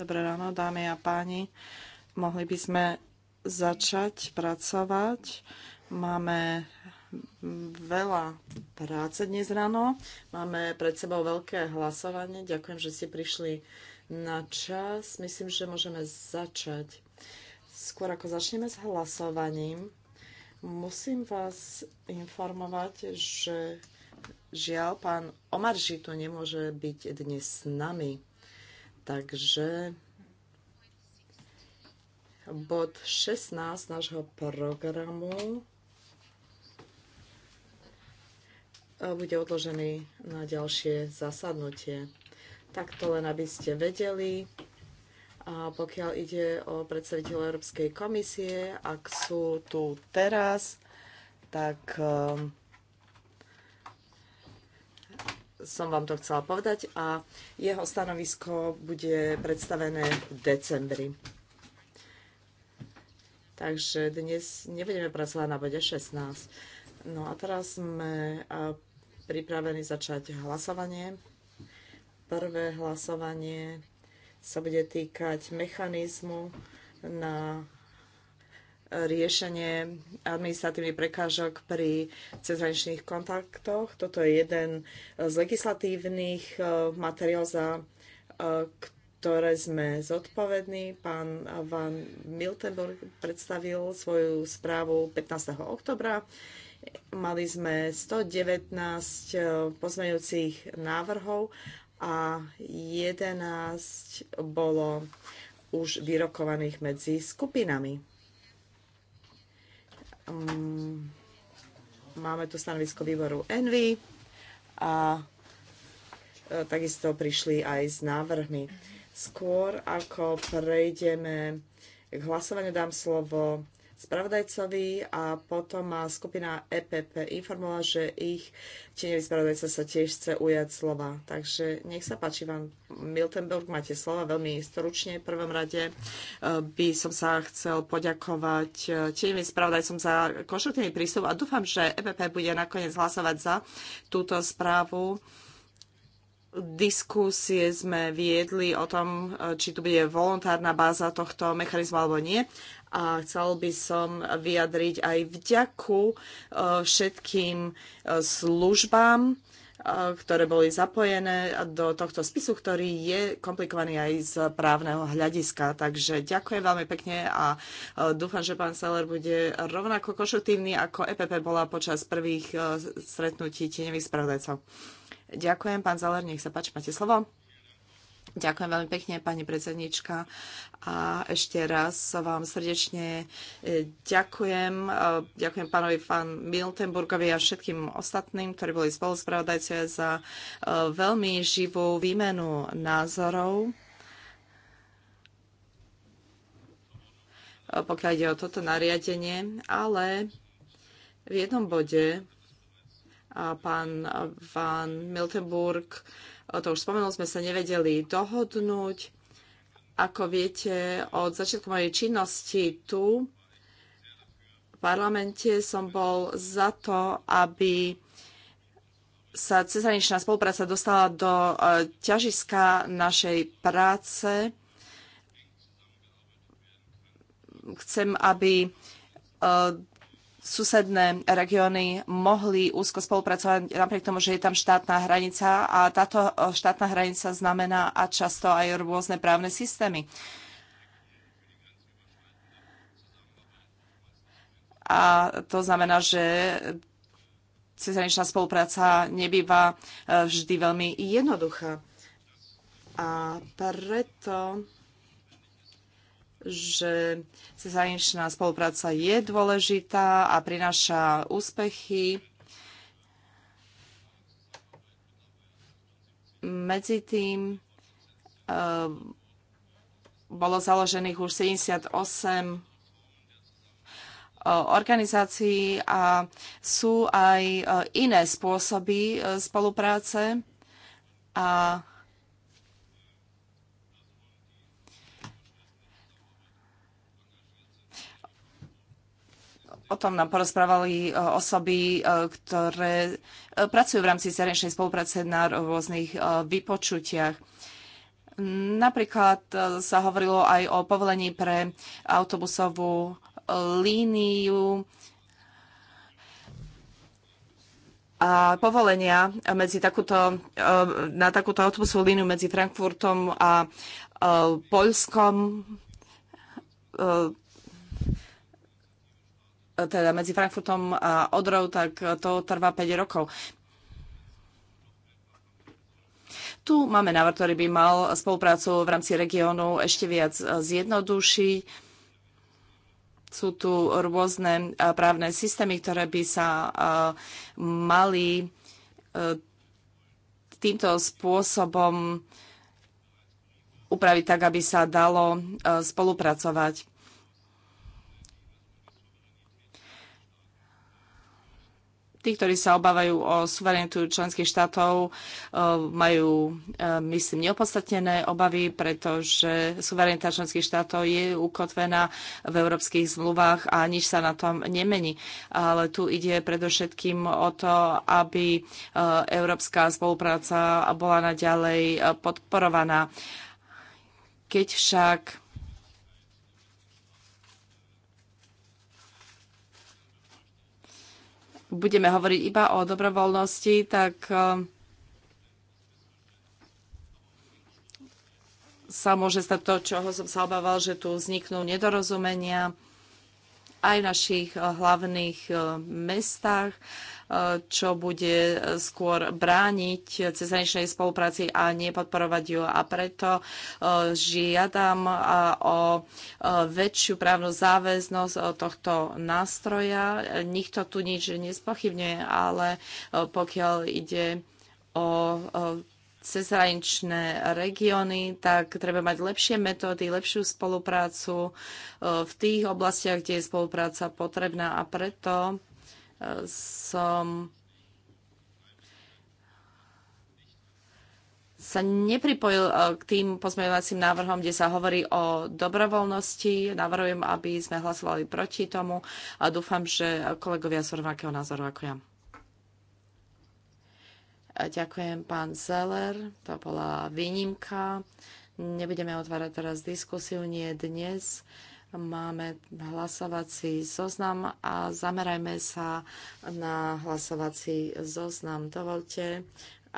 Dobré ráno, dámy a páni. Mohli by sme začať pracovať. Máme veľa práce dnes ráno. Máme pred sebou veľké hlasovanie. Ďakujem, že ste prišli na čas. Myslím, že môžeme začať. Skôr ako začneme s hlasovaním, musím vás informovať, že žiaľ, pán Omar Žito nemôže byť dnes s nami. Takže bod 16 nášho programu bude odložený na ďalšie zasadnutie. Tak to len, aby ste vedeli. A pokiaľ ide o predstaviteľov Európskej komisie, ak sú tu teraz, tak ehm, som vám to chcela povedať a jeho stanovisko bude predstavené v decembri. Takže dnes nebudeme pracovať na bode 16. No a teraz sme pripravení začať hlasovanie. Prvé hlasovanie sa bude týkať mechanizmu na riešenie administratívnych prekážok pri cezhraničných kontaktoch. Toto je jeden z legislatívnych e, materiál, za e, ktoré sme zodpovední. Pán Van Miltenburg predstavil svoju správu 15. oktobra. Mali sme 119 e, pozmeňujúcich návrhov a 11 bolo už vyrokovaných medzi skupinami. Mm, máme tu stanovisko výboru Envy a e, takisto prišli aj s návrhmi. Skôr ako prejdeme k hlasovaniu, dám slovo spravodajcovi a potom má skupina EPP informovala, že ich tieňový spravodajca sa tiež chce ujať slova. Takže nech sa páči vám, Miltenberg, máte slova veľmi stručne. V prvom rade eh, by som sa chcel poďakovať eh, tieňovým spravodajcom za konštruktívny prístup a dúfam, že EPP bude nakoniec hlasovať za túto správu diskusie sme viedli o tom, eh, či tu bude volontárna báza tohto mechanizmu alebo nie a chcel by som vyjadriť aj vďaku e, všetkým e, službám, e, ktoré boli zapojené do tohto spisu, ktorý je komplikovaný aj z právneho hľadiska. Takže ďakujem veľmi pekne a dúfam, že pán Seller bude rovnako konštruktívny, ako EPP bola počas prvých stretnutí tieňových spravodajcov. Ďakujem, pán Zeller, nech sa páči, máte slovo. Ďakujem veľmi pekne, pani predsednička. A ešte raz vám srdečne e, ďakujem. E, ďakujem pánovi fan Miltenburgovi a všetkým ostatným, ktorí boli spoluspravodajcovia za e, veľmi živú výmenu názorov. pokiaľ ide o toto nariadenie, ale v jednom bode pán Van Miltenburg to už spomenul, sme sa nevedeli dohodnúť. Ako viete, od začiatku mojej činnosti tu v parlamente som bol za to, aby sa cezraničná spolupráca dostala do e, ťažiska našej práce. Chcem, aby e, susedné regióny mohli úzko spolupracovať napriek tomu, že je tam štátna hranica a táto e, štátna hranica znamená a často aj rôzne právne systémy. A to znamená, že cezraničná spolupráca nebýva e, vždy veľmi jednoduchá. A preto že cezahraničná spolupráca je dôležitá a prináša úspechy. Medzi tým eh, bolo založených už 78 eh, organizácií a sú aj eh, iné spôsoby spolupráce a O tom nám porozprávali e, osoby, e, ktoré e, pracujú v rámci zahraničnej spolupráce na rôznych vypočutiach. Napríklad sa hovorilo aj o povolení pre autobusovú líniu a povolenia medzi takúto, na takúto autobusovú líniu medzi Frankfurtom a Poľskom teda medzi Frankfurtom a Odrou, tak to trvá 5 rokov. Tu máme návrh, ktorý by mal spoluprácu v rámci regiónu ešte viac zjednodušiť. Sú tu rôzne právne systémy, ktoré by sa mali e, týmto spôsobom upraviť tak, aby sa dalo e, spolupracovať. tí, ktorí sa obávajú o suverenitu členských štátov, e, majú, e, myslím, neopodstatnené obavy, pretože suverenita členských štátov je ukotvená v európskych zmluvách a nič sa na tom nemení. Ale tu ide predovšetkým o to, aby e, európska spolupráca bola naďalej podporovaná. Keď však budeme hovoriť iba o dobrovoľnosti, tak e, sa môže stať to, čoho som sa obával, že tu vzniknú nedorozumenia aj v našich e, hlavných e, mestách čo bude skôr brániť cezhraničnej spolupráci a nepodporovať ju. A preto e, žiadam e, o e, väčšiu právnu záväznosť tohto nástroja. Nikto tu nič nespochybňuje, ale pokiaľ ide o cezhraničné regióny, tak treba mať lepšie metódy, lepšiu spoluprácu v tých oblastiach, kde je spolupráca potrebná a preto som sa nepripojil e, k tým pozmeňovacím návrhom, kde sa hovorí o dobrovoľnosti. Navrhujem, aby sme hlasovali proti tomu a dúfam, že kolegovia sú rovnakého názoru ako ja. E, ďakujem, pán Zeller. To bola výnimka. Nebudeme otvárať teraz diskusiu, nie dnes. Máme hlasovací zoznam a zamerajme sa na hlasovací zoznam. Dovolte,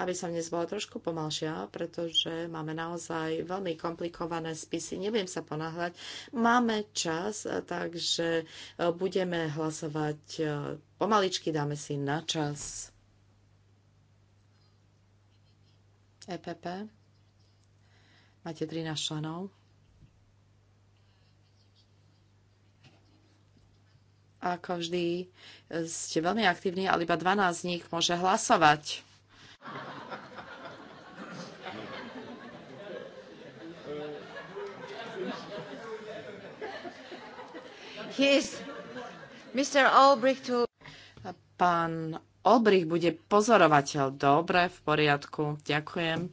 aby som dnes bola trošku pomalšia, pretože máme naozaj veľmi komplikované spisy. Neviem sa ponáhľať. Máme čas, takže e, budeme hlasovať e, pomaličky, dáme si na čas. EPP. Máte 13 členov. Ako vždy ste veľmi aktívni, ale iba 12 z nich môže hlasovať. Mr. Albrecht Pán Olbrich bude pozorovateľ. Dobre, v poriadku. Ďakujem.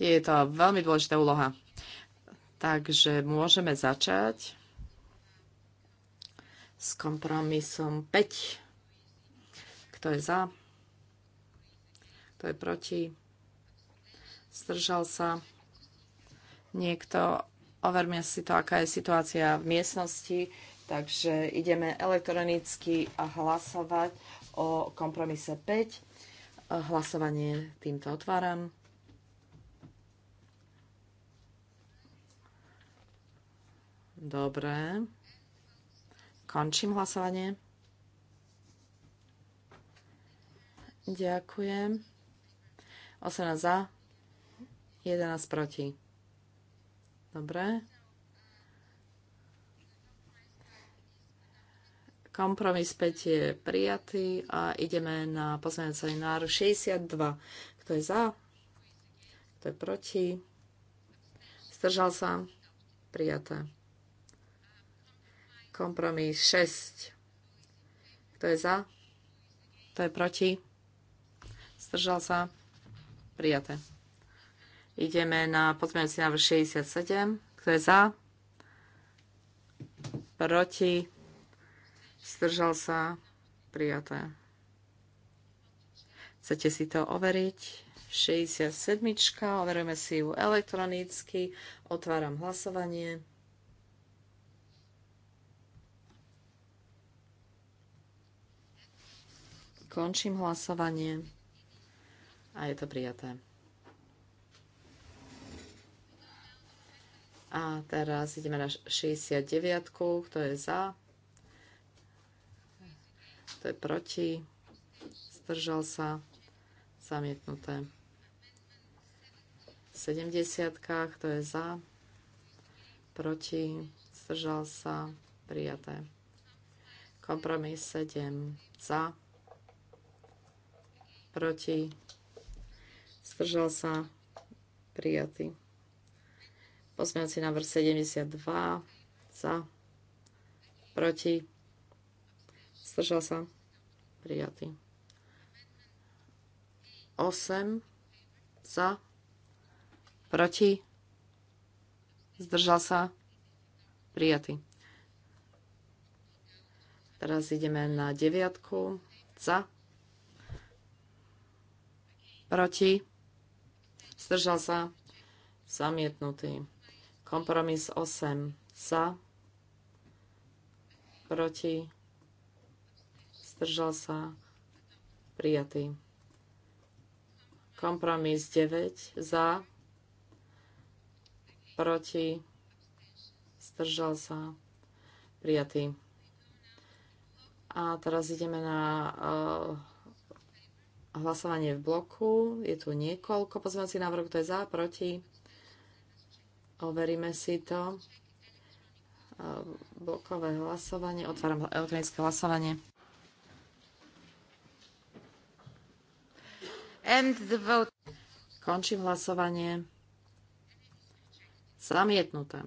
Je to veľmi dôležitá úloha. Takže môžeme začať s kompromisom 5. Kto je za? Kto je proti? Zdržal sa niekto. Overme si to, aká je situácia v miestnosti. Takže ideme elektronicky a hlasovať o kompromise 5. Hlasovanie týmto otváram. Dobre. Končím hlasovanie. Ďakujem. 18 za, 11 proti. Dobre. Kompromis 5 je prijatý a ideme na pozmeňovací návrh 62. Kto je za? Kto je proti? Zdržal sa? Prijaté. Kompromis 6. Kto je za? Kto je proti? Zdržal sa? Prijaté. Ideme na pozmeňujúci návrh 67. Kto je za? Proti? Zdržal sa? Prijaté. Chcete si to overiť? 67. Overujeme si ju elektronicky. Otváram hlasovanie. Končím hlasovanie a je to prijaté. A teraz ideme na 69, kto je za, kto je proti, zdržal sa, zamietnuté. 70, kto je za, proti, zdržal sa, prijaté. Kompromis 7, za, proti, zdržal sa, prijatý. na návrh 72 za, proti, zdržal sa, prijatý. 8 za, proti, zdržal sa, prijatý. Teraz ideme na deviatku za, proti, zdržal sa, zamietnutý. Kompromis 8 za, proti, zdržal sa, prijatý. Kompromis 9 za, proti, zdržal sa, prijatý. A teraz ideme na uh, hlasovanie v bloku. Je tu niekoľko pozmeňovací návrhov, kto je za, proti. Overíme si to. Blokové hlasovanie. Otváram elektronické hlasovanie. the vote. Končím hlasovanie. Zamietnuté.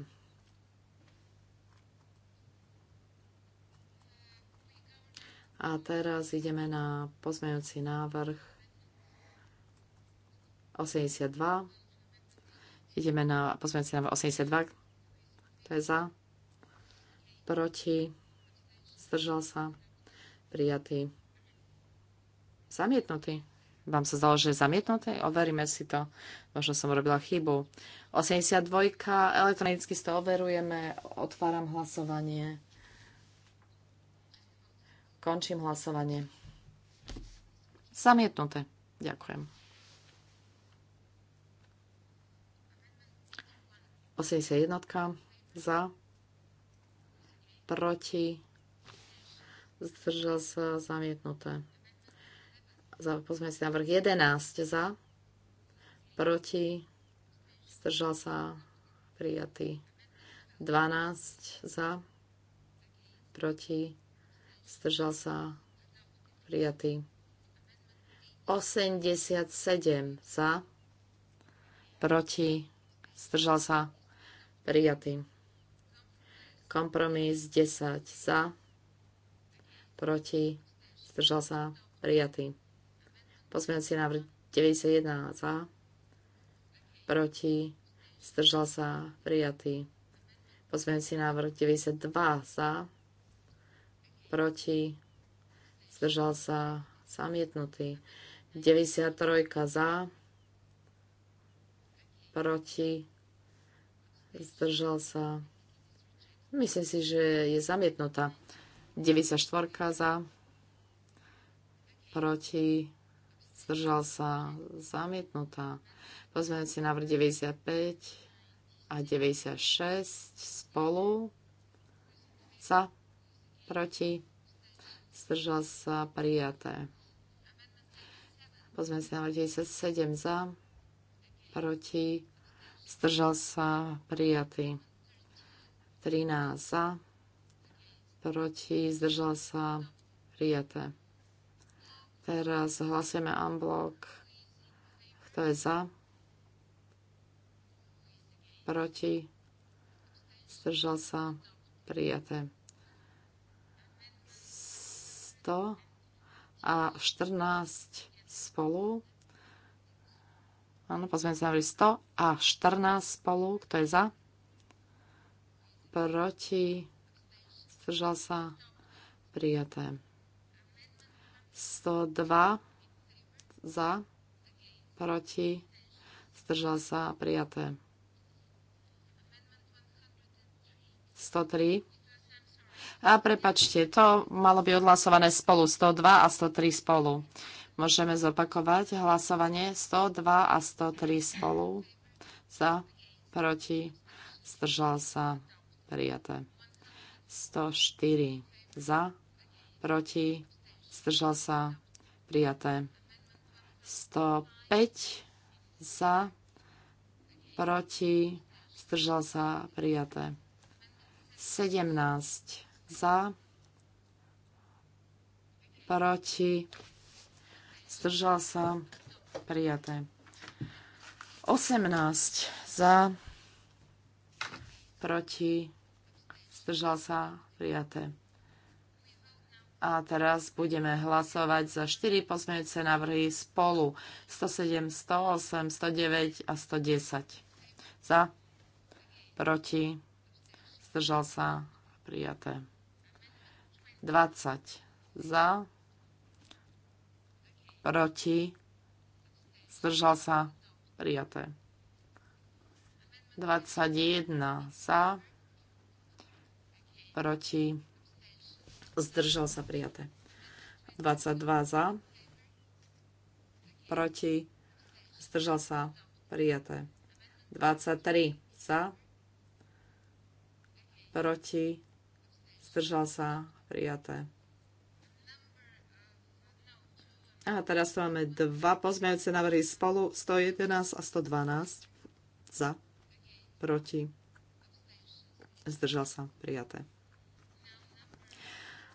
A teraz ideme na pozmeňujúci návrh 82. Ideme na pozmeňujúci návrh 82. To je za. Proti. Zdržal sa. Prijatý. Zamietnutý. Vám sa zdalo, že je zamietnuté? Overíme si to. Možno som urobila chybu. 82. Elektronicky si to overujeme. Otváram hlasovanie. Končím hlasovanie. Zamietnuté. Ďakujem. 81 za, proti, zdržal sa zamietnuté. pozme si návrh 11 za, proti, zdržal sa prijatý. 12 za, proti, Zdržal sa. Prijatý. 87 za. Proti. Zdržal sa. Prijatý. Kompromis 10 za. Proti. Zdržal sa. Prijatý. Pozmeňujúci návrh 91 za. Proti. Zdržal sa. Prijatý. Pozmeňujúci návrh 92 za proti, zdržal sa zamietnutý. 93 za, proti, zdržal sa. Myslím si, že je zamietnutá. 94 za, proti, zdržal sa, zamietnutá. si návrh 95 a 96 spolu Sa proti, zdržal sa prijaté. Pozme sa na 97 za, proti, zdržal sa prijatý. 13 za, proti, zdržal sa prijaté. Teraz hlasujeme unblock. Kto je za? Proti? Zdržal sa? Prijaté to a 14 spolu. Áno, pozrieme sa na 100 a 14 spolu. Kto je za? Proti. Zdržal sa. Prijaté. 102 za. Proti. Zdržal sa. Prijaté. 103 a prepačte, to malo byť odhlasované spolu 102 a 103 spolu. Môžeme zopakovať hlasovanie 102 a 103 spolu. Za, proti, zdržal sa, prijaté. 104 za, proti, zdržal sa, prijaté. 105 za, proti, zdržal sa, prijaté. 17 za, proti, zdržal sa, prijaté. 18 za, proti, zdržal sa, prijaté. A teraz budeme hlasovať za 4 pozmeňujúce návrhy spolu 107, 108, 109 a 110. Za, proti, zdržal sa, prijaté. 20 za, proti, zdržal sa, prijaté. 21 za, proti, zdržal sa, prijaté. 22 za, proti, zdržal sa, prijaté. 23 za, proti, zdržal sa, prijaté. A teraz tu máme dva pozmeňujúce návrhy spolu, 111 a 112. Za, proti, zdržal sa, prijaté.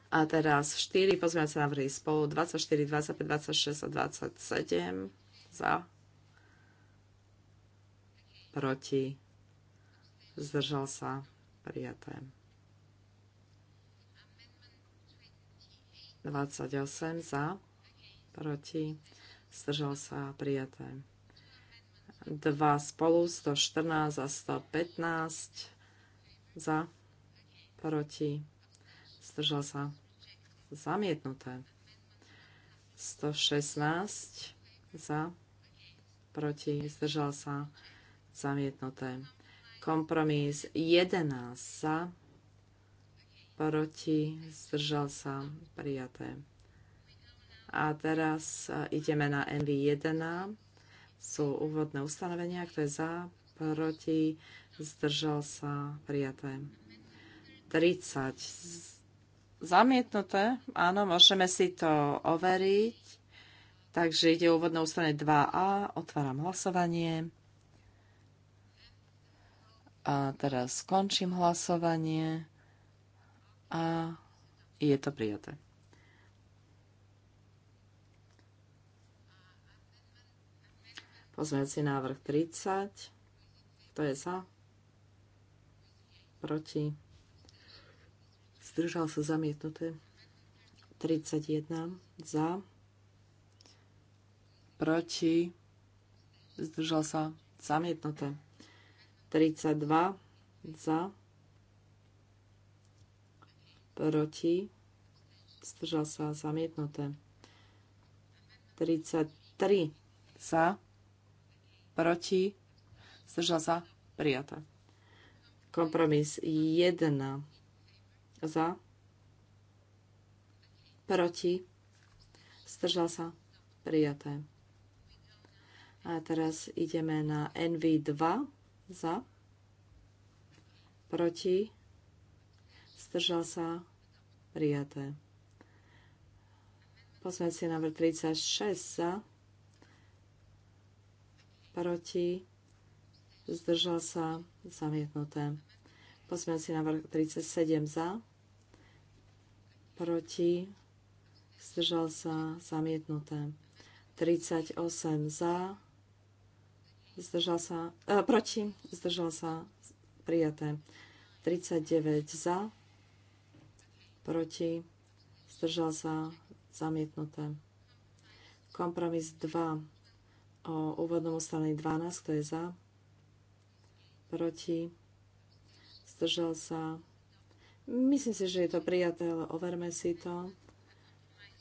A teraz 4 pozmeňujúce návrhy spolu, 24, 25, 26 a 27. Za, proti, zdržal sa, prijaté. 28 za, proti, zdržal sa prijaté. 2 spolu, 114 a 115 za, proti, zdržal sa zamietnuté. 116 za, proti, zdržal sa zamietnuté. Kompromis 11 za, proti, zdržal sa, prijaté. A teraz e, ideme na NV1. Sú úvodné ustanovenia, kto je za, proti, zdržal sa, prijaté. 30. Zamietnuté? Áno, môžeme si to overiť. Takže ide úvodné ustanovenie 2a. Otváram hlasovanie. A teraz skončím hlasovanie a je to prijaté. Pozmeňujúci návrh 30. Kto je za? Proti? Zdržal sa zamietnuté. 31 za. Proti? Zdržal sa zamietnuté. 32 za proti, zdržal sa zamietnuté. 33 za, proti, zdržal sa prijaté. Kompromis 1 za, proti, zdržal sa prijaté. A teraz ideme na NV2 za, proti, zdržal sa, prijaté. si návrh 36 za, proti, zdržal sa, zamietnuté. si návrh 37 za, proti, zdržal sa, zamietnuté. 38 za, zdržal sa, e, proti, zdržal sa, prijaté. 39 za, proti, zdržal sa, zamietnuté. Kompromis 2 o úvodnom ustanovení 12, kto je za, proti, zdržal sa. Myslím si, že je to prijaté, ale overme si to.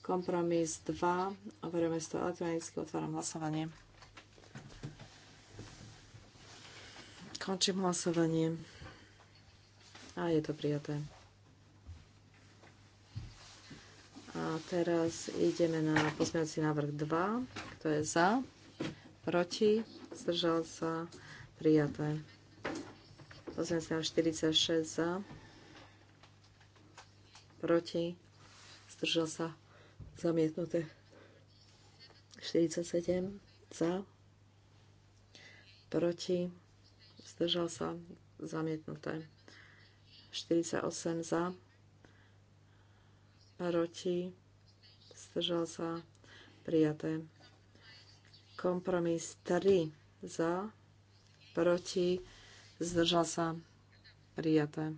Kompromis 2, overme si to elektronicky, otváram hlasovanie. Končím hlasovanie. A je to prijaté. A teraz ideme na pozmeňovací návrh 2. Kto je za? Proti? Zdržal sa? Prijaté. Pozmeňovací návrh 46 za. Proti? Zdržal sa? Zamietnuté. 47 za. Proti? Zdržal sa? Zamietnuté. 48 za proti, zdržal sa, prijaté. Kompromis 3 za, proti, zdržal sa, prijaté.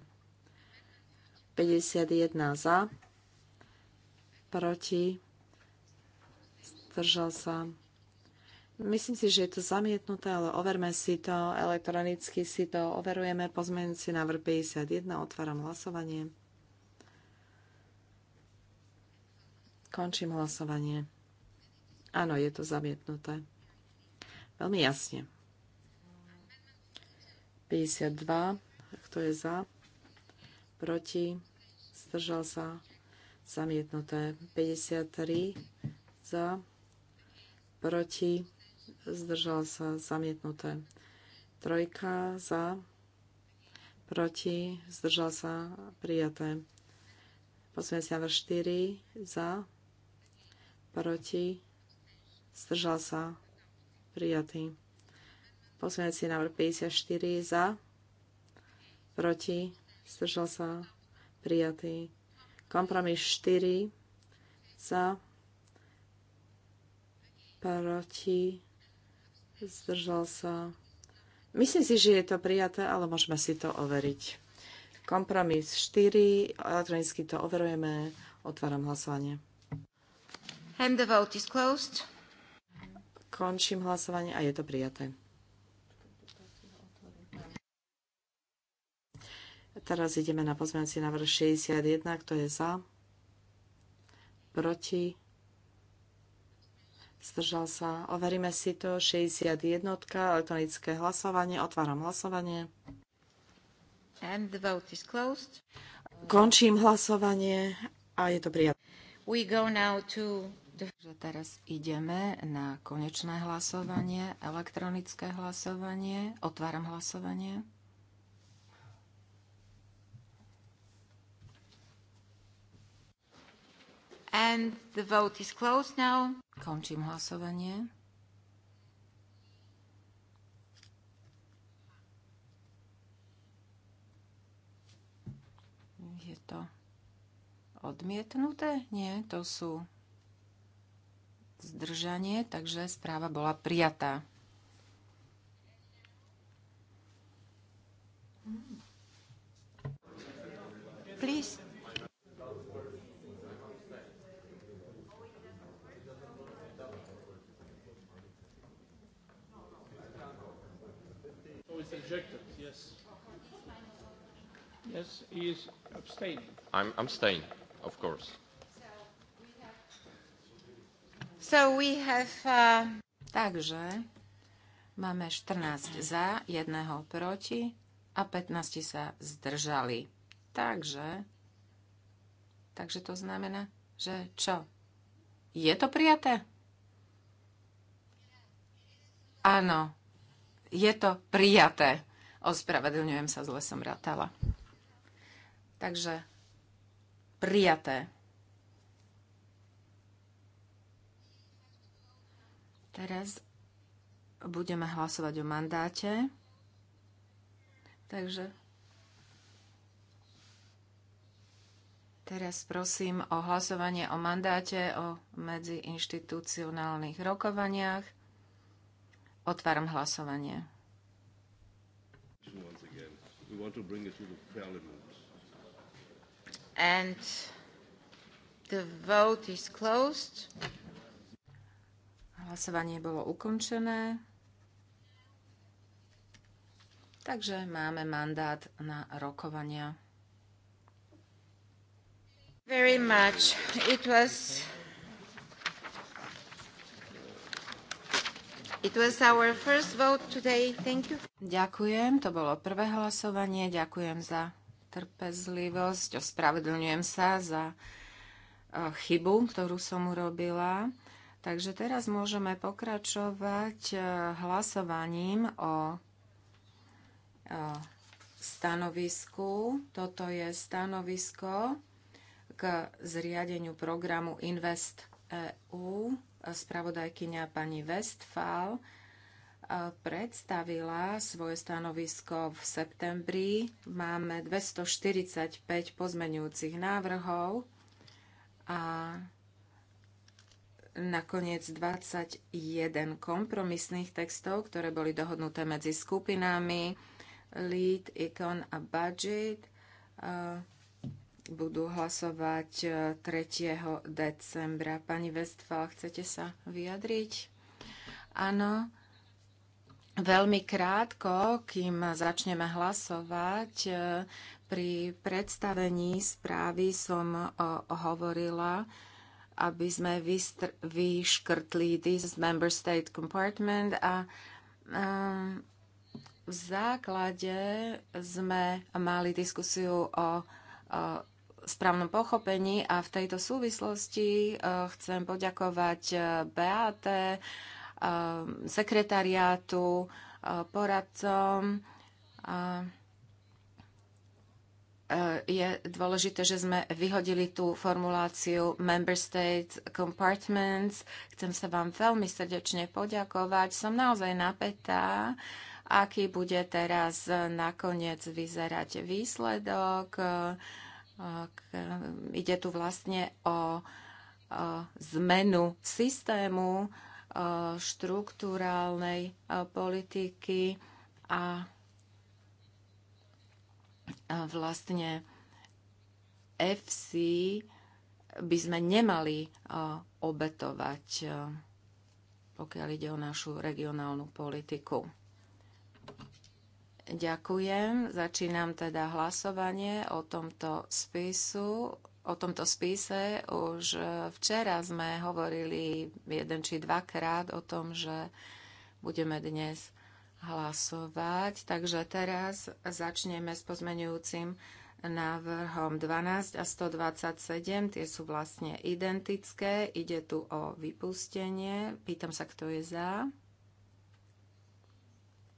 51 za, proti, zdržal sa. Myslím si, že je to zamietnuté, ale overme si to, elektronicky si to overujeme. si návrh 51, otváram hlasovanie. Končím hlasovanie. Áno, je to zamietnuté. Veľmi jasne. 52. Kto je za? Proti? Zdržal sa? Zamietnuté. 53. Za? Proti? Zdržal sa? Zamietnuté. Trojka za? Proti? Zdržal sa? Prijaté. Pozmeňujem sa 4. Za? proti, zdržal sa, prijatý. Poslanecí návrh 54 za, proti, zdržal sa, prijatý. Kompromis 4 za, proti, zdržal sa. Myslím si, že je to prijaté, ale môžeme si to overiť. Kompromis 4, elektronicky to overujeme, otváram hlasovanie. And the vote is closed. Končím hlasovanie a je to prijaté. Teraz ideme na pozmeňací návrh 61. Kto je za? Proti? Zdržal sa. Overíme si to. 61. Elektronické hlasovanie. Otváram hlasovanie. And the vote is closed. Končím hlasovanie a je to prijaté. We go now to Takže teraz ideme na konečné hlasovanie, elektronické hlasovanie. Otváram hlasovanie. And the vote is closed now. Končím hlasovanie. Je to odmietnuté? Nie, to sú zdržanie, takže správa bola prijatá. Please. Oh, yes, he is abstaining. I'm abstaining, of course. So we have, uh... Takže máme 14 za, jedného proti a 15 sa zdržali. Takže, takže to znamená, že čo? Je to prijaté? Áno, je to prijaté. Ospravedlňujem sa, zle som rátala. Takže prijaté. Teraz budeme hlasovať o mandáte. Takže teraz prosím o hlasovanie o mandáte, o medziinštitucionálnych rokovaniach. Otváram hlasovanie. And the vote is closed. Hlasovanie bolo ukončené. Takže máme mandát na rokovania. Very much. It was It was our first vote today. Thank you. Ďakujem, to bolo prvé hlasovanie. Ďakujem za trpezlivosť. Ospravedlňujem sa za eh, chybu, ktorú som urobila. Takže teraz môžeme pokračovať eh, hlasovaním o eh, stanovisku. Toto je stanovisko k zriadeniu programu Invest EU. Spravodajkyňa pani Westphal eh, predstavila svoje stanovisko v septembri. Máme 245 pozmenujúcich návrhov a nakoniec 21 kompromisných textov, ktoré boli dohodnuté medzi skupinami Lead, Econ a Budget. Eh, budú hlasovať 3. Eh, decembra. Pani Westphal, chcete sa vyjadriť? Áno. Veľmi krátko, kým začneme hlasovať, eh, pri predstavení správy som hovorila, aby sme vyškrtli this member state compartment a um, v základe sme mali diskusiu o, o správnom pochopení a v tejto súvislosti e, chcem poďakovať e, Beate, e, sekretariátu, poradcom. A Eh, je dôležité, že sme vyhodili tú formuláciu Member States Compartments. Chcem sa vám veľmi srdečne poďakovať. Som naozaj napätá, aký bude teraz nakoniec vyzerať výsledok. Eh, eh, ide tu vlastne o zmenu systému štruktúrálnej politiky a vlastne FC by sme nemali e, obetovať, e, pokiaľ ide o našu regionálnu politiku. Ďakujem. Začínam teda hlasovanie o tomto spisu. O tomto spise už e, včera sme hovorili jeden či dvakrát o tom, že budeme dnes hlasovať. Takže teraz začneme s pozmenujúcim návrhom 12 a 127. Tie sú vlastne identické. Ide tu o vypustenie. Pýtam sa, kto je za.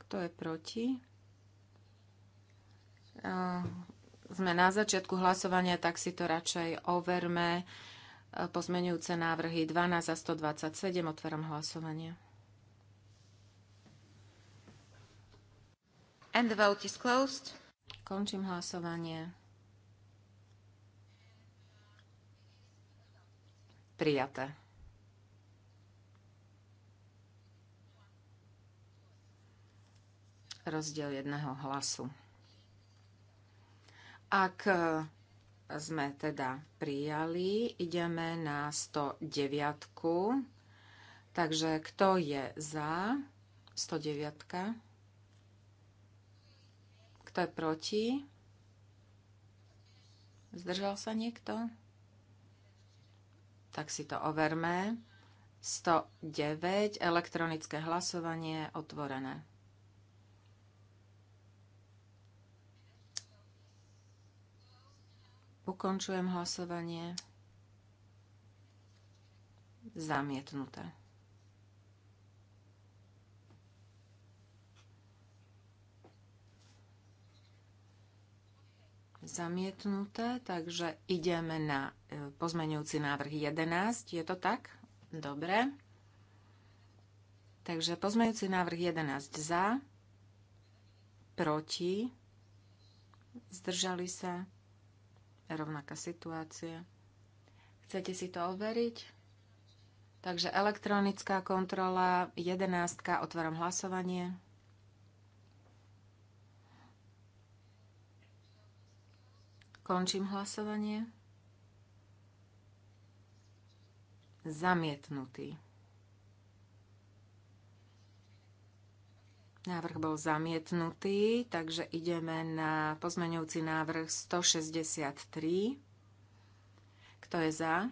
Kto je proti? Eh, sme na začiatku hlasovania, tak si to radšej overme. Eh, Pozmenujúce návrhy 12 a 127. Otváram hlasovanie. And the vote is closed. Končím hlasovanie. Prijaté. Rozdiel jedného hlasu. Ak e, sme teda prijali, ideme na 109. Takže kto je za 109? Kto je proti? Zdržal sa niekto? Tak si to overme. 109, elektronické hlasovanie otvorené. Ukončujem hlasovanie. Zamietnuté. zamietnuté, takže ideme na e, pozmeňujúci návrh 11. Je to tak? Dobre. Takže pozmeňujúci návrh 11 za, proti, zdržali sa, rovnaká situácia. Chcete si to overiť? Takže elektronická kontrola, jedenástka, otváram hlasovanie. Končím hlasovanie. Zamietnutý. Návrh bol zamietnutý, takže ideme na pozmeňujúci návrh 163. Kto je za?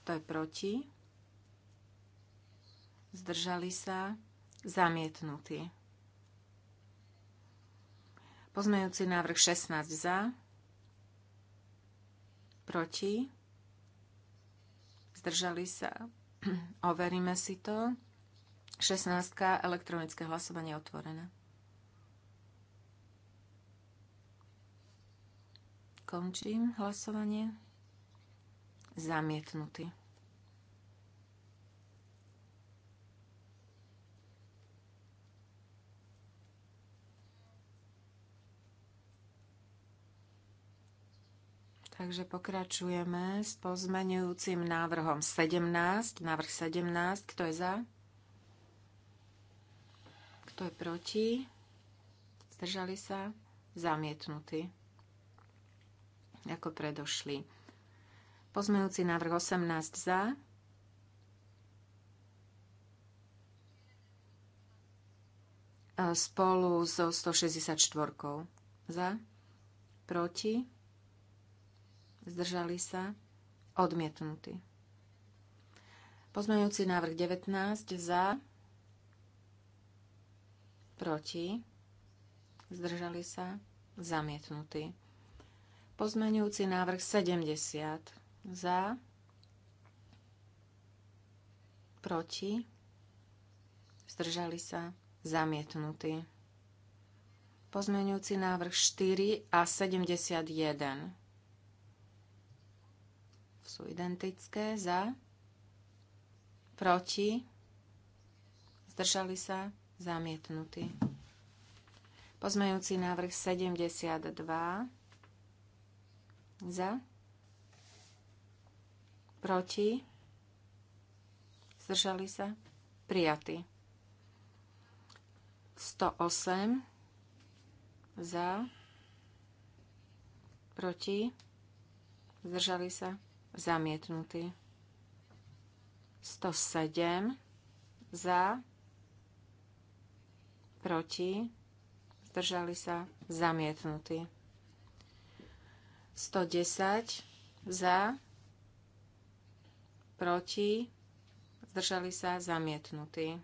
Kto je proti? Zdržali sa? Zamietnutý. Pozmejúci návrh 16 za, proti, zdržali sa, overíme si to. 16. Elektronické hlasovanie otvorené. Končím hlasovanie. Zamietnutý. Takže pokračujeme s pozmenujúcim návrhom 17, návrh 17, kto je za? Kto je proti? Zdržali sa? zamietnutí. Ako predošli. pozmenujúci návrh 18 za. E, spolu so 164 za. Proti zdržali sa, odmietnutý. Pozmeňujúci návrh 19 za, proti, zdržali sa, zamietnutý. Pozmeňujúci návrh 70 za, proti, zdržali sa, zamietnutý. Pozmeňujúci návrh 4 a 71 sú identické. Za, proti, zdržali sa, zamietnutí. Pozmejúci návrh 72 za, proti, zdržali sa, prijatý. 108 za, proti, zdržali sa, zamietnutý. 107 za, proti, zdržali sa, zamietnutý. 110 za, proti, zdržali sa, zamietnutý.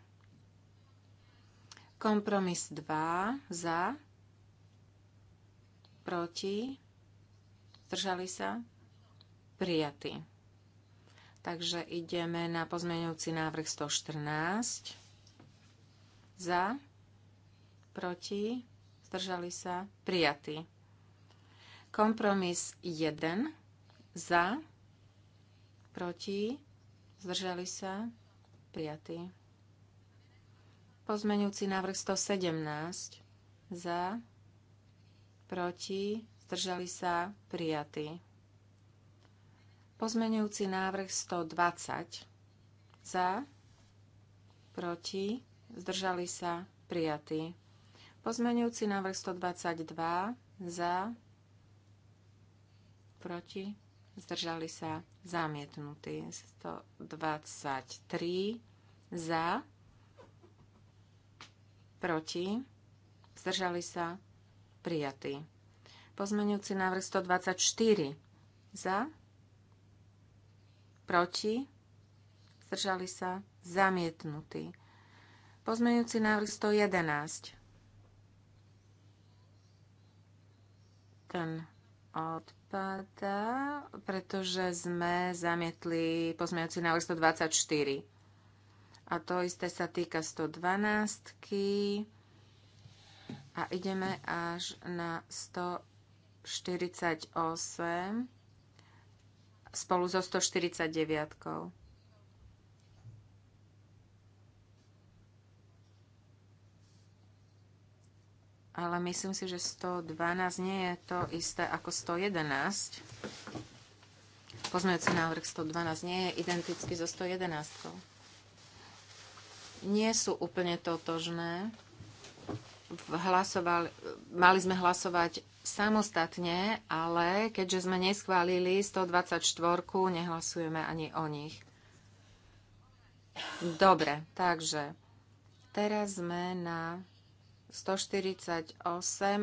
Kompromis 2 za, proti, zdržali sa, prijatý. Takže ideme na pozmeňujúci návrh 114. Za, proti, zdržali sa, prijatý. Kompromis 1. Za, proti, zdržali sa, prijatý. Pozmeňujúci návrh 117. Za, proti, zdržali sa, prijatý. Pozmenujúci návrh 120. Za, proti, zdržali sa, prijatý. Pozmenujúci návrh 122. Za, proti, zdržali sa, zamietnutý. 123. Za, proti, zdržali sa, prijatý. Pozmenujúci návrh 124. Za, proti, zdržali sa, zamietnutý. Pozmeňujúci návrh 111. Ten odpadá, pretože sme zamietli pozmeňujúci návrh 124. A to isté sa týka 112. A ideme až na 148 spolu so 149. Ale myslím si, že 112 nie je to isté ako 111. Pozmejúci návrh 112 nie je identický so 111. Nie sú úplne totožné. Hlasoval, mali sme hlasovať samostatne, ale keďže sme neschválili 124, nehlasujeme ani o nich. Dobre, takže teraz sme na 148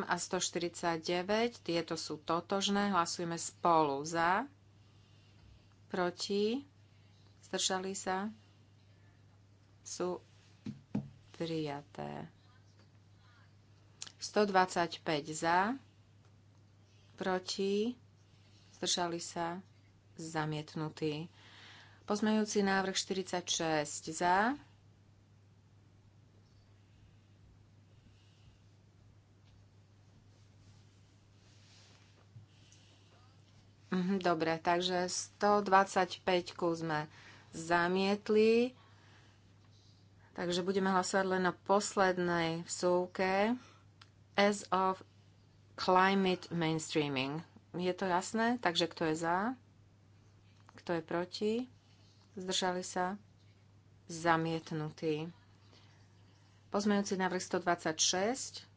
a 149. Tieto sú totožné. Hlasujeme spolu za, proti, zdržali sa, sú prijaté. 125 za, proti, zdržali sa, zamietnutý. Pozmejúci návrh 46 za, mhm, Dobre, takže 125 sme zamietli. Takže budeme hlasovať len o poslednej vsúke. As of climate mainstreaming. Je to jasné? Takže kto je za? Kto je proti? Zdržali sa? Zamietnutý. Pozmejúci návrh 126.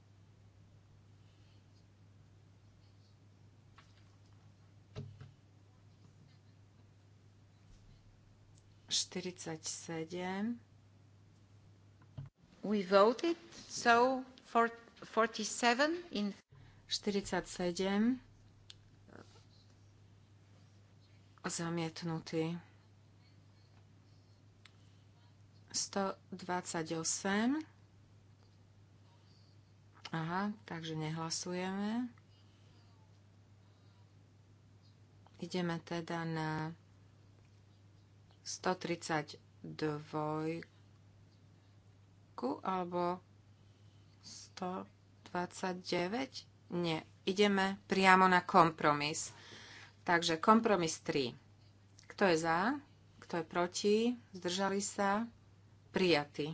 We voted, so for 47 in 47 zamietnutý. 128 Aha, takže nehlasujeme. Ideme teda na 132 alebo 129 nie, ideme priamo na kompromis. Takže kompromis 3. Kto je za? Kto je proti? Zdržali sa? Prijatý.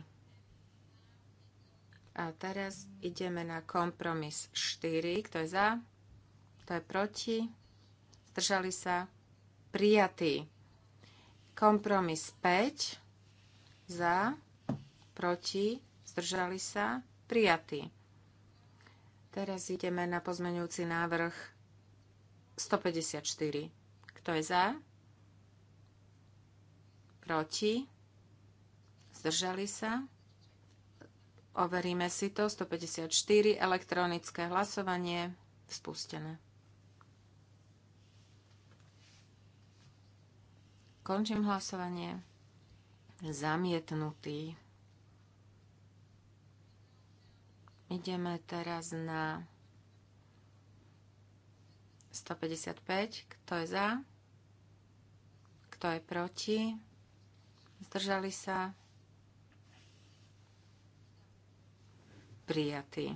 A teraz ideme na kompromis 4. Kto je za? Kto je proti? Zdržali sa? Prijatý. Kompromis 5. Za? Proti? Zdržali sa? Prijatý. Teraz ideme na pozmeňujúci návrh 154. Kto je za? Proti? Zdržali sa? Overíme si to. 154. Elektronické hlasovanie. Spustené. Končím hlasovanie. Zamietnutý. Ideme teraz na 155. Kto je za? Kto je proti? Zdržali sa? Prijatý.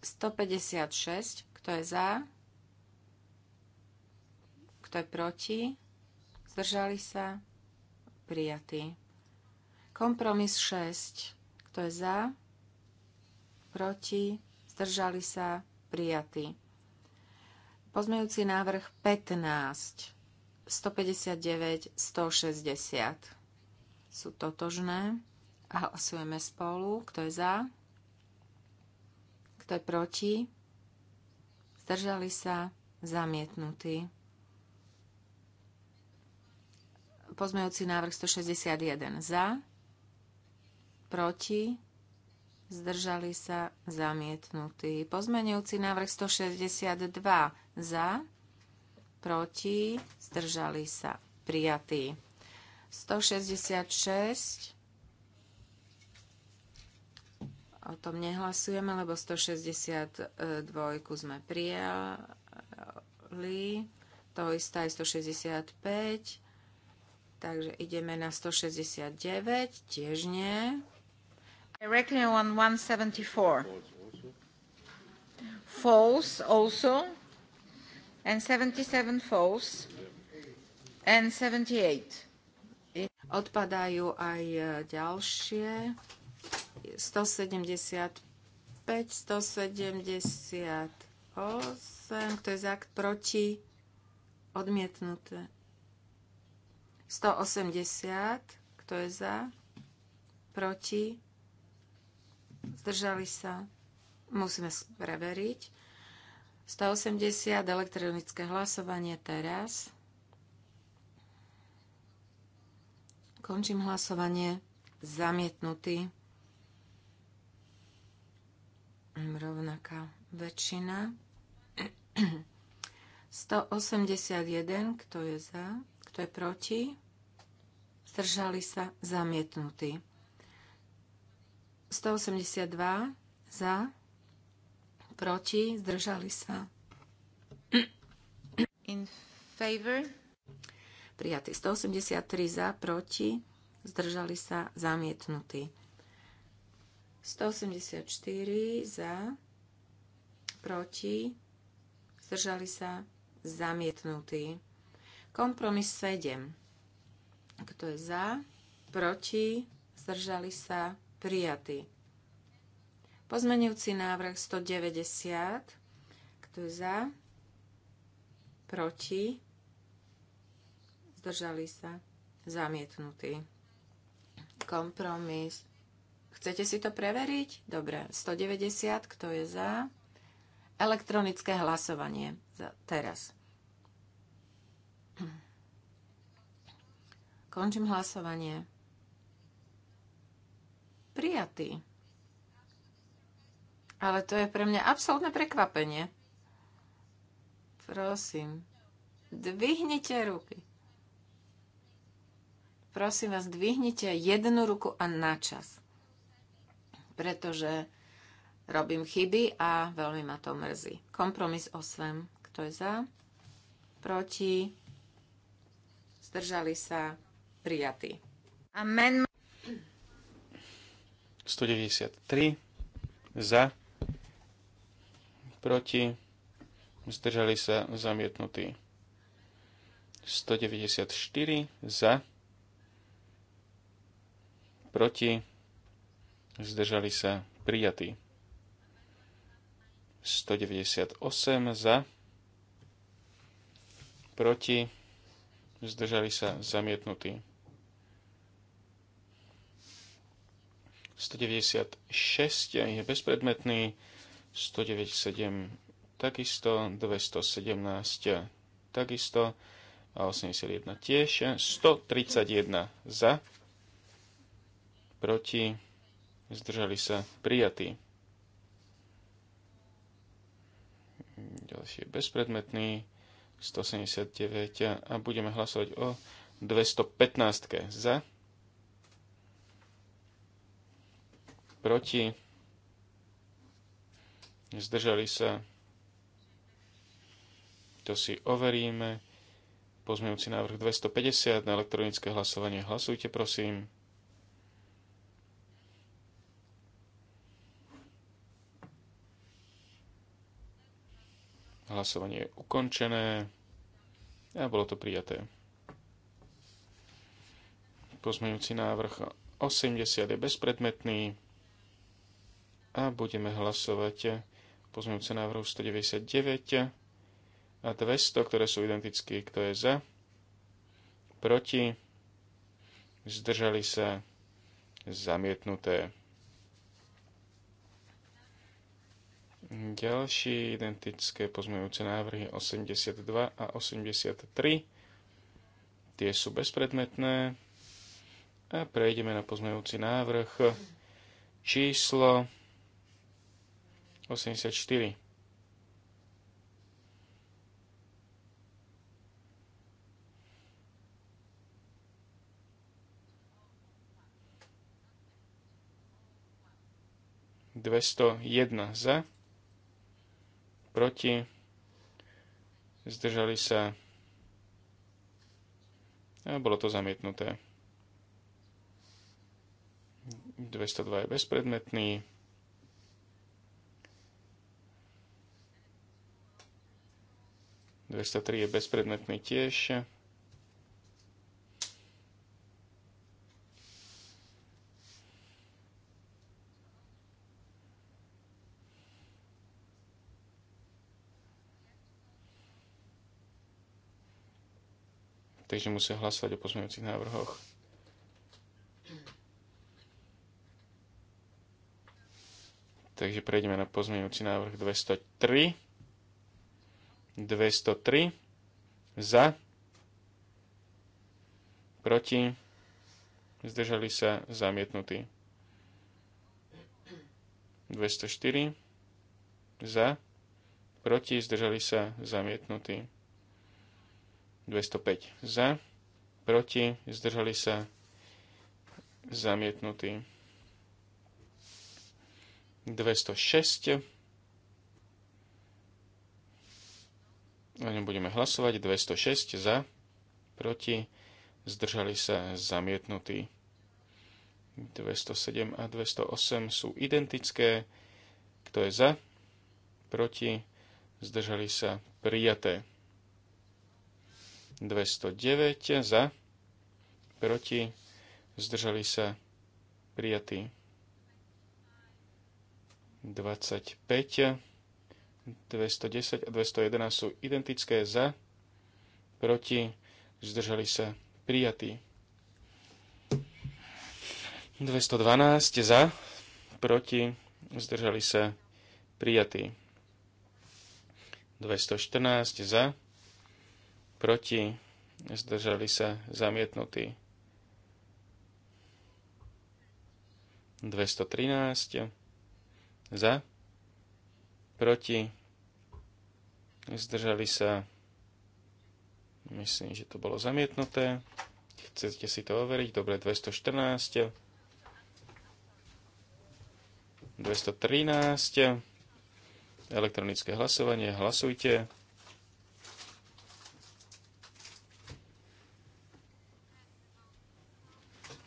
156. Kto je za? Kto je proti? Zdržali sa? Prijatý. Kompromis 6. Kto je za? Proti? Zdržali sa? Prijatý. Pozmejúci návrh 15, 159, 160 sú totožné a hlasujeme spolu. Kto je za? Kto je proti? Zdržali sa? zamietnutí. Pozmejúci návrh 161 za proti, zdržali sa zamietnutí. Pozmenujúci návrh 162 za, proti, zdržali sa prijatí. 166 o tom nehlasujeme, lebo 162 sme prijali, to isté aj 165, takže ideme na 169, tiež nie. Directly on 174. False also. And 77 false. And 78. Odpadajú aj e, ďalšie. 175, 178, kto je za, proti, odmietnuté. 180, kto je za, proti, zdržali sa, musíme preveriť. 180 elektronické hlasovanie teraz. Končím hlasovanie. Zamietnutý. Rovnaká väčšina. 181, kto je za, kto je proti. Zdržali sa zamietnutý. 182 za, proti, zdržali sa. In favor. Prijatý 183 za, proti, zdržali sa, zamietnutý. 184 za, proti, zdržali sa, zamietnutý. Kompromis 7. Kto je za, proti, zdržali sa, prijatý. Pozmenujúci návrh 190. Kto je za? Proti? Zdržali sa? Zamietnutý. Kompromis. Chcete si to preveriť? Dobre. 190. Kto je za? Elektronické hlasovanie. Za, teraz. Končím hlasovanie prijatý. Ale to je pre mňa absolútne prekvapenie. Prosím, dvihnite ruky. Prosím vás, dvihnite jednu ruku a na čas. Pretože robím chyby a veľmi ma to mrzí. Kompromis 8. Kto je za? Proti? Zdržali sa? Prijatí. Amen. 193 za, proti, zdržali sa zamietnutí. 194 za, proti, zdržali sa prijatí. 198 za, proti, zdržali sa zamietnutí. 196 je bezpredmetný, 197 takisto, 217 takisto a 81 tiež, 131 za, proti, zdržali sa prijatí. Ďalší je bezpredmetný, 179 a budeme hlasovať o 215 za proti, zdržali sa, to si overíme, pozmejúci návrh 250 na elektronické hlasovanie. Hlasujte, prosím. Hlasovanie je ukončené a bolo to prijaté. Pozmejúci návrh 80 je bezpredmetný a budeme hlasovať pozmeňujúce návrhu 199 a 200, ktoré sú identické, kto je za, proti, zdržali sa, zamietnuté. Ďalší identické pozmeňujúce návrhy 82 a 83. Tie sú bezpredmetné. A prejdeme na pozmeňujúci návrh číslo 84. Dvesto jedna za, proti, zdržali sa a bolo to zamietnuté. dva je bezpredmetný. 203 je bezpredmetný tiež. Takže musia hlasovať o pozmeňujúcich návrhoch. Takže prejdeme na pozmeňujúci návrh 203. 203 za, proti, zdržali sa zamietnutí. 204 za, proti, zdržali sa zamietnutí. 205 za, proti, zdržali sa zamietnutí. 206 O ňom budeme hlasovať. 206 za, proti, zdržali sa zamietnutí. 207 a 208 sú identické. Kto je za, proti, zdržali sa prijaté. 209 za, proti, zdržali sa prijatí. 25 210 a 211 sú identické za, proti, zdržali sa prijatí. 212 za, proti, zdržali sa prijatí. 214 za, proti, zdržali sa zamietnutí. 213 za, proti, zdržali sa, myslím, že to bolo zamietnuté, chcete si to overiť, dobre, 214, 213, elektronické hlasovanie, hlasujte.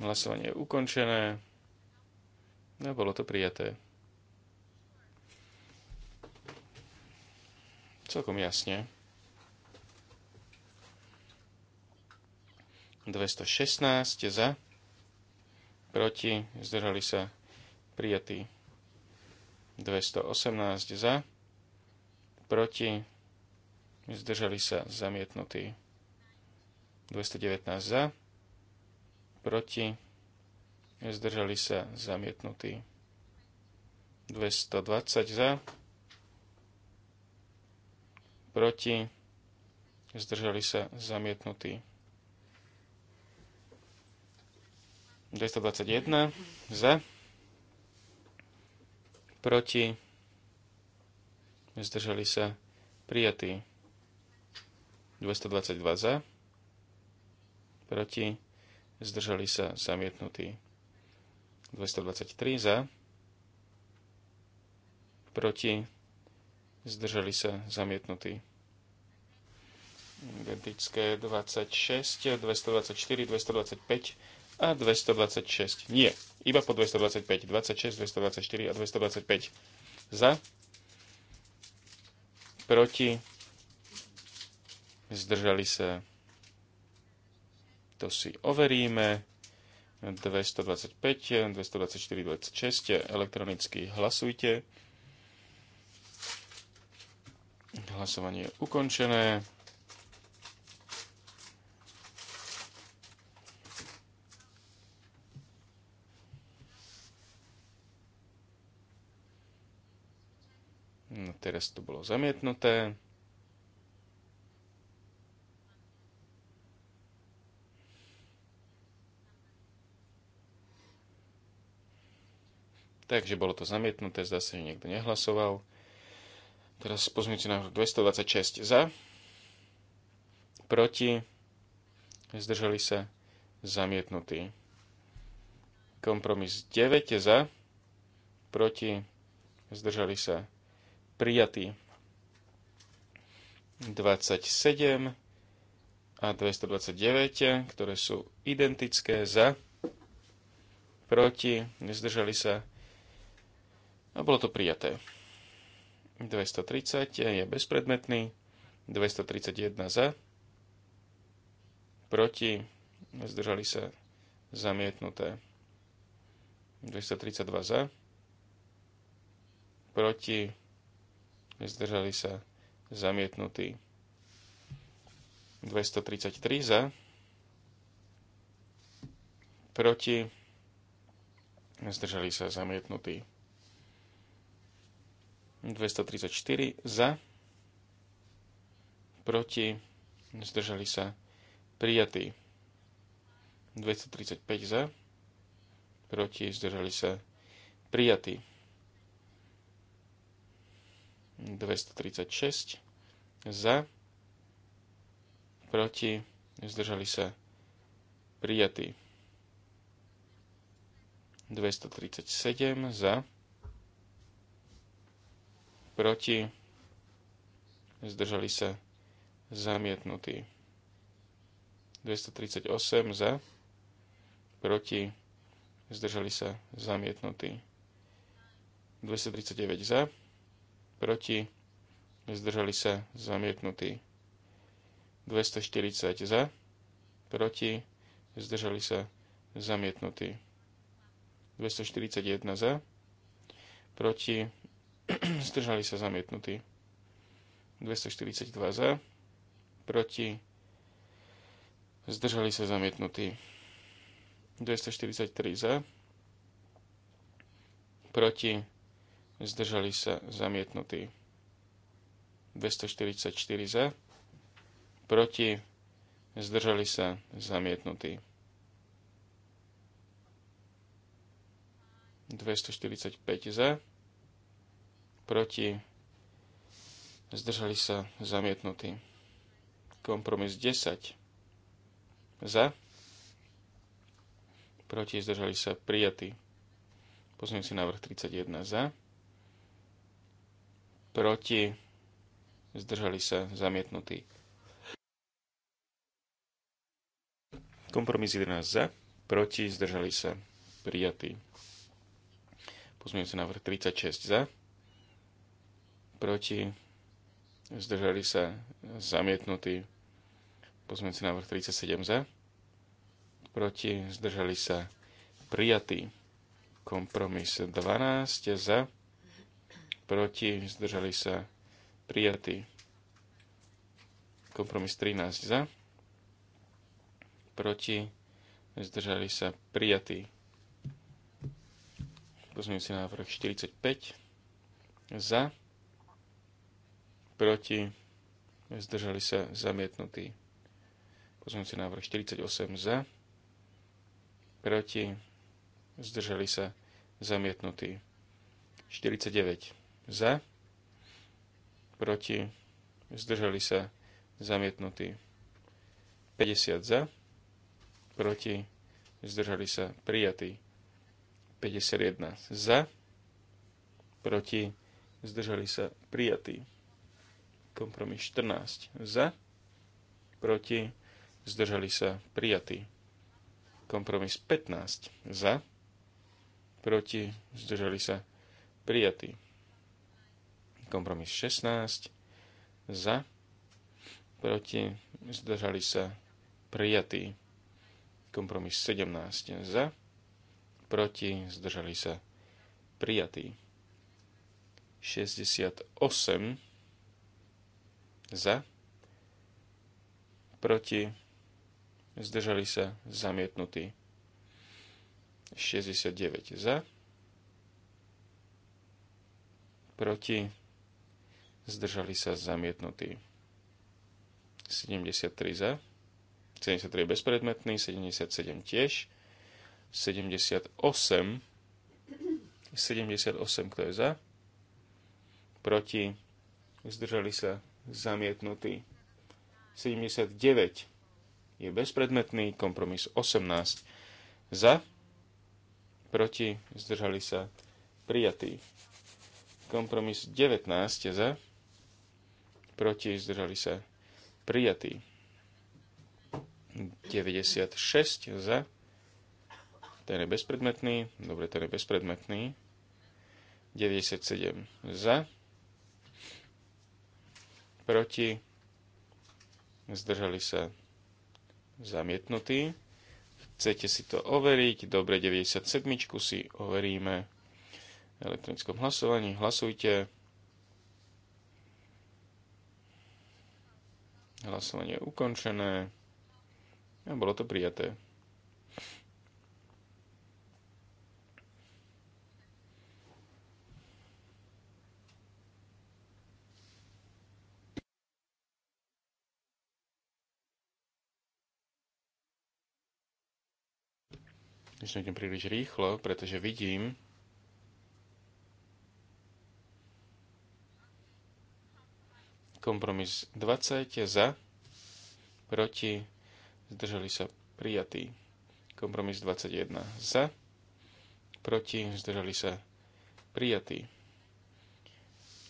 Hlasovanie je ukončené. No, bolo to prijaté. celkom jasne. 216 za, proti, zdržali sa prijatí 218 za, proti, zdržali sa zamietnutí 219 za, proti, zdržali sa zamietnutí 220 za, proti, zdržali sa zamietnutí. 221 za, proti, zdržali sa prijatí. 222 za, proti, zdržali sa zamietnutí. 223 za, proti, zdržali sa zamietnutí. Identické 26, 224, 225 a 226. Nie, iba po 225. 26, 224 a 225. Za, proti, zdržali sa. To si overíme. 225, 224, 26. Elektronicky hlasujte. Hlasovanie je ukončené. No, teraz to bolo zamietnuté. Takže bolo to zamietnuté, zdá sa, že niekto nehlasoval. Teraz pozmite na 226 za, proti, zdržali sa zamietnutí. Kompromis 9 za, proti, zdržali sa prijatí. 27 a 229, ktoré sú identické za, proti, zdržali sa a bolo to prijaté. 230 je bezpredmetný. 231 za. Proti. Zdržali sa zamietnuté. 232 za. Proti. Zdržali sa zamietnutí. 233 za. Proti. Zdržali sa zamietnutí. 234 za, proti, zdržali sa prijatí. 235 za, proti, zdržali sa prijatí. 236 za, proti, zdržali sa prijatí. 237 za, proti, zdržali sa zamietnutí. 238 za, proti, zdržali sa zamietnutí. 239 za, proti, zdržali sa zamietnutí. 240 za, proti, zdržali sa zamietnutí. 241 za, proti, zdržali sa zamietnutí. 242 za, proti, zdržali sa zamietnutí. 243 za, proti, zdržali sa zamietnutí. 244 za, proti, zdržali sa zamietnutí. 245 za, proti, zdržali sa zamietnutí. Kompromis 10 za, proti, zdržali sa prijatí. si návrh 31 za, proti, zdržali sa zamietnutí. Kompromis 11 za, proti, zdržali sa prijatí. sa návrh 36 za, proti, zdržali sa zamietnutí. Pozmeňujúci návrh 37 za, proti, zdržali sa prijatí. Kompromis 12 za, proti, zdržali sa prijatí. Kompromis 13 za, proti, zdržali sa prijatí pozmeňujúci návrh 45 za, proti, zdržali sa zamietnutí. Pozmeňujúci návrh 48 za, proti, zdržali sa zamietnutí. 49 za, proti, zdržali sa zamietnutí. 50 za, proti, zdržali sa prijatí. 51 za, proti, zdržali sa prijatí. Kompromis 14. Za, proti, zdržali sa, prijatý. Kompromis 15. Za, proti, zdržali sa, prijatý. Kompromis 16. Za, proti, zdržali sa, prijatý. Kompromis 17. Za, proti, zdržali sa, prijatý. 68 za, proti, zdržali sa zamietnutí. 69 za, proti, zdržali sa zamietnutí. 73 za, 73 je bezpredmetný, 77 tiež, 78, 78 kto je za, proti, zdržali sa zamietnutý. 79 je bezpredmetný, kompromis 18 za, proti, zdržali sa, prijatý. Kompromis 19 za, proti, zdržali sa, prijatý. 96 za, ten je bezpredmetný, dobre, ten je bezpredmetný. 97 za, proti, zdržali sa zamietnutí. Chcete si to overiť? Dobre, 97 si overíme v elektronickom hlasovaní. Hlasujte. Hlasovanie je ukončené a bolo to prijaté. Než idem príliš rýchlo, pretože vidím, kompromis 20 za, proti, zdržali sa prijatí. Kompromis 21 za, proti, zdržali sa prijatí.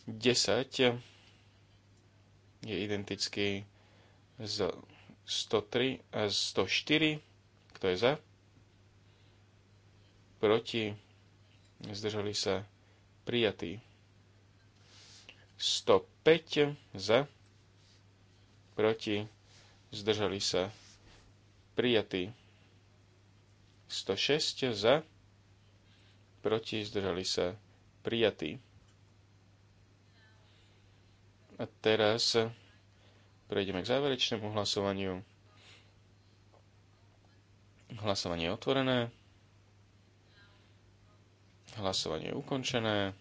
10 je identický z 103 a 104, kto je za, proti, zdržali sa prijatí. 105 za, proti, zdržali sa prijatí. 106 za, proti, zdržali sa prijatí. A teraz prejdeme k záverečnému hlasovaniu. Hlasovanie je otvorené. Hlasovanie je ukončené.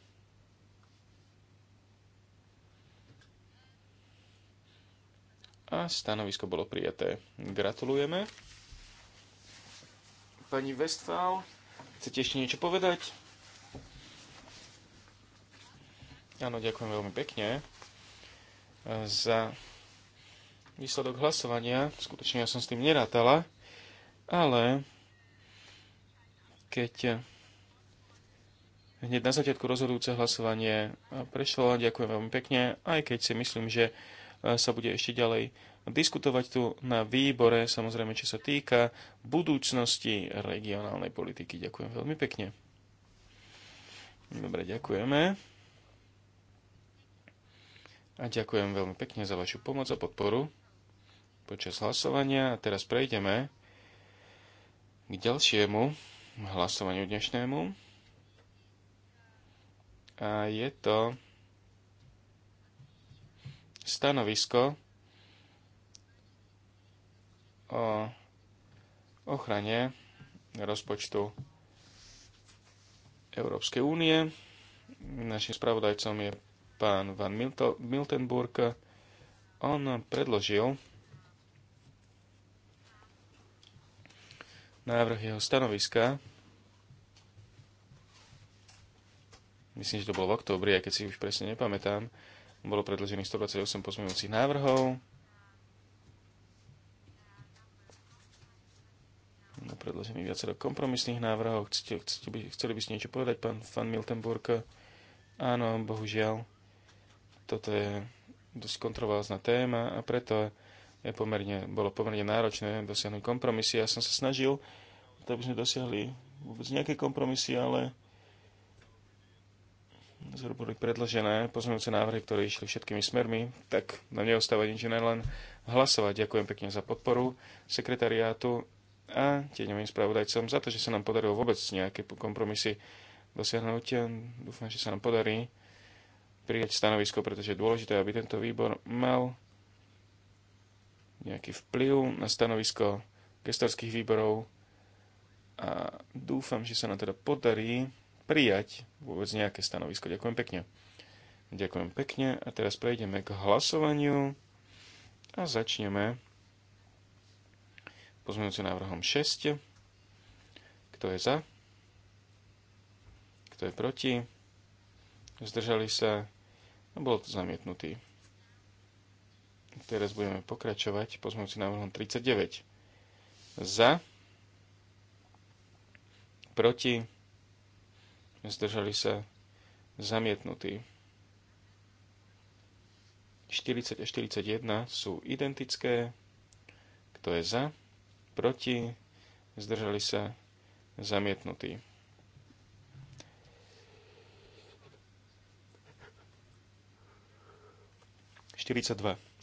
A stanovisko bolo prijaté. Gratulujeme. Pani Westphal, chcete ešte niečo povedať? Áno, ďakujem veľmi pekne eh, za výsledok hlasovania. Skutočne ja som s tým nerátala, ale keď hneď na začiatku rozhodujúce hlasovanie prešlo. Ďakujem veľmi pekne, aj keď si myslím, že e, sa bude ešte ďalej diskutovať tu na výbore, samozrejme, čo sa týka budúcnosti regionálnej politiky. Ďakujem veľmi pekne. Dobre, ďakujeme. A ďakujem veľmi pekne za vašu pomoc a podporu počas hlasovania. A teraz prejdeme k ďalšiemu hlasovaniu dnešnému a je to stanovisko o ochrane rozpočtu Európskej únie. Našim spravodajcom je pán Van Miltenburg. On predložil návrh jeho stanoviska myslím, že to bolo v októbri, aj keď si už presne nepamätám, bolo predložených 128 pozmeňujúcich návrhov. Bolo predložených viacero kompromisných návrhov. Chcete, chcete by, chceli by ste niečo povedať, pán Van Miltenburg? Áno, bohužiaľ. Toto je dosť kontroverzná téma a preto je pomerne, bolo pomerne náročné dosiahnuť kompromisy. Ja som sa snažil, aby sme dosiahli vôbec nejaké kompromisy, ale boli predložené pozmeňujúce návrhy, ktoré išli všetkými smermi, tak nám neostáva nič iné, len hlasovať. Ďakujem pekne za podporu sekretariátu a tieňovým spravodajcom za to, že sa nám podarilo vôbec nejaké kompromisy dosiahnuť. Dúfam, že sa nám podarí prijať stanovisko, pretože je dôležité, aby tento výbor mal nejaký vplyv na stanovisko gestorských výborov a dúfam, že sa nám teda podarí prijať vôbec nejaké stanovisko. Ďakujem pekne. Ďakujem pekne a teraz prejdeme k hlasovaniu a začneme pozmeňujúcim návrhom 6. Kto je za? Kto je proti? Zdržali sa? A no, bolo to zamietnutý. Teraz budeme pokračovať pozmeňujúcim návrhom 39. Za? Proti? zdržali sa zamietnutí. 40 a 41 sú identické. Kto je za? Proti? Zdržali sa zamietnutí.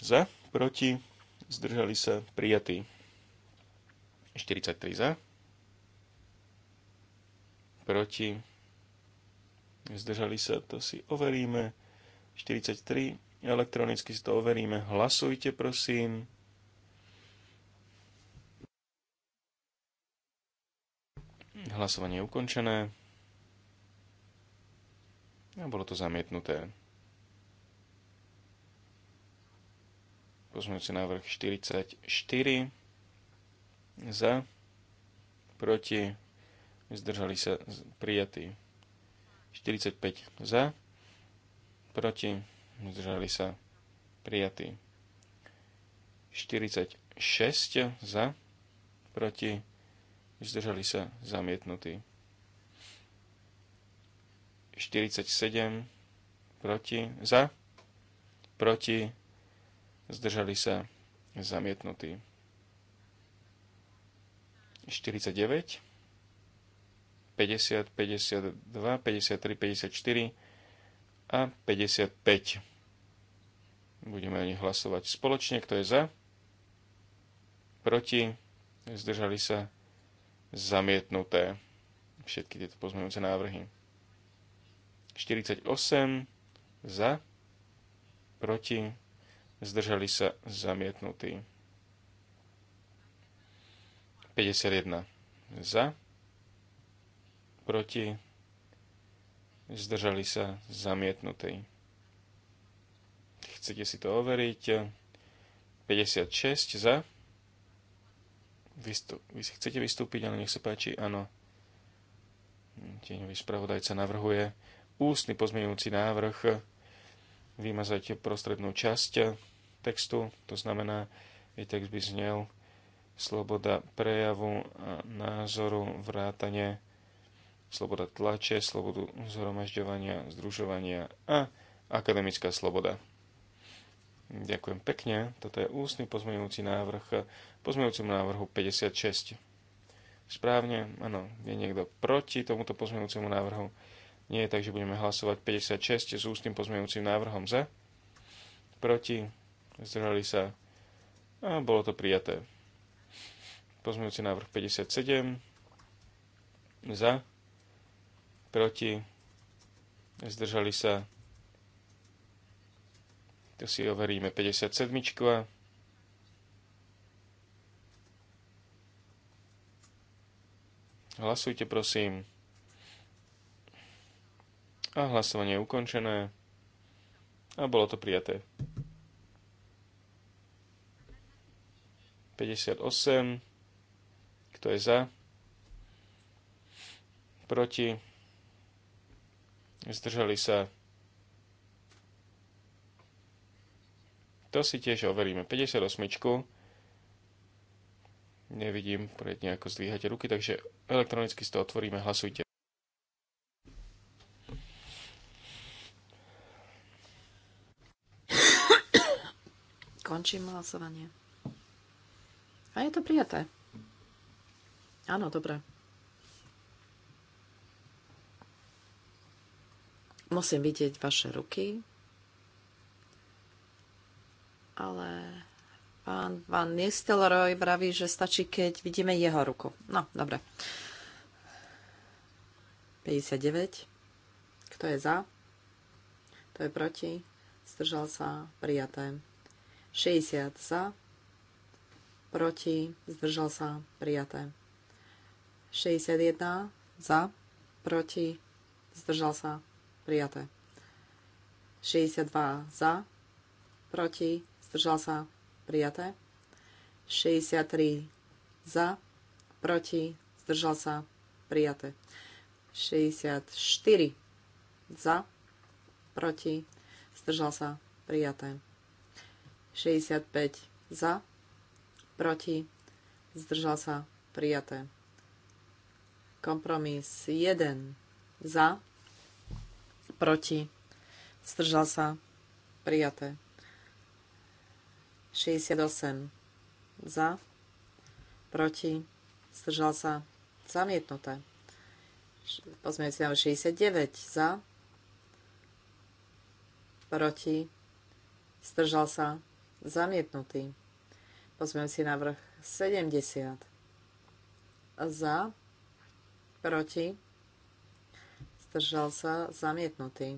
Za, proti, zdržali sa, prijatí. 43 za, proti, zdržali sa, to si overíme. 43, elektronicky si to overíme. Hlasujte, prosím. Hlasovanie je ukončené. A bolo to zamietnuté. Pozmeňujúci návrh 44 za, proti, zdržali sa prijatí. 45 za, proti, zdržali sa prijatí. 46 za, proti, zdržali sa zamietnutí. 47 proti, za, proti, zdržali sa zamietnutí. 49 50, 52, 53, 54 a 55. Budeme o nich hlasovať spoločne. Kto je za? Proti? Zdržali sa? Zamietnuté. Všetky tieto pozmeňujúce návrhy. 48 za, proti, zdržali sa zamietnutí. 51 za, proti, zdržali sa zamietnutej. Chcete si to overiť? 56 za. Vy, vy si chcete vystúpiť, ale nech sa páči, áno. Tieňový spravodajca navrhuje ústny pozmeňujúci návrh Vymazajte prostrednú časť textu, to znamená, že text by znel sloboda prejavu a názoru, vrátane sloboda tlače, slobodu zhromažďovania, združovania a akademická sloboda. Ďakujem pekne. Toto je ústny pozmeňujúci návrh pozmeňujúcemu návrhu 56. Správne, áno, je niekto proti tomuto pozmeňujúcemu návrhu? Nie, takže budeme hlasovať 56 s ústnym pozmeňujúcim návrhom za, proti, zdržali sa a bolo to prijaté. Pozmeňujúci návrh 57 za, proti, zdržali sa, to si overíme 57. Hlasujte prosím. A hlasovanie je ukončené. A bolo to prijaté. 58. Kto je za? Proti? zdržali sa. To si tiež overíme. 58. Nevidím pred nejako zdvíhať ruky, takže elektronicky si to otvoríme, hlasujte. Končím hlasovanie. A je to prijaté. Áno, dobre. Musím vidieť vaše ruky. Ale pán Van Nistelrooy vraví, že stačí, keď vidíme jeho ruku. No, dobre. 59. Kto je za? Kto je proti? Zdržal sa? Prijaté. 60 za. Proti? Zdržal sa? Prijaté. 61 za. Proti? Zdržal sa? prijaté. 62 za, proti, zdržal sa, prijaté. 63 za, proti, zdržal sa, prijaté. 64 za, proti, zdržal sa, prijaté. 65 za, proti, zdržal sa, prijaté. Kompromis 1 za, proti, zdržal sa, prijaté. 68 za, proti, zdržal sa, zamietnuté. si na 69 za, proti, zdržal sa, zamietnutý. si návrh 70 za, proti, zdržal sa, zamietnutý.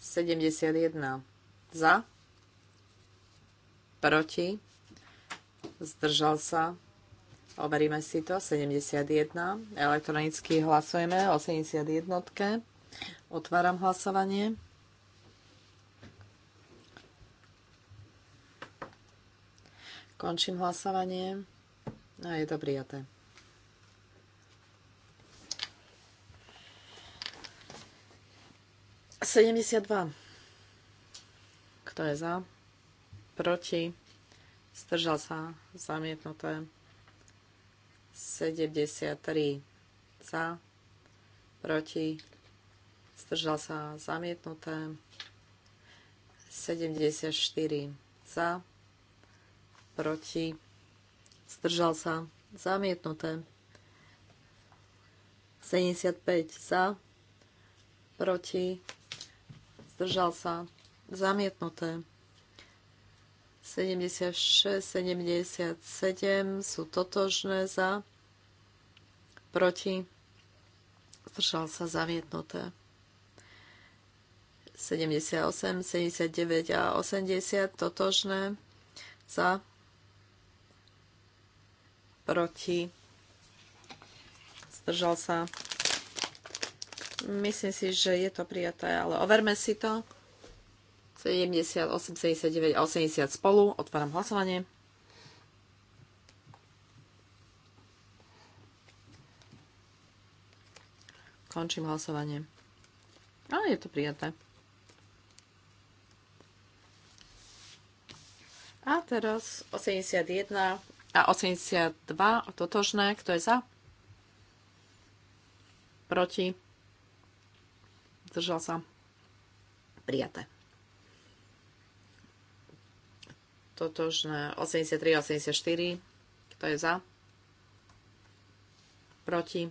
71 za, proti, zdržal sa, overíme si to, 71, elektronicky hlasujeme o 71, otváram hlasovanie. Končím hlasovanie a je to prijaté. 72. Kto je za? Proti? Zdržal sa? Zamietnuté. 73. Za? Proti? Zdržal sa? Zamietnuté. 74. Za? Proti? Zdržal sa? Zamietnuté. 75 za, proti zdržal sa, zamietnuté. 76, 77 sú totožné za, proti, zdržal sa, zamietnuté. 78, 79 a 80 totožné za, proti, zdržal sa, Myslím si, že je to prijaté, ale overme si to. 70, 79 a 80 spolu. Otváram hlasovanie. Končím hlasovanie. A je to prijaté. A teraz 81 a 82 totožné. Kto je za? Proti? držal sa, prijaté. Totožné 83 84, kto je za, proti,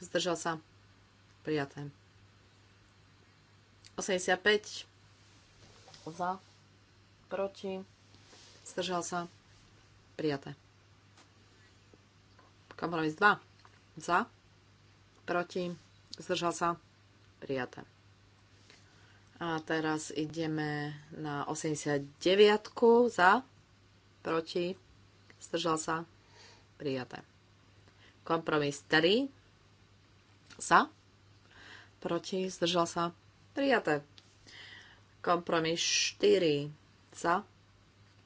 zdržal sa, prijaté. 85 za, proti, zdržal sa, prijaté. Kompromis 2 za, proti, zdržal sa, prijaté. A teraz ideme na 89 za, proti, zdržal sa, prijaté. Kompromis 3 za, proti, zdržal sa, prijaté. Kompromis 4 za,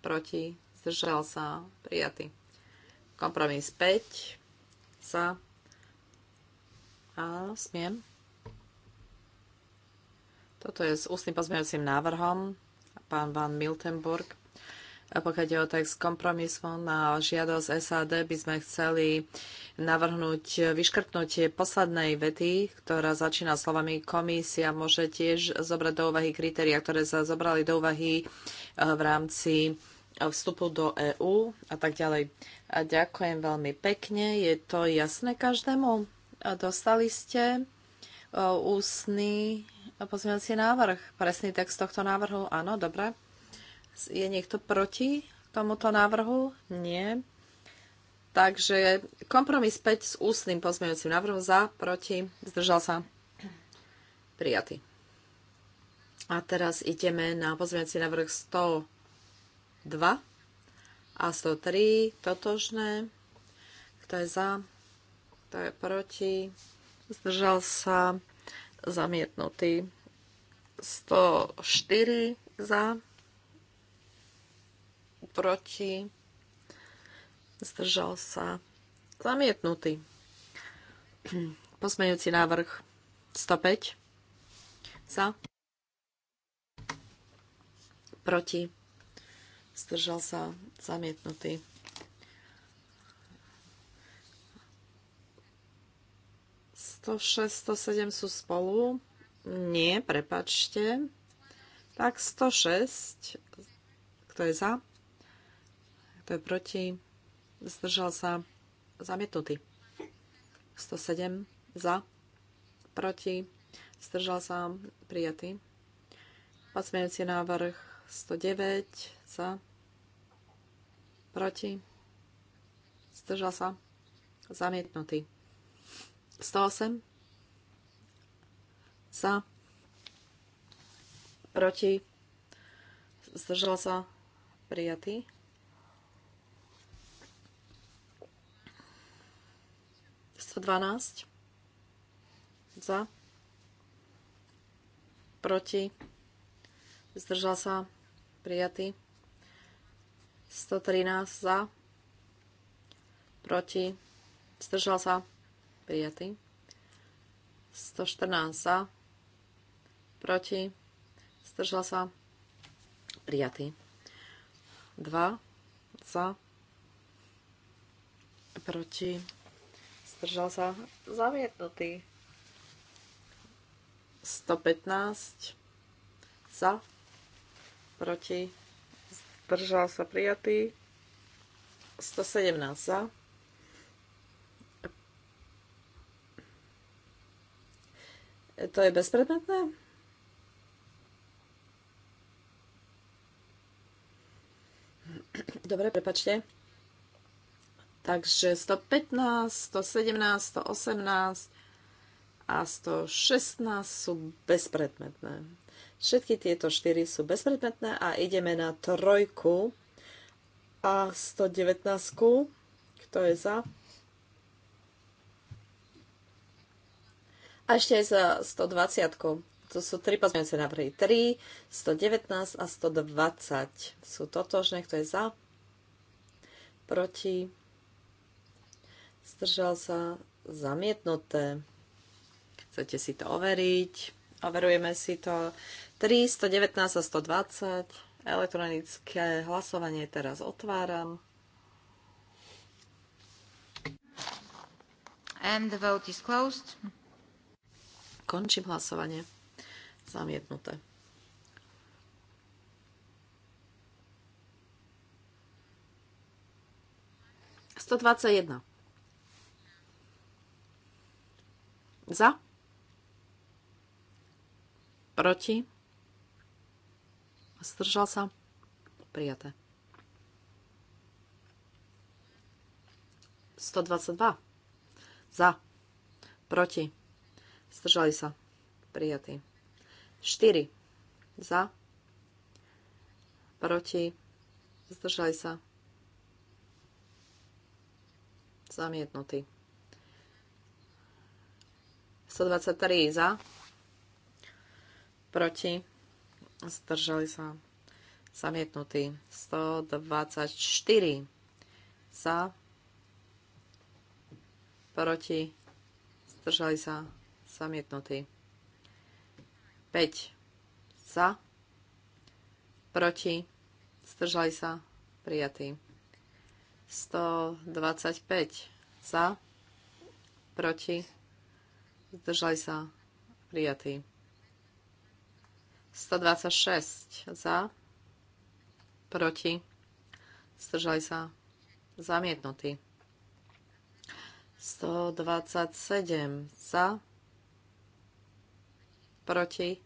proti, zdržal sa, prijatý. Kompromis 5 za, a smiem, toto je s ústnym pozmeňujúcim návrhom. Pán Van Miltenburg. A pokiaľ ide o text kompromisu na žiadosť SAD, by sme chceli navrhnúť vyškrtnutie poslednej vety, ktorá začína slovami komisia môže tiež zobrať do úvahy kritéria, ktoré sa zobrali do úvahy e, v rámci e, vstupu do EÚ a tak ďalej. A ďakujem veľmi pekne. Je to jasné každému? Dostali ste e, ústny pozmeňovací návrh. Presný text tohto návrhu? Áno, dobre. Je niekto proti tomuto návrhu? Nie. Takže kompromis 5 s ústnym pozmeňujúcim návrhom za, proti, zdržal sa, prijatý. A teraz ideme na pozmeňujúci návrh 102 a 103, totožné. Kto je za, kto je proti, zdržal sa, zamietnutý. 104 za, proti, zdržal sa, zamietnutý. posmejúci návrh 105 za, proti, zdržal sa, zamietnutý. 106, 107 sú spolu. Nie, prepačte. Tak 106. Kto je za? Kto je proti? Zdržal sa. Zamietnutý. 107 za. Proti. Zdržal sa. Prijatý. Pozmeňujúci návrh 109 za. Proti. Zdržal sa. Zamietnutý. 108 za, proti, zdržal sa, prijatý. dvanásť za proti zdržal sa prijatý 113 za proti zdržal sa prijatý. 114 za, proti, Stržal sa, prijatý. 2 za, proti, Stržal sa, zamietnutý. 115 za, proti, Stržal sa, prijatý. 117 za, to je bezpredmetné? Dobre, prepačte. Takže 115, 117, 118 a 116 sú bezpredmetné. Všetky tieto štyri sú bezpredmetné a ideme na trojku a 119, kto je za? A ešte aj za 120. To sú tri pozmeňujúce návrhy. 3, 119 a 120 sú totožné. Kto je za? Proti? Zdržal sa? Zamietnuté. Chcete si to overiť? Overujeme si to. 3, 119 a 120. Elektronické hlasovanie teraz otváram. And the vote is closed. Končím hlasovanie. Zamietnuté. Sto dvadsať jedna. Za. Proti. Zdržal sa. Prijaté. 122. Za. Proti. Zdržali sa. Prijatý. 4. Za. Proti. Zdržali sa. Zamietnutý. 123 za. Proti. Zdržali sa. Zamietnutý. 124 za. Proti. Zdržali sa zamietnutý. 5 za, proti, zdržali sa, prijatý. 125 za, proti, zdržali sa, prijatý. 126 za, proti, zdržali sa, zamietnutý. 127 za, proti,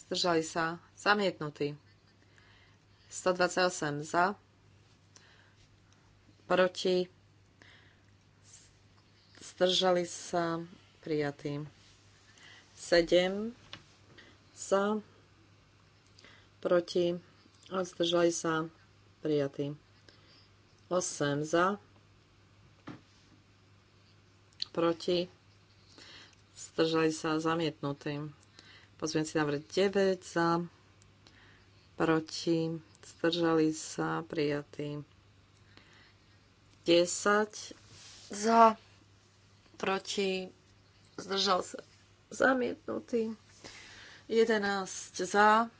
zdržali sa, zamietnutí. 128 za, proti, zdržali sa, prijatí. 7 za, proti, zdržali sa, prijatí. 8 za, proti, zdržali sa zamietnutým. Pozviem si návrh 9 za, proti, zdržali sa prijatý. 10 za, proti, zdržal sa zamietnutý. 11 za,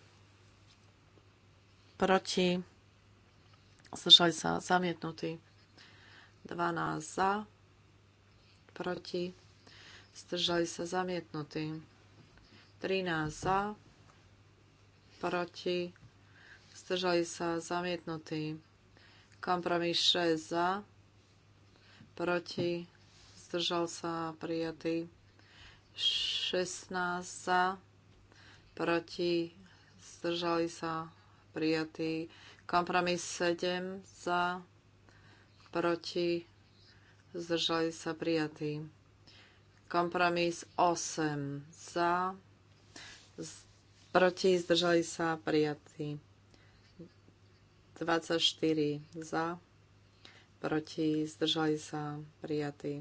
proti, zdržali sa zamietnutý. 12 za, proti, zdržali sa zamietnutí. 13 za, proti, zdržali sa zamietnutí. Kompromis 6 za, proti, zdržal sa prijatý. 16 za, proti, zdržali sa prijatý. Kompromis 7 za, proti, zdržali sa prijatý. Kompromis 8 za, proti, zdržali sa, prijatí. 24 e, za, proti, zdržali sa, prijatí.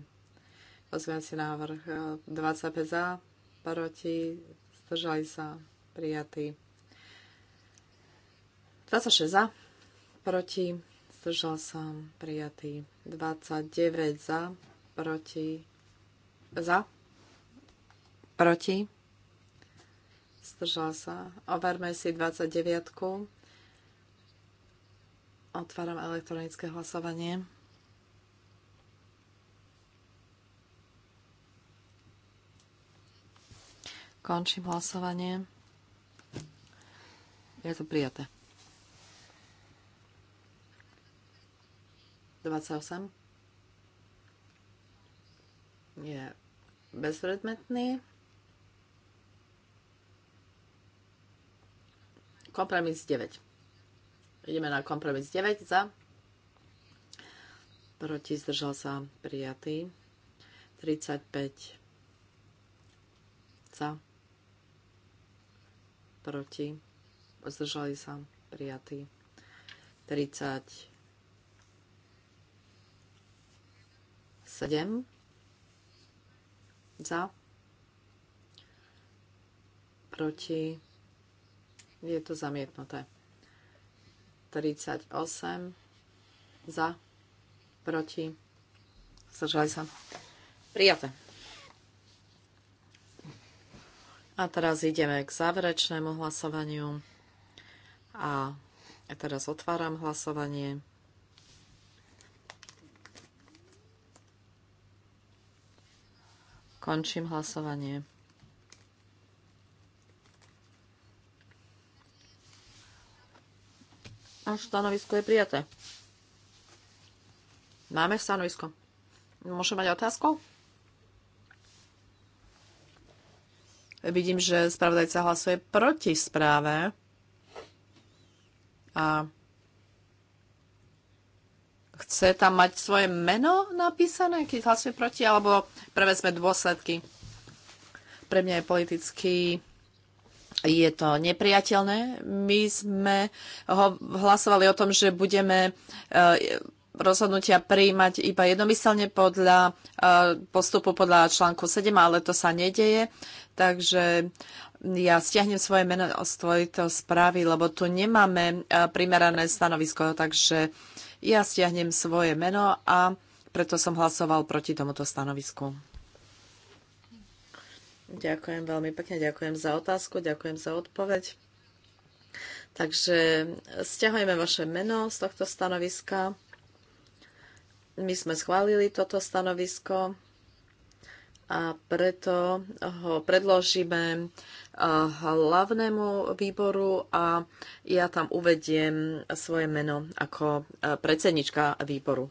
Pozmeňací návrh 25 za, proti, zdržali sa, prijatí. 26 za, proti, zdržal sa, prijatý. 29 za, proti, za? Proti? Zdržal sa. Overme si 29. Otváram elektronické hlasovanie. Končím hlasovanie. Je to prijaté. 28 je bezvredmetný. Kompromis 9. Ideme na kompromis 9 za. Proti zdržal sa prijatý. 35 za. Proti. Zdržali sa prijatý. 37 za. Proti. Je to zamietnuté. 38. Za. Proti. Zdržali sa. Prijaté. A teraz ideme k záverečnému hlasovaniu. A teraz otváram hlasovanie. Končím hlasovanie. A stanovisko je prijaté. Máme stanovisko. Môžem mať otázku? Vidím, že spravodajca hlasuje proti správe. A chce tam mať svoje meno napísané, keď hlasuje proti, alebo prevezme dôsledky. Pre mňa je politicky je to nepriateľné. My sme ho hlasovali o tom, že budeme eh, rozhodnutia prijímať iba jednomyselne podľa eh, postupu podľa článku 7, ale to sa nedeje. Takže ja stiahnem svoje meno z tvojto správy, lebo tu nemáme eh, primerané stanovisko, takže ja stiahnem svoje meno a preto som hlasoval proti tomuto stanovisku. Ďakujem veľmi pekne, ďakujem za otázku, ďakujem za odpoveď. Takže stiahujeme vaše meno z tohto stanoviska. My sme schválili toto stanovisko a preto ho predložíme hlavnému výboru a ja tam uvediem svoje meno ako predsednička výboru.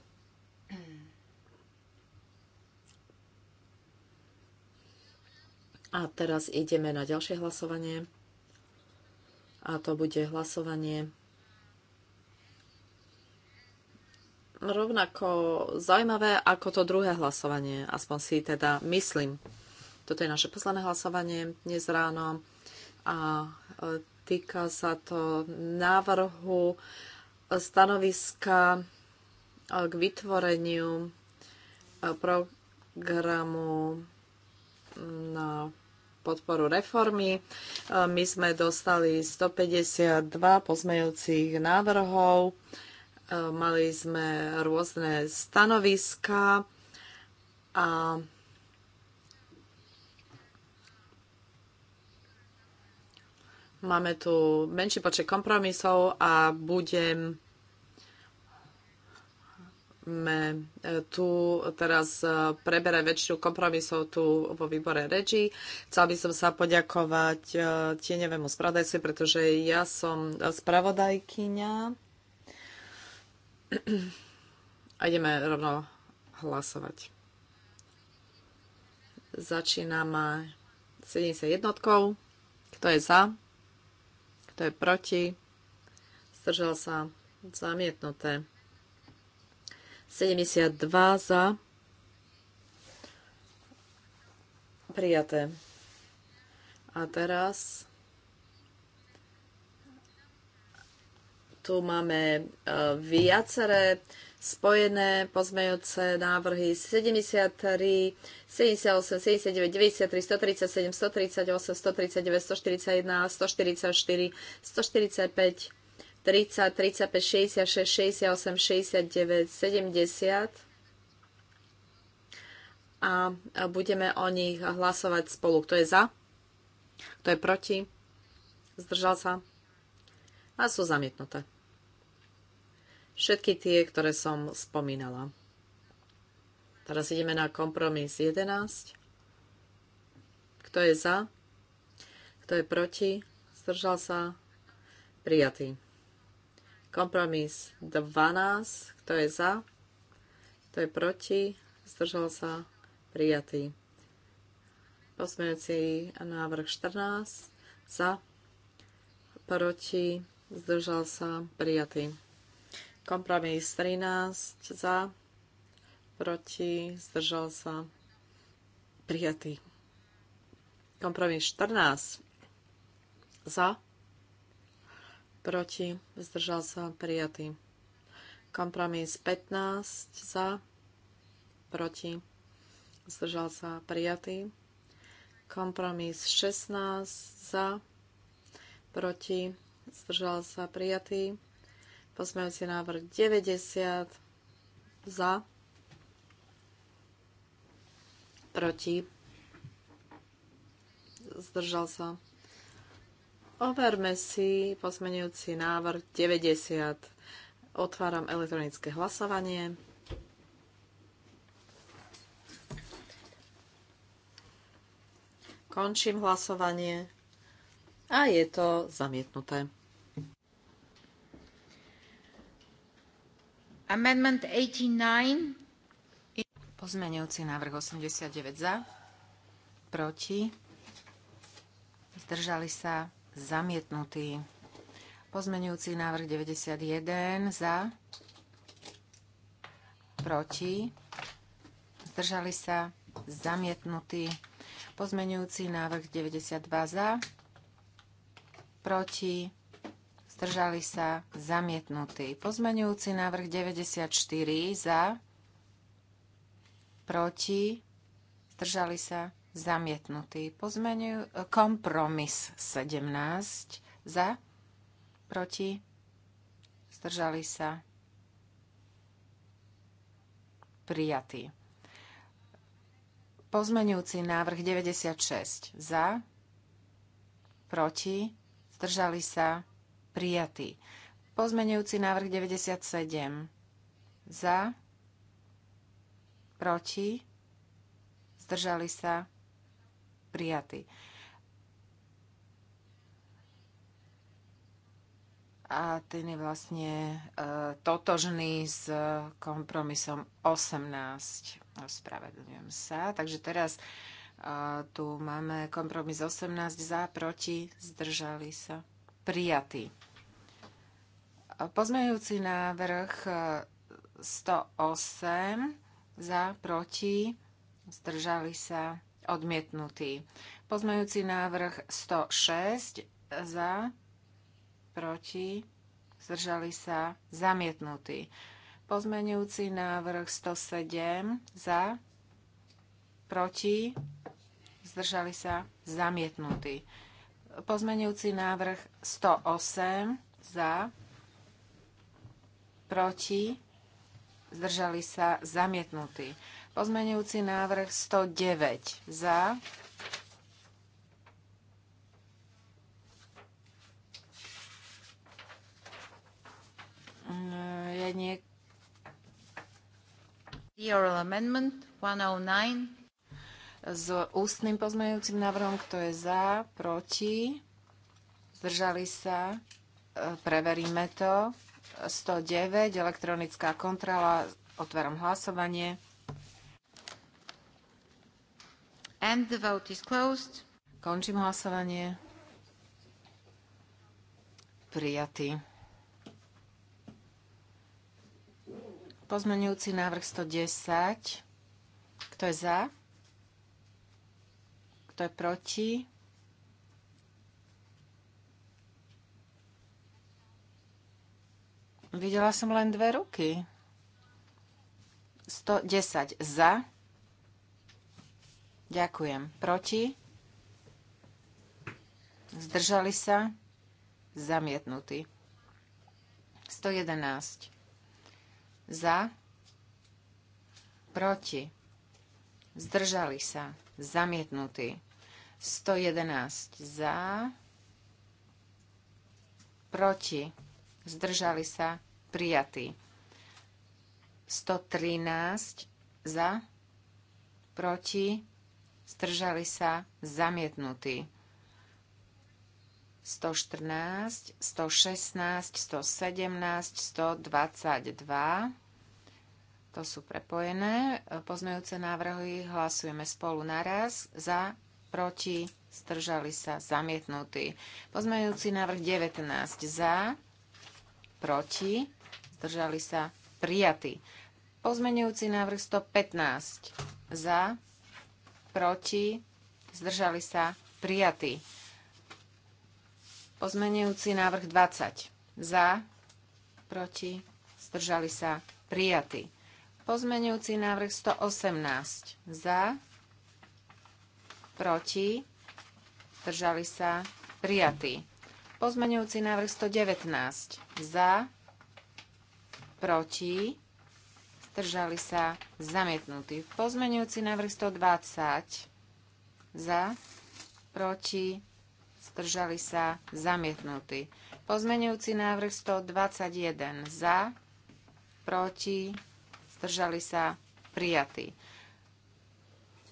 A teraz ideme na ďalšie hlasovanie. A to bude hlasovanie rovnako zaujímavé ako to druhé hlasovanie. Aspoň si teda myslím. Toto je naše posledné hlasovanie dnes ráno a e, týka sa to návrhu stanoviska e, k vytvoreniu e, programu mm, na podporu reformy. My sme dostali 152 pozmejúcich návrhov Mali sme rôzne stanoviska a máme tu menší počet kompromisov a budem e, tu teraz e, preberať väčšinu kompromisov tu vo výbore REGI. Chcel by som sa poďakovať e, tieňovému spravodajstvu, pretože ja som spravodajkyňa a ideme rovno hlasovať. Začíname 71. Kto je za? Kto je proti? Zdržal sa zamietnuté. 72 za. Prijaté. A teraz tu máme e, viaceré spojené pozmejúce návrhy 73, 78, 79, 93, 137, 138, 139, 141, 144, 145, 30, 35, 66, 68, 69, 70 a e, budeme o nich hlasovať spolu. Kto je za? Kto je proti? Zdržal sa? A sú zamietnuté všetky tie, ktoré som spomínala. Teraz ideme na kompromis 11. Kto je za? Kto je proti? Zdržal sa? Prijatý. Kompromis 12. Kto je za? Kto je proti? Zdržal sa? Prijatý. Pozmeňujúci návrh 14. Za? Proti? Zdržal sa? Prijatý. Kompromis 13 za, proti, zdržal sa, prijatý. Kompromis 14 za, proti, zdržal sa, prijatý. Kompromis 15 za, proti, zdržal sa, prijatý. Kompromis 16 za, proti, zdržal sa, prijatý Pozmeňujúci návrh 90 za, proti, zdržal sa. Overme si pozmeňujúci návrh 90. Otváram elektronické hlasovanie. Končím hlasovanie a je to zamietnuté. Amendment 89. Pozmeňujúci návrh 89 za, proti, zdržali sa, zamietnutí, Pozmeňujúci návrh 91 za, proti, zdržali sa, zamietnutí, Pozmeňujúci návrh 92 za, proti, zdržali sa, zamietnutý. Pozmenujúci návrh 94 za, proti, zdržali sa, zamietnutý. Pozmenujú, kompromis 17 za, proti, zdržali sa, prijatý. Pozmenujúci návrh 96 za, proti, zdržali sa, prijatý. Pozmenujúci návrh 97. Za, proti, zdržali sa, prijatý. A ten je vlastne e, totožný s kompromisom 18. Ospravedlňujem sa. Takže teraz e, tu máme kompromis 18 za, proti, zdržali sa, prijatý. Pozmejúci návrh 108 e, za, proti, zdržali sa, odmietnutý. Pozmejúci návrh 106 za, proti, zdržali sa, zamietnutý. Pozmenujúci návrh 107 za, proti, zdržali sa, zamietnutý. Pozmenujúci návrh 108 za, proti, zdržali sa zamietnutí. Pozmenujúci návrh 109 za, mm, je nie... The oral amendment 109. S ústnym pozmeňujúcim návrhom, kto je za, proti, zdržali sa, e, preveríme to. 109, elektronická kontrola. Otváram hlasovanie. And the vote is closed. Končím hlasovanie. Prijatý. Pozmenujúci návrh 110. Kto je za? Kto je proti? Videla som len dve ruky. 110 za. Ďakujem. Proti? Zdržali sa? Zamietnutý. 111 za. Proti? Zdržali sa? Zamietnutý. 111 za. Proti? Zdržali sa? prijatý. 113 za, proti, stržali sa, zamietnutý. 114, 116, 117, 122. To sú prepojené. Poznajúce návrhy hlasujeme spolu naraz. Za, proti, stržali sa, zamietnutý. Poznajúci návrh 19 za, proti, zdržali sa, prijatý. Pozmenujúci návrh 115 za, proti, zdržali sa, prijatý. Pozmenujúci návrh 20 za, proti, zdržali sa, prijatý. Pozmenujúci návrh 118 za, proti, zdržali sa, prijatý. Pozmenujúci návrh 119 za, proti, zdržali sa zamietnutí. Pozmenujúci návrh 120 za, proti, zdržali sa zamietnutí. Pozmenujúci návrh 121 za, proti, zdržali sa prijatí.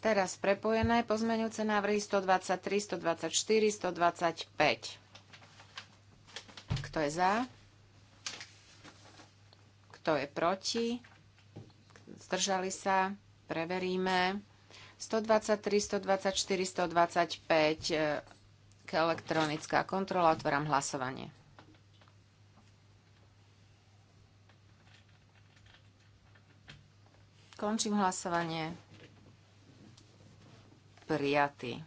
Teraz prepojené pozmenujúce návrhy 123, 124, 125. Kto je za? Kto je proti? Zdržali sa? Preveríme. 123, 124, 125 k elektronická kontrola. Otváram hlasovanie. Končím hlasovanie. Prijatý.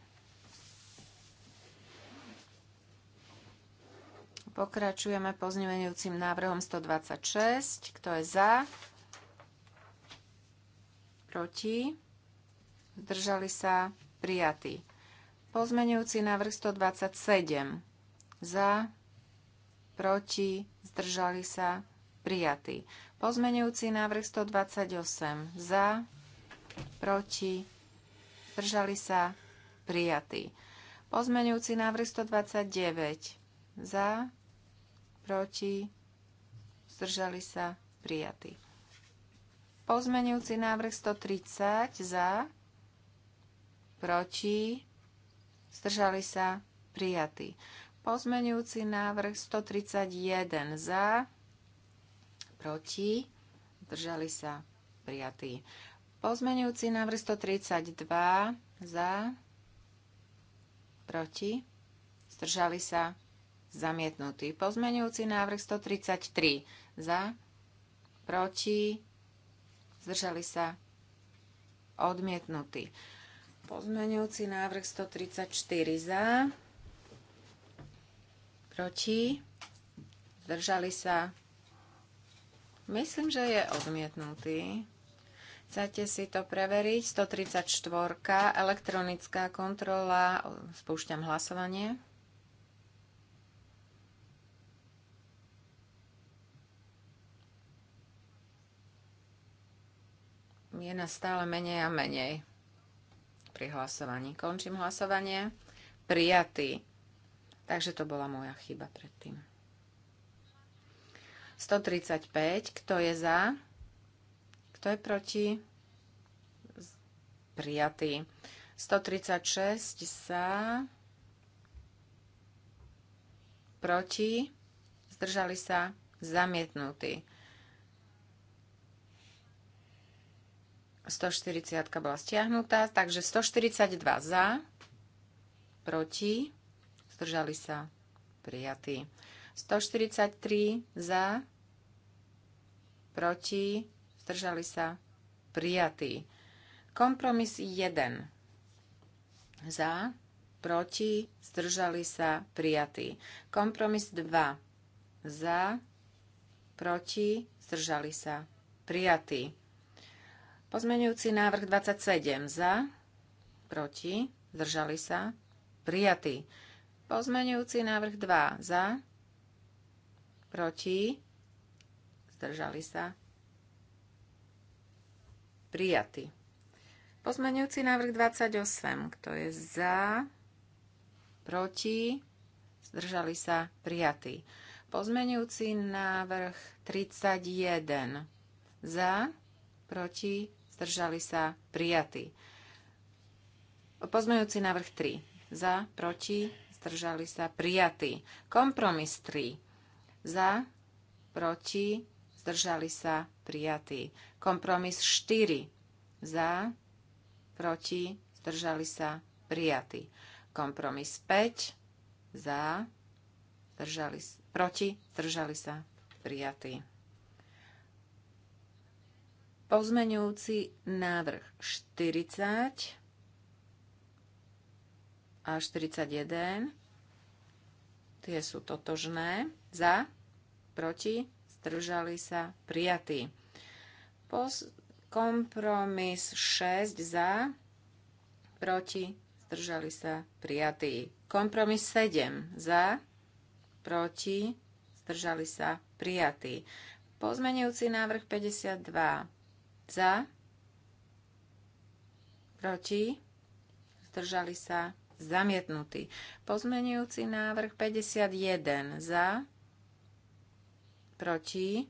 Pokračujeme pozňujúcim návrhom 126. Kto je za? Proti? Zdržali sa? Prijatý. Pozmeňujúci návrh 127. Za? Proti? Zdržali sa? Prijatý. Pozmeňujúci návrh 128. Za? Proti? Zdržali sa? Prijatý. Pozmeňujúci návrh 129. Za? proti, zdržali sa, prijatý. Pozmenujúci návrh 130 za, proti, zdržali sa, prijatý. Pozmenujúci návrh 131 za, proti, zdržali sa, prijatý. Pozmenujúci návrh 132 za, proti, zdržali sa, prijatý Zamietnutý. Pozmenujúci návrh 133. Za. Proti. Zdržali sa. Odmietnutý. Pozmenujúci návrh 134. Za. Proti. Zdržali sa. Myslím, že je odmietnutý. Chcete si to preveriť? 134. Elektronická kontrola. Spúšťam hlasovanie. Je nás stále menej a menej pri hlasovaní. Končím hlasovanie. Prijatý. Takže to bola moja chyba predtým. 135. Kto je za? Kto je proti? Prijatý. 136 za. Proti. Zdržali sa. Zamietnutý. 140 bola stiahnutá, takže 142 za, proti, zdržali sa, prijatí. 143 za, proti, zdržali sa, prijatí. Kompromis 1 za, proti, zdržali sa, prijatí. Kompromis 2 za, proti, zdržali sa, prijatí. Pozmeňujúci návrh 27 za, proti, zdržali sa, prijatý. Pozmeňujúci návrh 2 za, proti, zdržali sa, prijatý. Pozmeňujúci návrh 28, kto je za, proti, zdržali sa, prijatý. Pozmeňujúci návrh 31, za, proti, zdržali sa, prijatý. Pozmejúci návrh 3. Za, proti, zdržali sa, prijatý. Kompromis 3. Za, proti, zdržali sa, prijatý. Kompromis 4. Za, proti, zdržali sa, prijatý. Kompromis 5. Za, zdržali, proti, zdržali sa, prijatý. Pozmeňujúci návrh 40 a 41. Tie sú totožné. Za, proti, zdržali sa, prijatí. Poz, kompromis 6 za, proti, zdržali sa, prijatí. Kompromis 7 za, proti, zdržali sa, prijatí. Pozmenujúci návrh 52 za, proti, zdržali sa, zamietnutý. Pozmenujúci návrh 51 za, proti,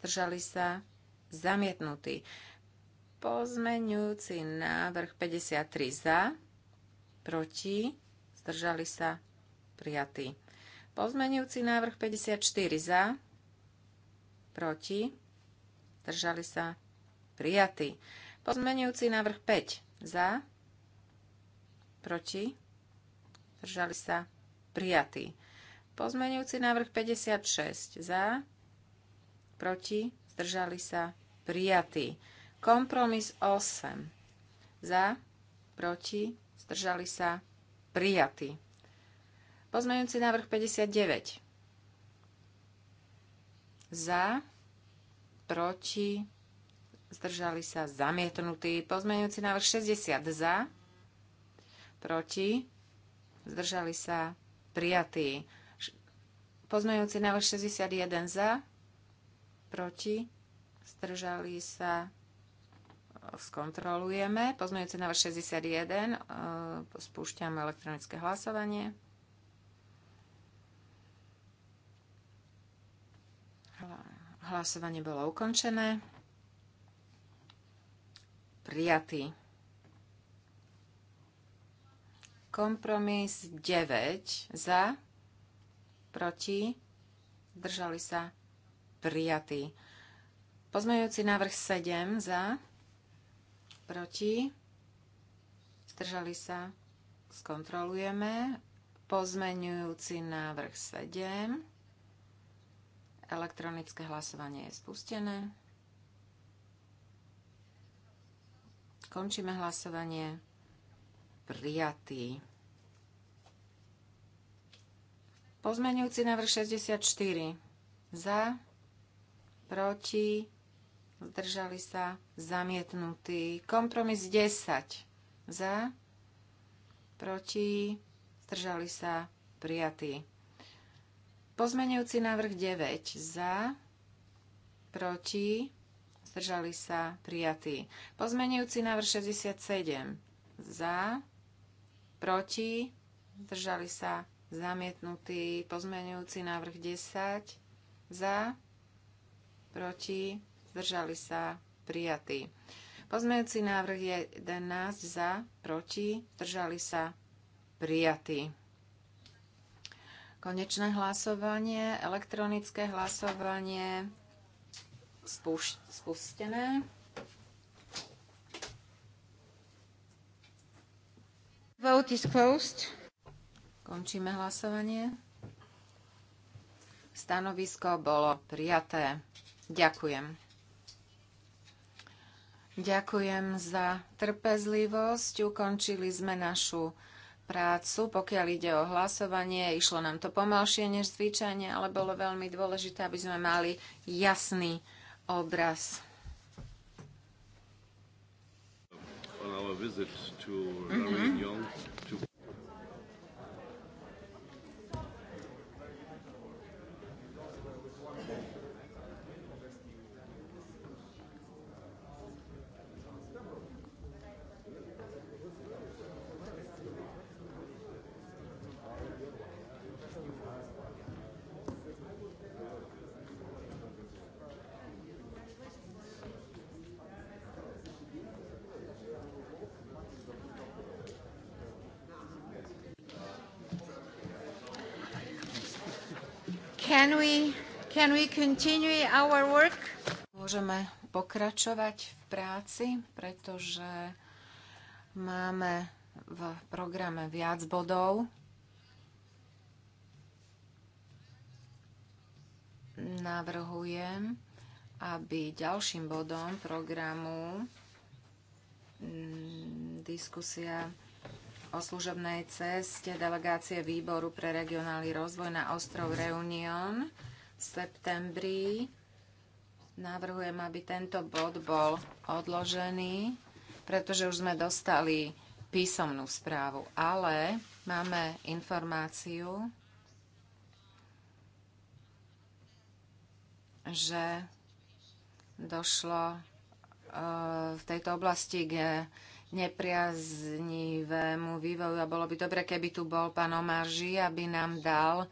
zdržali sa, zamietnutý. Pozmenujúci návrh 53 za, proti, zdržali sa, prijatý. Pozmenujúci návrh 54 za, proti, zdržali sa, prijatý. Pozmenujúci návrh 5 za, proti, zdržali sa, prijatý. Pozmenujúci návrh 56 za, proti, zdržali sa, prijatý. Kompromis 8 za, proti, zdržali sa, prijatý. Pozmenujúci návrh 59 za, proti, zdržali sa zamietnutí. Pozmeňujúci návrh 60 za, proti, zdržali sa prijatí. Pozmeňujúci návrh 61 za, proti, zdržali sa e, skontrolujeme. Pozmeňujúci návrh 61, e, spúšťame elektronické hlasovanie. Hlasovanie bolo ukončené prijatý. Kompromis 9 za, proti, držali sa, prijatý. Pozmejúci návrh 7 za, proti, zdržali sa, skontrolujeme. Pozmeňujúci návrh 7. Elektronické hlasovanie je spustené. Končíme hlasovanie. Prijatý. Pozmenujúci návrh 64. Za, proti, zdržali sa, zamietnutý. Kompromis 10. Za, proti, zdržali sa, prijatý. Pozmenujúci návrh 9. Za, proti, zdržali sa, prijatý. Pozmenujúci návrh 67 za, proti, zdržali sa, zamietnutý. Pozmenujúci návrh 10 za, proti, zdržali sa, prijatý. Pozmenujúci návrh 11 za, proti, zdržali sa, prijatý. Konečné hlasovanie, elektronické hlasovanie spustené. Vote is closed. Končíme hlasovanie. Stanovisko bolo prijaté. Ďakujem. Ďakujem za trpezlivosť. Ukončili sme našu prácu. Pokiaľ ide o hlasovanie, išlo nám to pomalšie než zvyčajne, ale bolo veľmi dôležité, aby sme mali jasný obraz. mm-hmm. can we continue our work? Môžeme pokračovať v práci, pretože máme v programe viac bodov. Navrhujem, aby ďalším bodom programu mm, diskusia o služobnej ceste delegácie výboru pre regionálny rozvoj na ostrov Reunion v septembri. Navrhujem, aby tento bod bol odložený, pretože už sme dostali písomnú správu, ale máme informáciu, že došlo eh, v tejto oblasti k nepriaznivému vývoju a bolo by dobre, keby tu bol pán Omarži, aby nám dal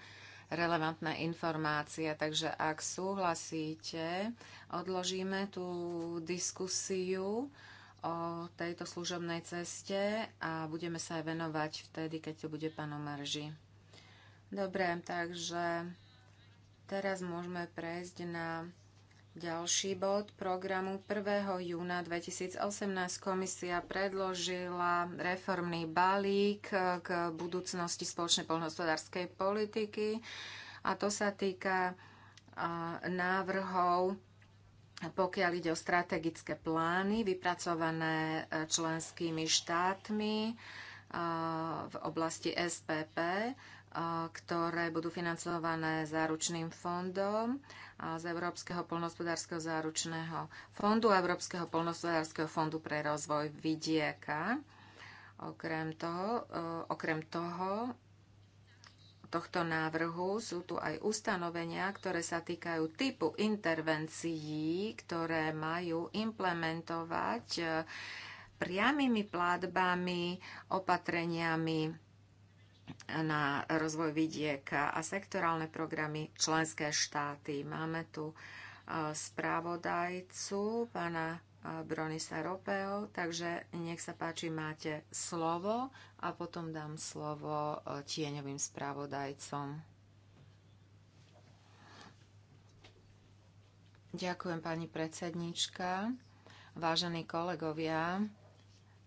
relevantné informácie. Takže ak súhlasíte, odložíme tú diskusiu o tejto služobnej ceste a budeme sa aj venovať vtedy, keď tu bude pán Omarži. Dobre, takže teraz môžeme prejsť na ďalší bod programu 1. júna 2018 komisia predložila reformný balík k budúcnosti spoločnej poľnohospodárskej politiky a to sa týka návrhov pokiaľ ide o strategické plány vypracované e, členskými štátmi v oblasti SPP ktoré budú financované záručným fondom z Európskeho polnospodárskeho záručného fondu a Európskeho polnospodárskeho fondu pre rozvoj vidieka. Okrem toho, e, okrem toho tohto návrhu sú tu aj ustanovenia, ktoré sa týkajú typu intervencií, ktoré majú implementovať e, priamými platbami, opatreniami na rozvoj vidieka a sektorálne programy členské štáty. Máme tu e, správodajcu, pána e, Bronisa Ropeo, takže nech sa páči, máte slovo a potom dám slovo e, tieňovým správodajcom. Ďakujem, pani predsednička. Vážení kolegovia,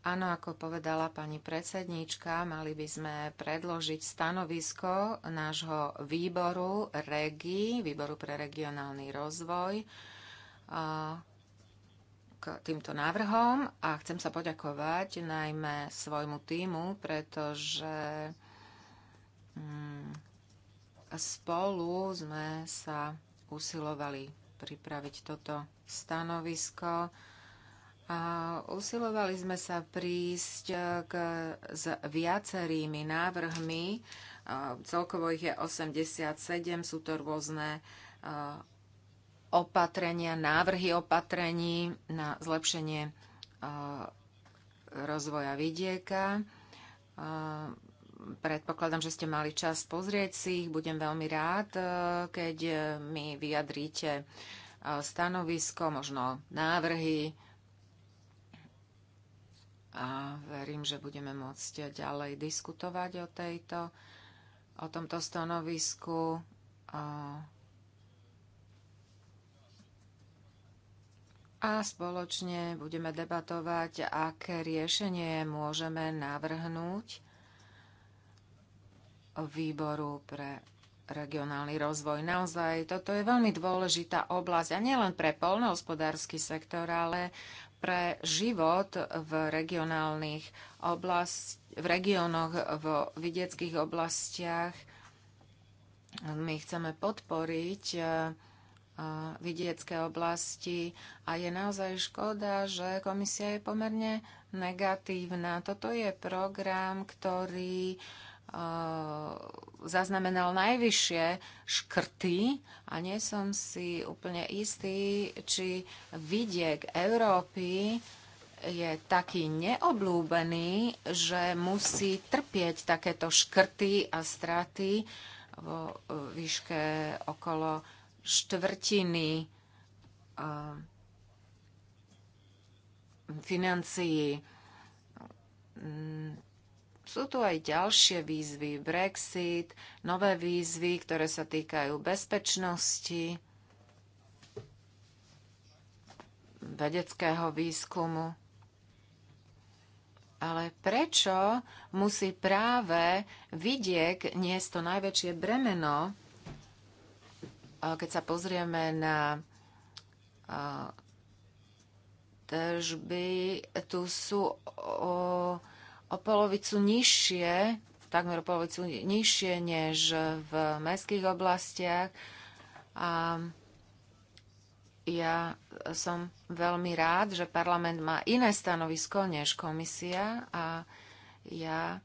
Áno, ako povedala pani predsedníčka, mali by sme predložiť stanovisko nášho výboru REGI, výboru pre regionálny rozvoj, k týmto návrhom a chcem sa poďakovať najmä svojmu týmu, pretože mm, spolu sme sa usilovali pripraviť toto stanovisko a usilovali sme sa prísť eh, k, s viacerými návrhmi. Celkovo ich je 87, sú to rôzne eh, opatrenia, návrhy opatrení na zlepšenie eh, rozvoja vidieka. Predpokladám, že ste mali čas pozrieť si ich. Budem veľmi rád, keď mi vyjadríte stanovisko, možno návrhy a verím, že budeme môcť ďalej diskutovať o tejto, o tomto stanovisku. A spoločne budeme debatovať, aké riešenie môžeme navrhnúť výboru pre regionálny rozvoj. Naozaj, toto je veľmi dôležitá oblasť a nielen pre polnohospodársky sektor, ale pre život v regionálnych oblast, v regiónoch, v vidieckých oblastiach. My chceme podporiť e, e, vidiecké oblasti a je naozaj škoda, že komisia je pomerne negatívna. Toto je program, ktorý uh, Eh, zaznamenal najvyššie škrty a nie som si úplne istý, či vidiek Európy je taký neoblúbený, že musí trpieť takéto škrty a straty vo eh, výške okolo štvrtiny eh, financií mm, sú tu aj ďalšie výzvy, Brexit, nové výzvy, ktoré sa týkajú bezpečnosti, vedeckého výskumu. Ale prečo musí práve vidiek niesť to najväčšie bremeno, keď sa pozrieme na tržby, tu sú o, o polovicu nižšie, takmer o polovicu nižšie než v mestských oblastiach. A ja som veľmi rád, že parlament má iné stanovisko než komisia a ja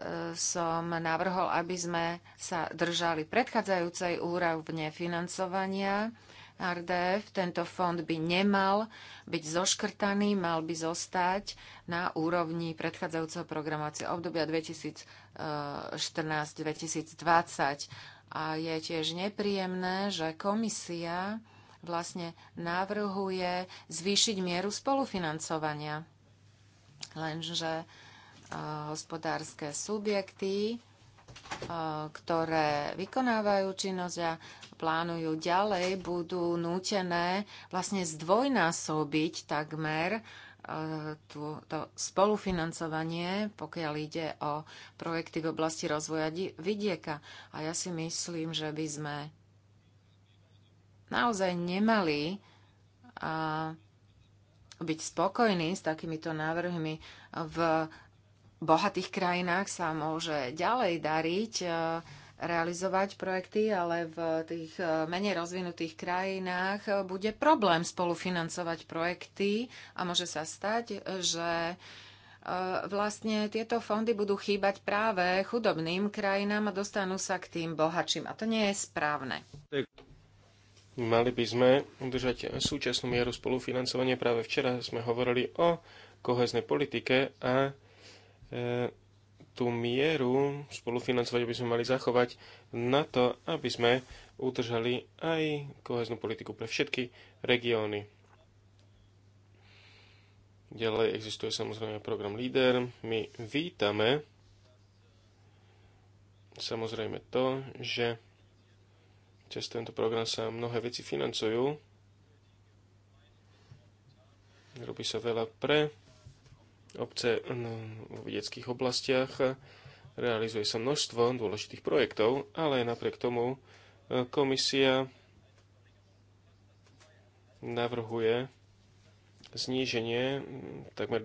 e, som navrhol, aby sme sa držali predchádzajúcej úrovne financovania RDF. Tento fond by nemal byť zoškrtaný, mal by zostať na úrovni predchádzajúceho programovacie obdobia 2014-2020. Eh, A je tiež nepríjemné, že komisia vlastne navrhuje zvýšiť mieru spolufinancovania. Lenže eh, hospodárske subjekty E, ktoré vykonávajú činnosť a plánujú ďalej, budú nútené vlastne zdvojnásobiť takmer e, tú, to spolufinancovanie, pokiaľ ide o projekty v oblasti rozvoja vidieka. A ja si myslím, že by sme naozaj nemali byť spokojní s takýmito návrhmi v bohatých krajinách sa môže ďalej dariť e, realizovať projekty, ale v tých e, menej rozvinutých krajinách e, bude problém spolufinancovať projekty a môže sa stať, že vlastne tieto fondy budú chýbať práve chudobným krajinám a dostanú sa k tým bohačím. A to nie je správne. Mali by sme udržať súčasnú mieru spolufinancovania. Práve včera sme hovorili o koheznej politike a E, tú mieru spolufinancovať by sme mali zachovať na to, aby sme udržali aj koheznú politiku pre všetky regióny. Ďalej existuje samozrejme program LEADER. My vítame samozrejme to, že cez tento program sa mnohé veci financujú. Robí sa veľa pre obce v vedeckých oblastiach. Realizuje sa množstvo dôležitých projektov, ale napriek tomu e, komisia navrhuje zníženie mm, takmer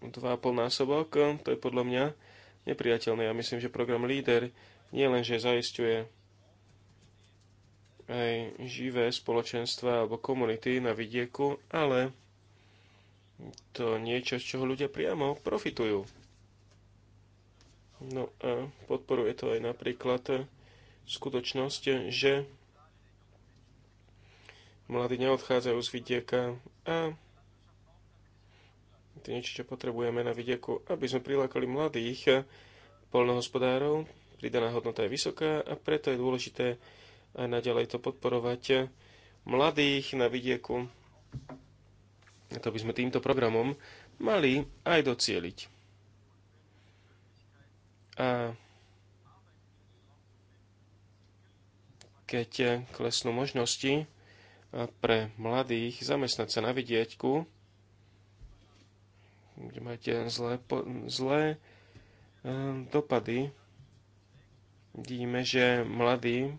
2,5 násobok. To je podľa mňa nepriateľné. Ja myslím, že program LEADER nie len, že aj živé spoločenstva alebo komunity na vidieku, ale to niečo, z čoho ľudia priamo profitujú. No a podporuje to aj napríklad skutočnosť, že mladí neodchádzajú z vidieka a to niečo, čo potrebujeme na vidieku, aby sme prilákali mladých polnohospodárov. Pridaná hodnota je vysoká a preto je dôležité aj naďalej to podporovať mladých na vidieku to by sme týmto programom mali aj docieliť. A keď klesnú možnosti pre mladých zamestnať sa na vidieťku, kde máte zlé, zlé e, dopady, vidíme, že mladí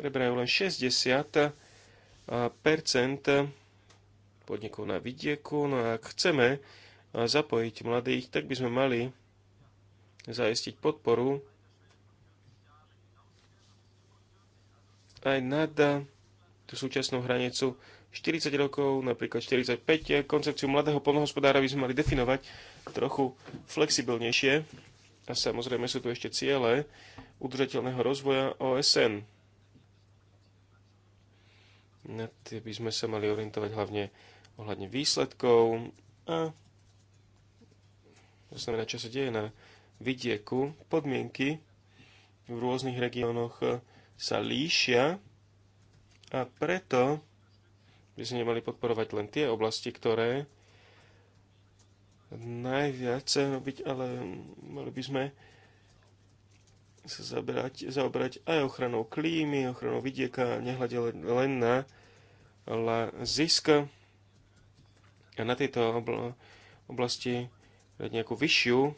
preberajú len 60 percent podnikov na vidieku. No a ak chceme eh, zapojiť mladých, tak by sme mali zajistiť podporu aj nad eh, tú súčasnú hranicu 40 rokov, napríklad 45. Eh, koncepciu mladého polnohospodára by sme mali definovať trochu flexibilnejšie. A samozrejme sú tu ešte ciele udržateľného rozvoja OSN. Na tie by sme sa mali orientovať hlavne ohľadne výsledkov a to znamená, čo sa deje na vidieku. Podmienky v rôznych regiónoch sa líšia a preto by sme nemali podporovať len tie oblasti, ktoré najviac robiť, ale mali by sme sa zaberať, zaoberať aj ochranou klímy, ochranou vidieka, nehľadiť len na zisk na tejto oblasti dať nejakú vyššiu eh,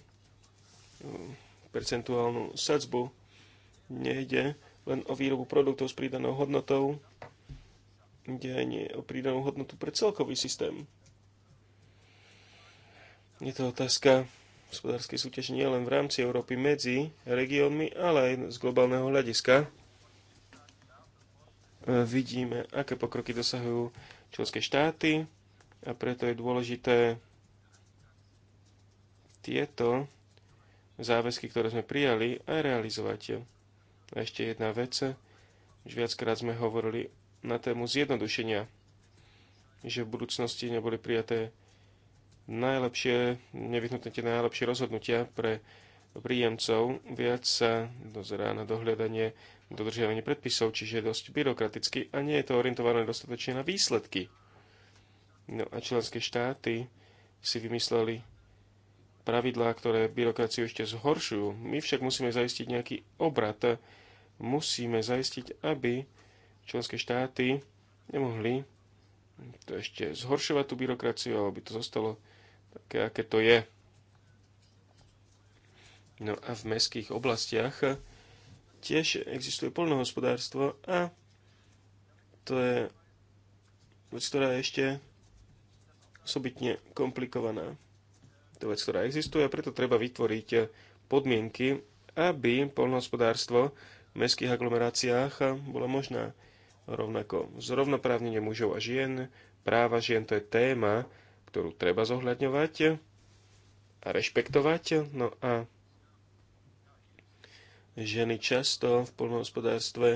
percentuálnu sadzbu. Nejde len o výrobu produktov s pridanou hodnotou, ide ani o pridanú hodnotu pre celkový systém. Je to otázka hospodárskej súťaže nie len v rámci Európy medzi regiónmi, ale aj z globálneho hľadiska. Eh, vidíme, aké pokroky dosahujú členské štáty, a preto je dôležité tieto záväzky, ktoré sme prijali, aj realizovať. A ešte jedna vec, už viackrát sme hovorili na tému zjednodušenia, že v budúcnosti neboli prijaté najlepšie, nevyhnutné tie najlepšie rozhodnutia pre príjemcov, viac sa dozerá na dohľadanie dodržiavanie predpisov, čiže je dosť byrokraticky a nie je to orientované dostatočne na výsledky. No a členské štáty si vymysleli pravidlá, ktoré byrokraciu ešte zhoršujú. My však musíme zaistiť nejaký obrat. Musíme zaistiť, aby členské štáty nemohli to ešte zhoršovať tú byrokraciu, alebo by to zostalo také, aké to je. No a v mestských oblastiach tiež existuje polnohospodárstvo a to je vec, ktorá ešte osobitne komplikovaná. To vec, ktorá existuje a preto treba vytvoriť podmienky, aby polnohospodárstvo v mestských aglomeráciách bola možná rovnako zrovnoprávnenie mužov a žien, práva žien to je téma, ktorú treba zohľadňovať a rešpektovať. No a ženy často v polnohospodárstve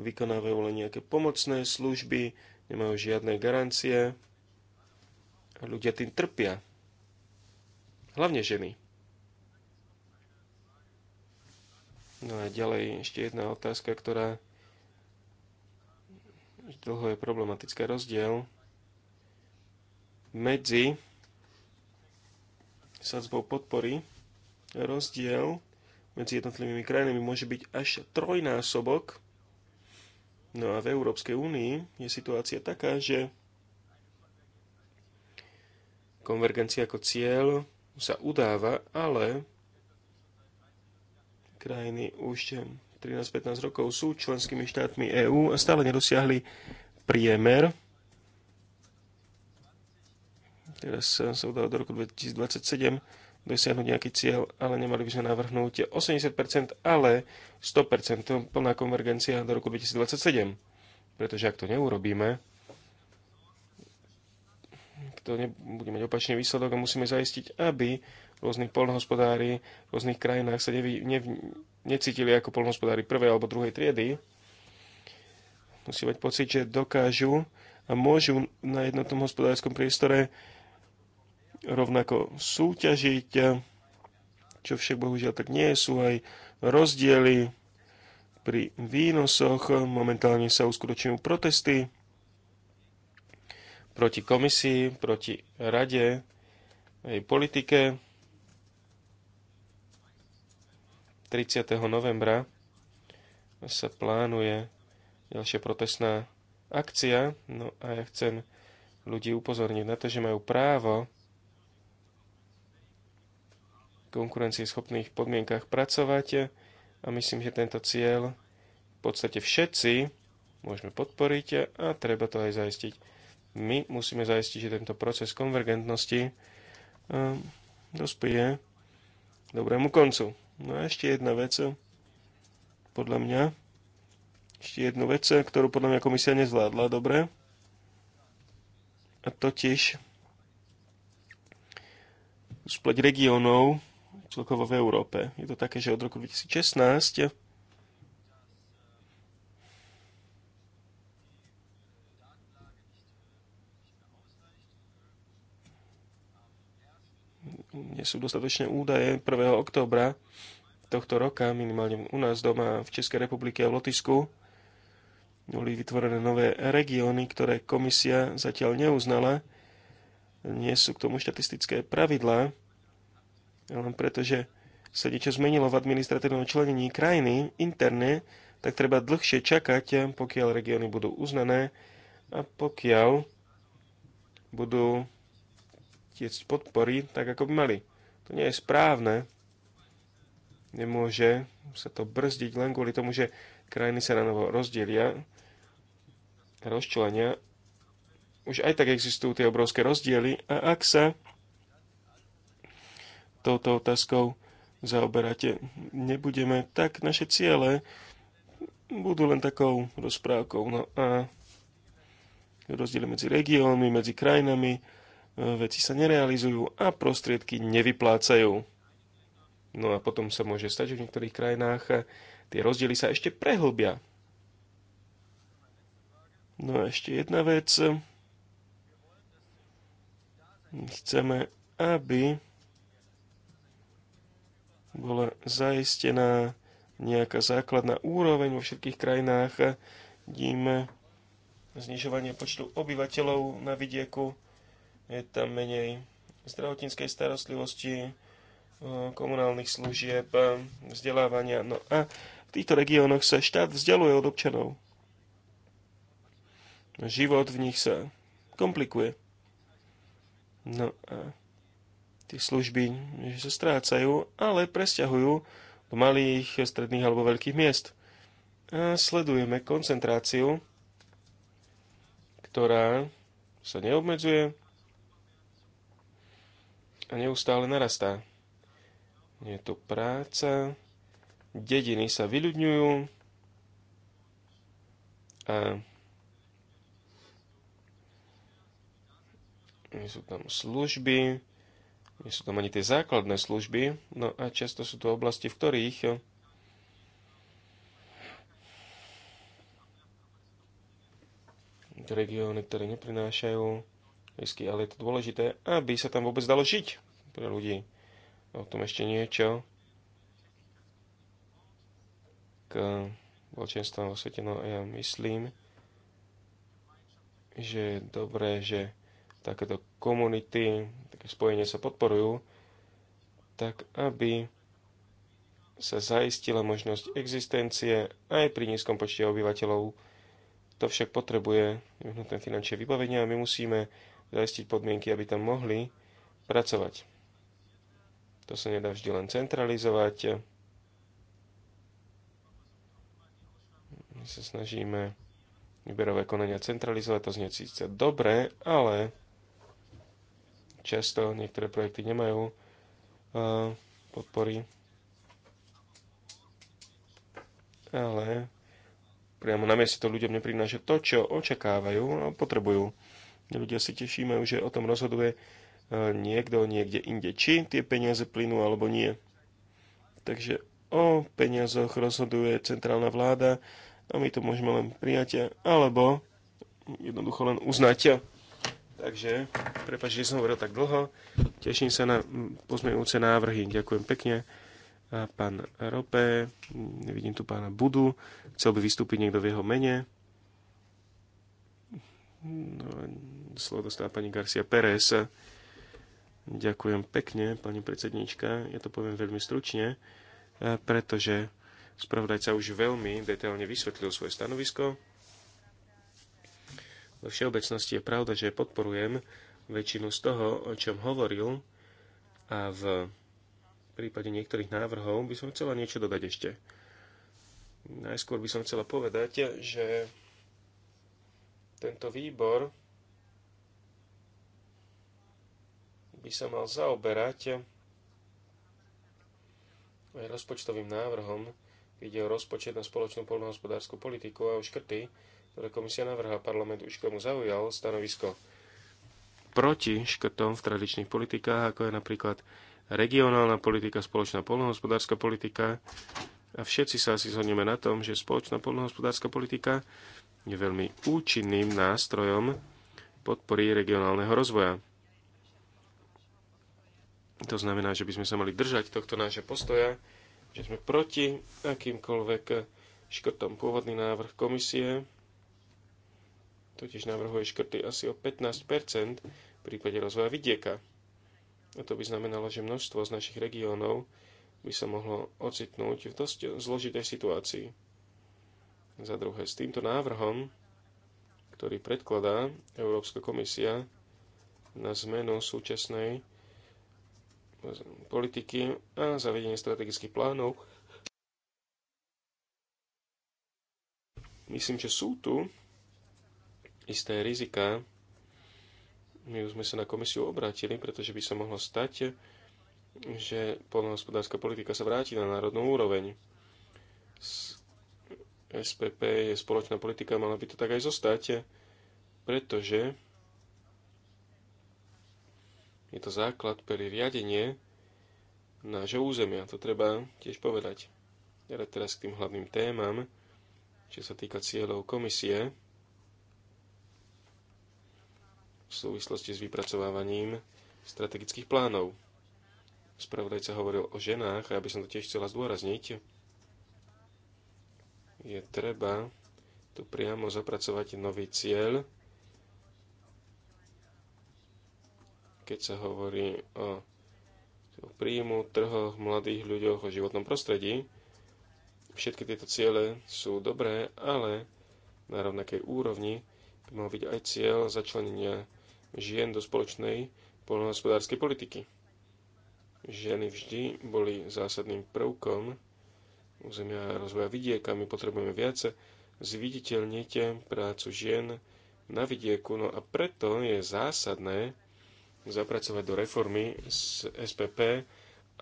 vykonávajú len nejaké pomocné služby, nemajú žiadne garancie, Ľudia tým trpia. Hlavne ženy. No a ďalej ešte jedna otázka, ktorá dlho je problematická. Rozdiel medzi sadzbou podpory, rozdiel medzi jednotlivými krajinami môže byť až trojnásobok. No a v Európskej únii je situácia taká, že Konvergencia ako cieľ sa udáva, ale krajiny už 13-15 rokov sú členskými štátmi EÚ a stále nedosiahli priemer. Teraz sa udáva do roku 2027 dosiahnuť nejaký cieľ, ale nemali by sme navrhnúť 80%, ale 100% plná konvergencia do roku 2027. Pretože ak to neurobíme, to nebude mať opačný výsledok a musíme zaistiť, aby rôzni polnohospodári v rôznych krajinách sa nevy, ne, necítili ako polnohospodári prvej alebo druhej triedy. Musí mať pocit, že dokážu a môžu na jednotnom hospodárskom priestore rovnako súťažiť, čo však bohužiaľ tak nie sú aj rozdiely pri výnosoch. Momentálne sa uskutočňujú protesty proti komisii, proti rade, jej politike. 30. novembra sa plánuje ďalšia protestná akcia. No a ja chcem ľudí upozorniť na to, že majú právo v konkurencieschopných podmienkách pracovať a myslím, že tento cieľ v podstate všetci môžeme podporiť a treba to aj zaistiť. My musíme zajistiť, že tento proces konvergentnosti ehm, dospieje dobrému koncu. No a ešte jedna vec, podľa mňa, ešte jednu vec, ktorú podľa mňa komisia nezvládla dobre. A totiž spleť regionov celkovo v Európe. Je to také, že od roku 2016 nie sú dostatočné údaje 1. októbra tohto roka, minimálne u nás doma v Českej republike a v Lotyšsku, boli vytvorené nové regióny, ktoré komisia zatiaľ neuznala. Nie sú k tomu štatistické pravidlá, len pretože sa niečo zmenilo v administratívnom členení krajiny interne, tak treba dlhšie čakať, pokiaľ regióny budú uznané a pokiaľ budú tiecť podpory tak, ako by mali. To nie je správne. Nemôže sa to brzdiť len kvôli tomu, že krajiny sa na novo rozdielia, rozčlenia. Už aj tak existujú tie obrovské rozdiely a ak sa touto otázkou zaoberáte, nebudeme, tak naše ciele budú len takou rozprávkou. No a rozdiely medzi regiónmi, medzi krajinami, veci sa nerealizujú a prostriedky nevyplácajú. No a potom sa môže stať, že v niektorých krajinách tie rozdiely sa ešte prehlbia. No a ešte jedna vec. Chceme, aby bola zaistená nejaká základná úroveň vo všetkých krajinách. Vidíme znižovanie počtu obyvateľov na vidieku, je tam menej zdravotníckej starostlivosti, e, komunálnych služieb, e, vzdelávania. No a v týchto regiónoch sa štát vzdialuje od občanov. Život v nich sa komplikuje. No a tie služby že sa strácajú, ale presťahujú do malých, stredných alebo veľkých miest. A sledujeme koncentráciu, ktorá sa neobmedzuje, a neustále narastá. Je tu práca, dediny sa vyľudňujú a nie sú tam služby, nie sú tam ani tie základné služby, no a často sú to oblasti, v ktorých regióny, ktoré neprinášajú risky, ale je to dôležité, aby sa tam vôbec dalo žiť pre ľudí. O tom ešte niečo k voľčenstvom vo svete. No ja myslím, že je dobré, že takéto komunity, také spojenie sa podporujú, tak aby sa zaistila možnosť existencie aj pri nízkom počte obyvateľov. To však potrebuje nevyhnutné finančné vybavenie a my musíme zaistiť podmienky, aby tam mohli pracovať. To sa nedá vždy len centralizovať. My sa snažíme výberové konania centralizovať, to znie síce dobre, ale často niektoré projekty nemajú uh, podpory. Ale priamo na mieste to ľuďom neprináša to, čo očakávajú a potrebujú ľudia si tešíme, že o tom rozhoduje e, niekto niekde inde, či tie peniaze plynú alebo nie. Takže o peniazoch rozhoduje centrálna vláda a my to môžeme len prijať alebo jednoducho len uznať. Takže, prepáč, že som hovoril tak dlho. Teším sa na pozmejúce návrhy. Ďakujem pekne. A pán Rope, vidím tu pána Budu. Chcel by vystúpiť niekto v jeho mene. No, slovo dostáva pani Garcia Pérez. Ďakujem pekne, pani predsednička. Ja to poviem veľmi stručne, e, pretože spravodajca už veľmi detailne vysvetlil svoje stanovisko. Vo všeobecnosti je pravda, že podporujem väčšinu z toho, o čom hovoril a v prípade niektorých návrhov by som chcela niečo dodať ešte. Najskôr by som chcela povedať, že tento výbor sa mal zaoberať aj rozpočtovým návrhom, ide o rozpočet na spoločnú poľnohospodárskú politiku a o škrty, ktoré komisia navrhla. Parlament už k tomu zaujal stanovisko proti škrtom v tradičných politikách, ako je napríklad regionálna politika, spoločná poľnohospodárska politika. A všetci sa asi zhodneme na tom, že spoločná poľnohospodárska politika je veľmi účinným nástrojom podpory regionálneho rozvoja. To znamená, že by sme sa mali držať tohto nášho postoja, že sme proti akýmkoľvek škrtom. Pôvodný návrh komisie totiž navrhuje škrty asi o 15 v prípade rozvoja vidieka. A to by znamenalo, že množstvo z našich regiónov by sa mohlo ocitnúť v dosť zložitej situácii. Za druhé, s týmto návrhom, ktorý predkladá Európska komisia na zmenu súčasnej politiky a zavedenie strategických plánov. Myslím, že sú tu isté rizika. My už sme sa na komisiu obrátili, pretože by sa mohlo stať, že polnohospodárska politika sa vráti na národnú úroveň. SPP je spoločná politika, mala by to tak aj zostať, pretože je to základ pre riadenie nášho územia. To treba tiež povedať. Ja teraz k tým hlavným témam, čo sa týka cieľov komisie v súvislosti s vypracovávaním strategických plánov. Spravodajca hovoril o ženách a ja by som to tiež chcela zdôrazniť. Je treba tu priamo zapracovať nový cieľ, keď sa hovorí o, príjmu, trhoch, mladých ľuďoch, o životnom prostredí. Všetky tieto ciele sú dobré, ale na rovnakej úrovni by mal byť aj cieľ začlenenia žien do spoločnej poľnohospodárskej politiky. Ženy vždy boli zásadným prvkom územia rozvoja vidieka. My potrebujeme viac zviditeľniť prácu žien na vidieku. No a preto je zásadné zapracovať do reformy z SPP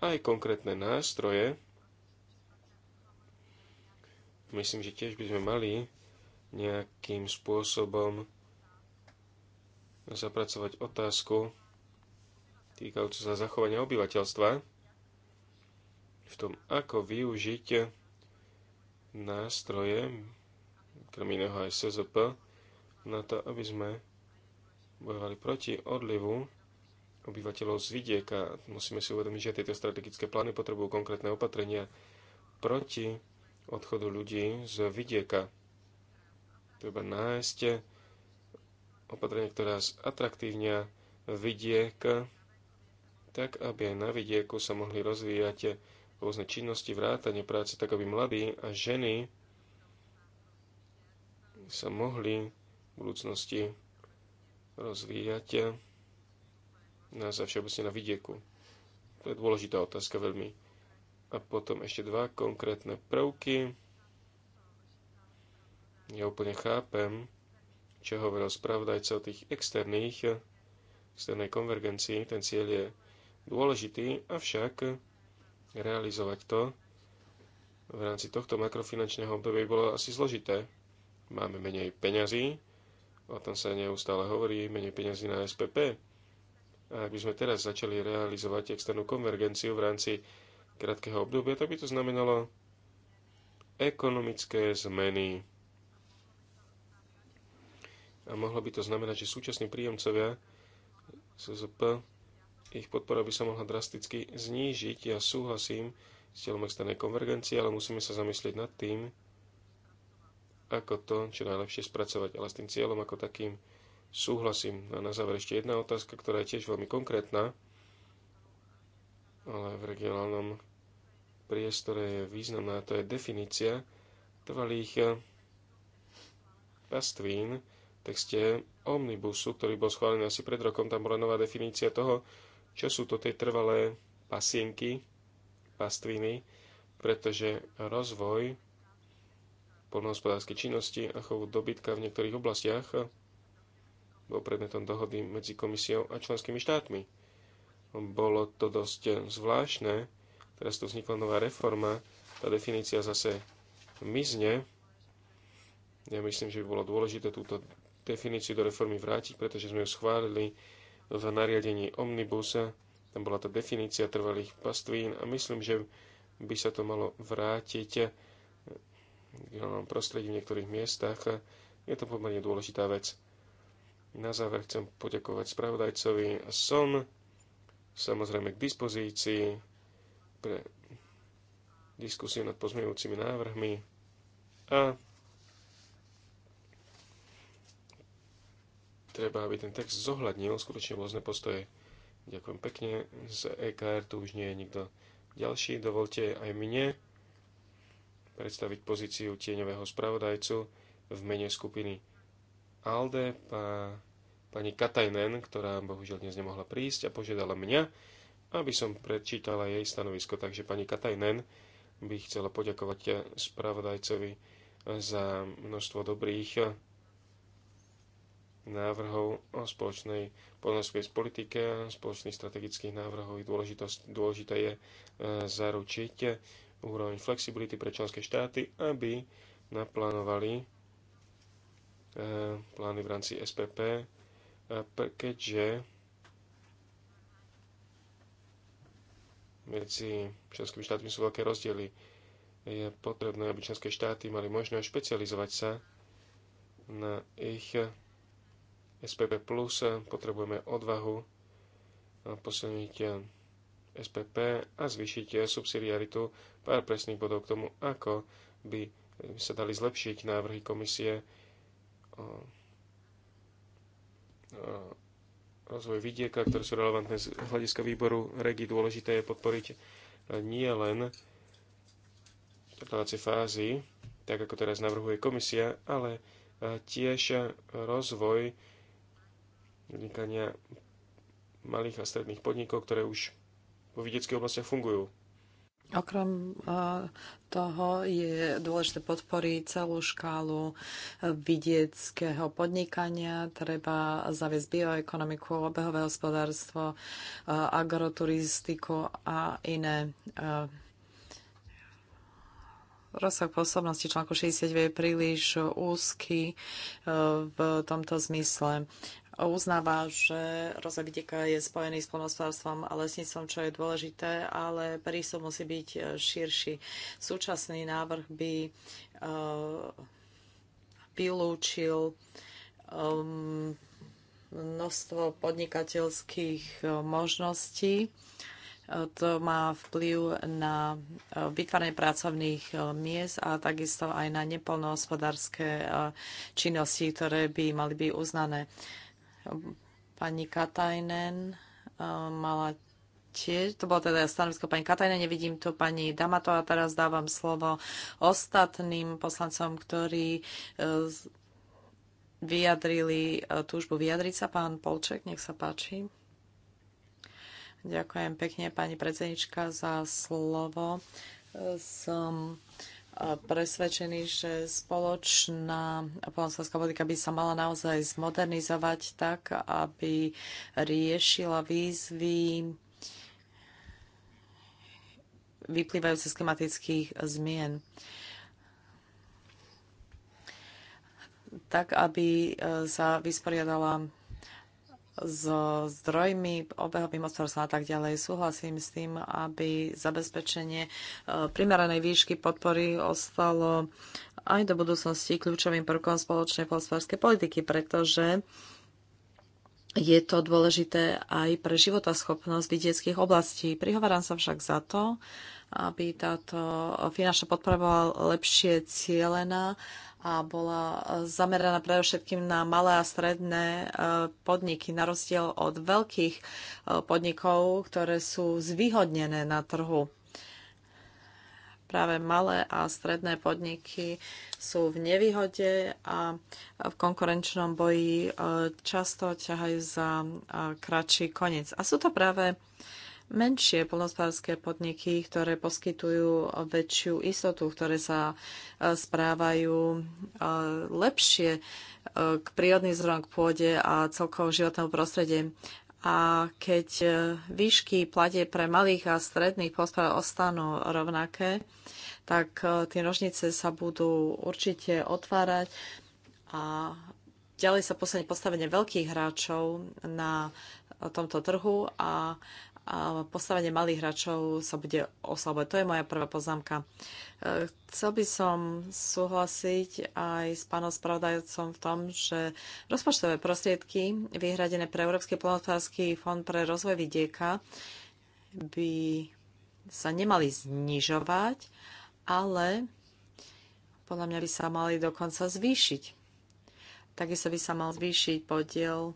aj konkrétne nástroje. Myslím, že tiež by sme mali nejakým spôsobom zapracovať otázku týkajúcu sa zachovania obyvateľstva v tom, ako využiť nástroje, krem iného aj SZP, na to, aby sme bojovali proti odlivu obyvateľov z vidieka. Musíme si uvedomiť, že tieto strategické plány potrebujú konkrétne opatrenia proti odchodu ľudí z vidieka. Treba nájsť opatrenie, ktorá zatraktívnia vidiek, tak aby aj na vidieku sa mohli rozvíjať rôzne činnosti, vrátanie práce, tak aby mladí a ženy sa mohli v budúcnosti rozvíjať na, za všeobecne na vidieku. To je dôležitá otázka veľmi. A potom ešte dva konkrétne prvky. Ja úplne chápem, čo hovoril spravodajca o tých externých, externej konvergencii. Ten cieľ je dôležitý, avšak realizovať to v rámci tohto makrofinančného obdobia bolo asi zložité. Máme menej peňazí, o tom sa neustále hovorí, menej peňazí na SPP ak by sme teraz začali realizovať externú konvergenciu v rámci krátkeho obdobia, tak by to znamenalo ekonomické zmeny. A mohlo by to znamenať, že súčasní príjemcovia SZP, ich podpora by sa mohla drasticky znížiť. Ja súhlasím s cieľom externej konvergencie, ale musíme sa zamyslieť nad tým, ako to čo najlepšie spracovať. Ale s tým cieľom ako takým súhlasím. A na záver ešte jedna otázka, ktorá je tiež veľmi konkrétna, ale v regionálnom priestore je významná, to je definícia trvalých pastvín eh, v texte omnibusu, ktorý bol schválený asi pred rokom, tam bola nová definícia toho, čo sú to tie trvalé pasienky, pastviny, pretože rozvoj poľnohospodárskej činnosti a chovu dobytka v niektorých oblastiach bol predmetom dohody medzi komisiou a členskými štátmi. Bolo to dosť eh, zvláštne, teraz tu vznikla nová reforma, tá definícia zase mizne. Ja myslím, že by bolo dôležité túto definíciu do reformy vrátiť, pretože sme ju schválili v nariadení Omnibusa. Tam bola tá definícia trvalých pastvín a myslím, že by sa to malo vrátiť eh, v prostredí v niektorých miestach. Je to pomerne dôležitá vec. Na záver chcem poďakovať spravodajcovi. a Som samozrejme k dispozícii pre diskusie nad pozmejúcimi návrhmi a treba, aby ten text zohľadnil skutočne rôzne postoje. Ďakujem pekne. Z EKR tu už nie je nikto ďalší. Dovolte aj mne predstaviť pozíciu tieňového spravodajcu v mene skupiny ALDE, pá, pani Katajnen, ktorá bohužiaľ dnes nemohla prísť a požiadala mňa, aby som prečítala jej stanovisko. Takže pani Katajnen by chcela poďakovať spravodajcovi za množstvo dobrých návrhov o spoločnej poľnohospodárskej politike a spoločných strategických návrhov. Dôležité je e, zaručiť úroveň flexibility pre členské štáty, aby naplánovali E, plány v rámci SPP, e, keďže medzi členskými štátmi sú veľké rozdiely. Je potrebné, aby členské štáty mali možnosť špecializovať sa na ich SPP+. Potrebujeme odvahu posilniť SPP a zvýšiť subsidiaritu. Pár presných bodov k tomu, ako by sa dali zlepšiť návrhy komisie rozvoj vidieka, ktoré sú relevantné z hľadiska výboru regi. Dôležité je podporiť e, nie len plánovacie fázy, tak ako teraz navrhuje komisia, ale e, tiež rozvoj vznikania malých a stredných podnikov, ktoré už vo vidieckých oblastiach fungujú. Okrem e, toho je dôležité podporiť celú škálu e, vidieckého podnikania. Treba zaviesť bioekonomiku, obehové hospodárstvo, e, agroturistiku a iné. Rozsah pôsobnosti článku 60 je príliš úzky v tomto zmysle uznáva, že rozvoj vidieka je spojený s plnohospodárstvom a lesníctvom, čo je dôležité, ale prístup musí byť e, širší. Súčasný návrh by e, vylúčil e, množstvo podnikateľských možností. To má vplyv na vytváranie pracovných miest a takisto aj na nepolnohospodárske činnosti, ktoré by mali byť uznané. Pani Katajnen eh, mala tiež, to bolo teda stanovisko pani Katajnen, nevidím tu pani Damato a teraz dávam slovo ostatným poslancom, ktorí eh, vyjadrili eh, túžbu vyjadriť sa. Pán Polček, nech sa páči. Ďakujem pekne, pani predsednička, za slovo. Som presvedčení, že spoločná polnospodárska politika by sa mala naozaj zmodernizovať tak, aby riešila výzvy vyplývajúce z klimatických zmien. Tak, aby e, sa vysporiadala so zdrojmi, obehovým hospodárstvom a tak ďalej. Súhlasím s tým, aby zabezpečenie e, primeranej výšky podpory ostalo aj do budúcnosti kľúčovým prvkom spoločnej hospodárskej politiky, pretože je to dôležité aj pre životaschopnosť vidieckých oblastí. Prihováram sa však za to, aby táto finančná podpora bola lepšie cielená a bola e, zameraná predovšetkým na malé a stredné e, podniky, na rozdiel od veľkých e, podnikov, ktoré sú zvýhodnené na trhu. Práve malé a stredné podniky sú v nevýhode a v konkurenčnom boji často ťahajú za kratší koniec. A sú to práve menšie polnospodárske podniky, ktoré poskytujú väčšiu istotu, ktoré sa e, správajú e, lepšie e, k prírodným zdrojom, k pôde a celkovo životnému prostredie. A keď výšky platie pre malých a stredných polnospodárov ostanú rovnaké, tak tie nožnice sa budú určite otvárať a ďalej sa posledne postavenie veľkých hráčov na tomto trhu a postavenie malých hráčov sa bude oslabovať. To je moja prvá poznámka. E, chcel by som súhlasiť aj s pánom spravodajcom v tom, že rozpočtové prostriedky vyhradené pre Európsky plnotvársky fond pre rozvoj vidieka by sa nemali znižovať, ale podľa mňa by sa mali dokonca zvýšiť. Takisto by sa mal zvýšiť podiel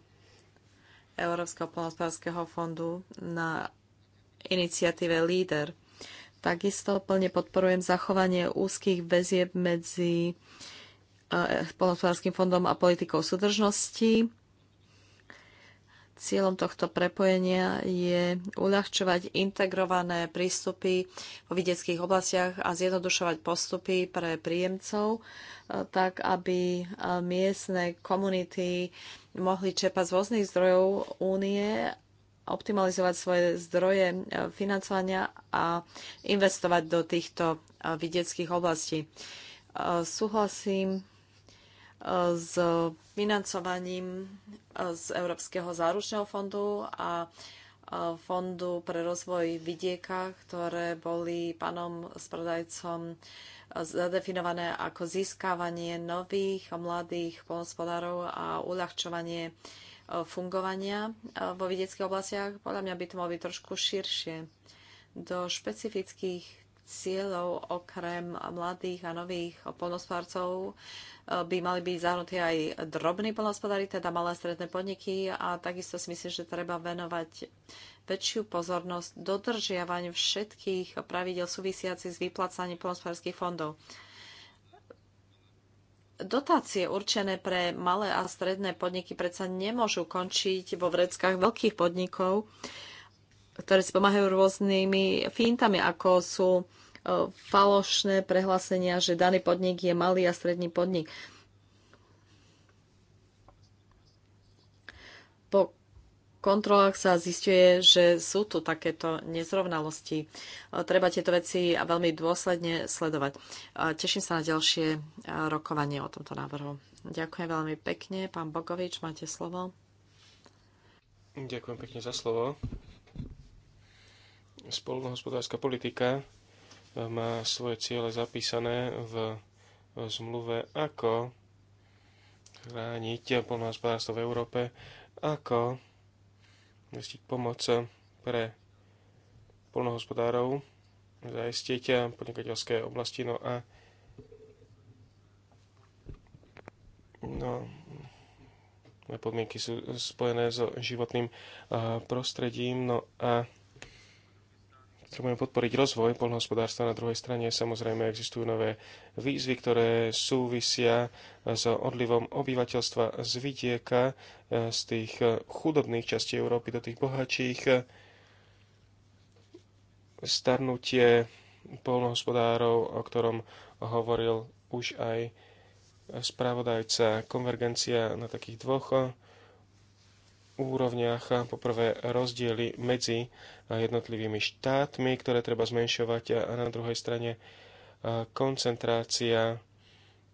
Európskeho polnospodárskeho fondu na iniciatíve LEADER. Takisto plne podporujem zachovanie úzkých väzieb medzi eh, polnospodárským fondom a politikou súdržnosti. Cieľom tohto prepojenia je uľahčovať integrované prístupy vo vidieckých oblastiach a zjednodušovať postupy pre príjemcov, eh, tak aby eh, miestne komunity mohli čerpať z rôznych zdrojov únie, optimalizovať svoje zdroje e, financovania a investovať do týchto e, vidieckých oblastí. E, súhlasím s financovaním z Európskeho záručného fondu a Fondu pre rozvoj vidieka, ktoré boli pánom spredajcom zadefinované ako získavanie nových a mladých polnospodárov a uľahčovanie e, fungovania e, vo vidieckých oblastiach. Podľa mňa by to malo byť trošku širšie do špecifických cieľov okrem mladých a nových polnospodárcov eh, by mali byť zahrnutí aj drobní polnospodári, teda malé a stredné podniky a takisto si myslím, že treba venovať väčšiu pozornosť dodržiavaniu všetkých pravidel súvisiacich s vyplácaním polnospodárských fondov. Dotácie určené pre malé a stredné podniky predsa nemôžu končiť vo vreckách veľkých podnikov, ktoré si pomáhajú rôznymi fintami, ako sú e, falošné prehlásenia, že daný podnik je malý a stredný podnik. Po kontrolách sa zistuje, že sú tu takéto nezrovnalosti. E, treba tieto veci veľmi dôsledne sledovať. E, teším sa na ďalšie rokovanie o tomto návrhu. Ďakujem veľmi pekne. Pán Bogovič, máte slovo. Ďakujem pekne za slovo. Spolnohospodárska politika e, má svoje ciele zapísané v zmluve, ako chrániť polnohospodárstvo v Európe, ako zistiť pomoc pre polnohospodárov, zaistiť podnikateľské oblasti, no a no, podmienky sú spojené so životným e, prostredím, no a Potrebujeme podporiť rozvoj poľnohospodárstva. Na druhej strane samozrejme existujú nové výzvy, ktoré súvisia s odlivom obyvateľstva z vidieka, e, z tých e, chudobných častí Európy do tých bohatších. E, starnutie poľnohospodárov, o ktorom hovoril už aj spravodajca, konvergencia na takých dvoch úrovniach. Poprvé rozdiely medzi jednotlivými štátmi, ktoré treba zmenšovať a na druhej strane koncentrácia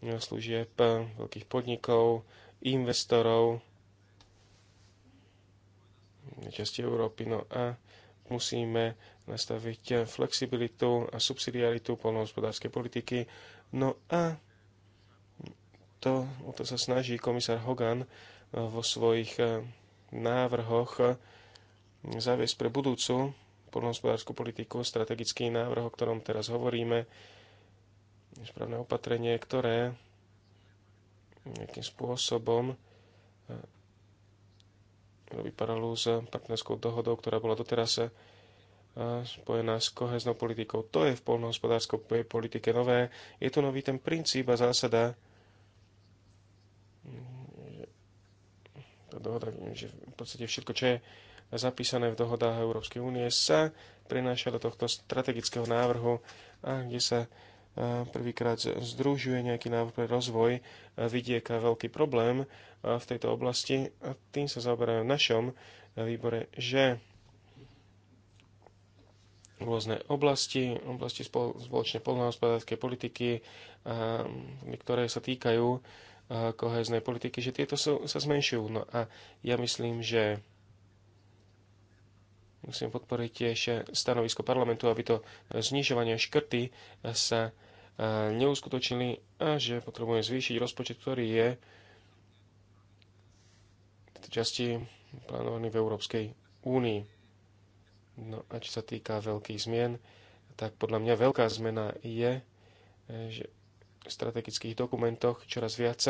služieb veľkých podnikov, investorov v časti Európy. No a musíme nastaviť flexibilitu a subsidiaritu polnohospodárskej politiky. No a to, o to sa snaží komisár Hogan vo svojich návrhoch záväz pre budúcu poľnohospodárskú politiku, strategický návrh, o ktorom teraz hovoríme, správne opatrenie, ktoré nejakým spôsobom e, robí paralelu s partnerskou dohodou, ktorá bola doteraz e, spojená s koheznou politikou. To je v poľnohospodárskej politike nové. Je to nový ten princíp a zásada tá dohoda, že v podstate všetko, čo je zapísané v dohodách Európskej únie, sa prenáša do tohto strategického návrhu, a kde sa prvýkrát združuje nejaký návrh pre rozvoj vidieka veľký problém v tejto oblasti a tým sa zaoberajú v našom výbore, že rôzne oblasti, oblasti spoločne polnohospodárskej politiky, ktoré sa týkajú koheznej politiky, že tieto sú, sa zmenšujú. No a ja myslím, že musím podporiť tiež stanovisko parlamentu, aby to znižovanie škrty sa neuskutočnili a že potrebujeme zvýšiť rozpočet, ktorý je v časti plánovaný v Európskej únii. No a čo sa týka veľkých zmien, tak podľa mňa veľká zmena je, že strategických dokumentoch čoraz viac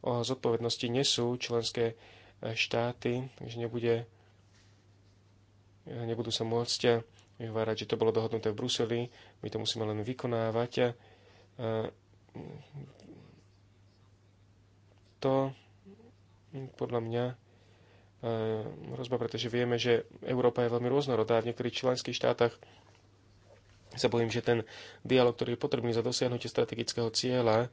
o zodpovednosti nesú členské e, štáty, že nebude, e, nebudú sa môcť e, vyhovárať, že to bolo dohodnuté v Bruseli, my to musíme len vykonávať. To podľa mňa rozba, pretože vieme, že Európa je veľmi rôznorodá. V niektorých členských štátach sa bojím, že ten dialog, ktorý je potrebný za dosiahnutie strategického cieľa,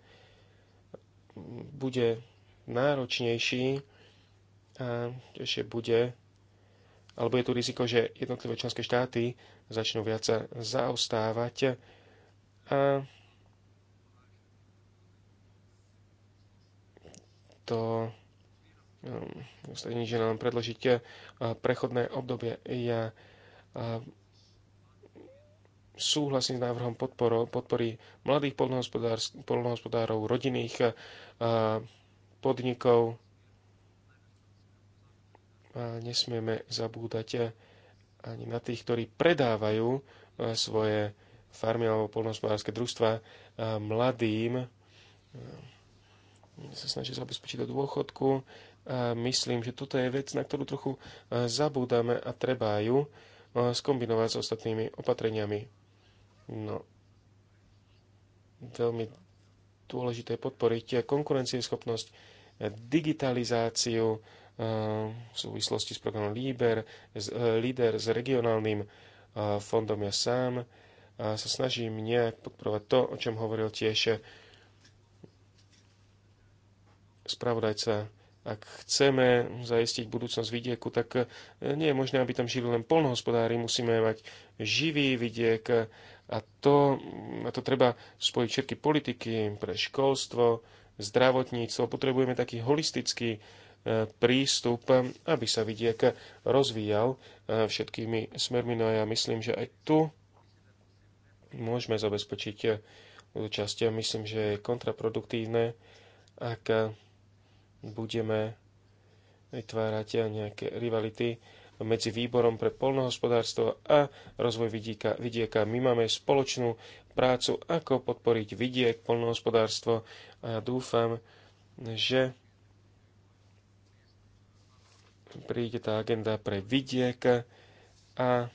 bude náročnejší a ešte bude, alebo je tu riziko, že jednotlivé členské štáty začnú viac sa zaostávať a to um, že nám predložíte uh, prechodné obdobie. Ja uh, súhlasím s návrhom podporu, podpory mladých polnohospodárov, rodinných eh, podnikov. A nesmieme zabúdať eh, ani na tých, ktorí predávajú eh, svoje farmy alebo polnohospodárske družstva mladým. Sa snažia zabezpečiť do dôchodku. A myslím, že toto je vec, na ktorú trochu zabúdame a treba ju skombinovať s ostatnými opatreniami. No, veľmi dôležité podporiť konkurencieschopnosť, digitalizáciu eh, v súvislosti s programom Líber, eh, Líder s regionálnym eh, fondom ja sám a sa snažím nejak podporovať to, o čom hovoril tiež spravodajca ak chceme zaistiť budúcnosť vidieku, tak nie je možné, aby tam žili len polnohospodári. Musíme mať živý vidiek, a to, a to treba spojiť všetky politiky pre školstvo, zdravotníctvo. Potrebujeme taký holistický e, prístup, aby sa vidiek rozvíjal e, všetkými smermi. No a ja myslím, že aj tu môžeme zabezpečiť e, účasť. Ja myslím, že je kontraproduktívne, ak budeme vytvárať nejaké rivality medzi výborom pre polnohospodárstvo a rozvoj vidieka, vidieka. My máme spoločnú prácu, ako podporiť vidiek, polnohospodárstvo a ja dúfam, že príde tá agenda pre vidiek a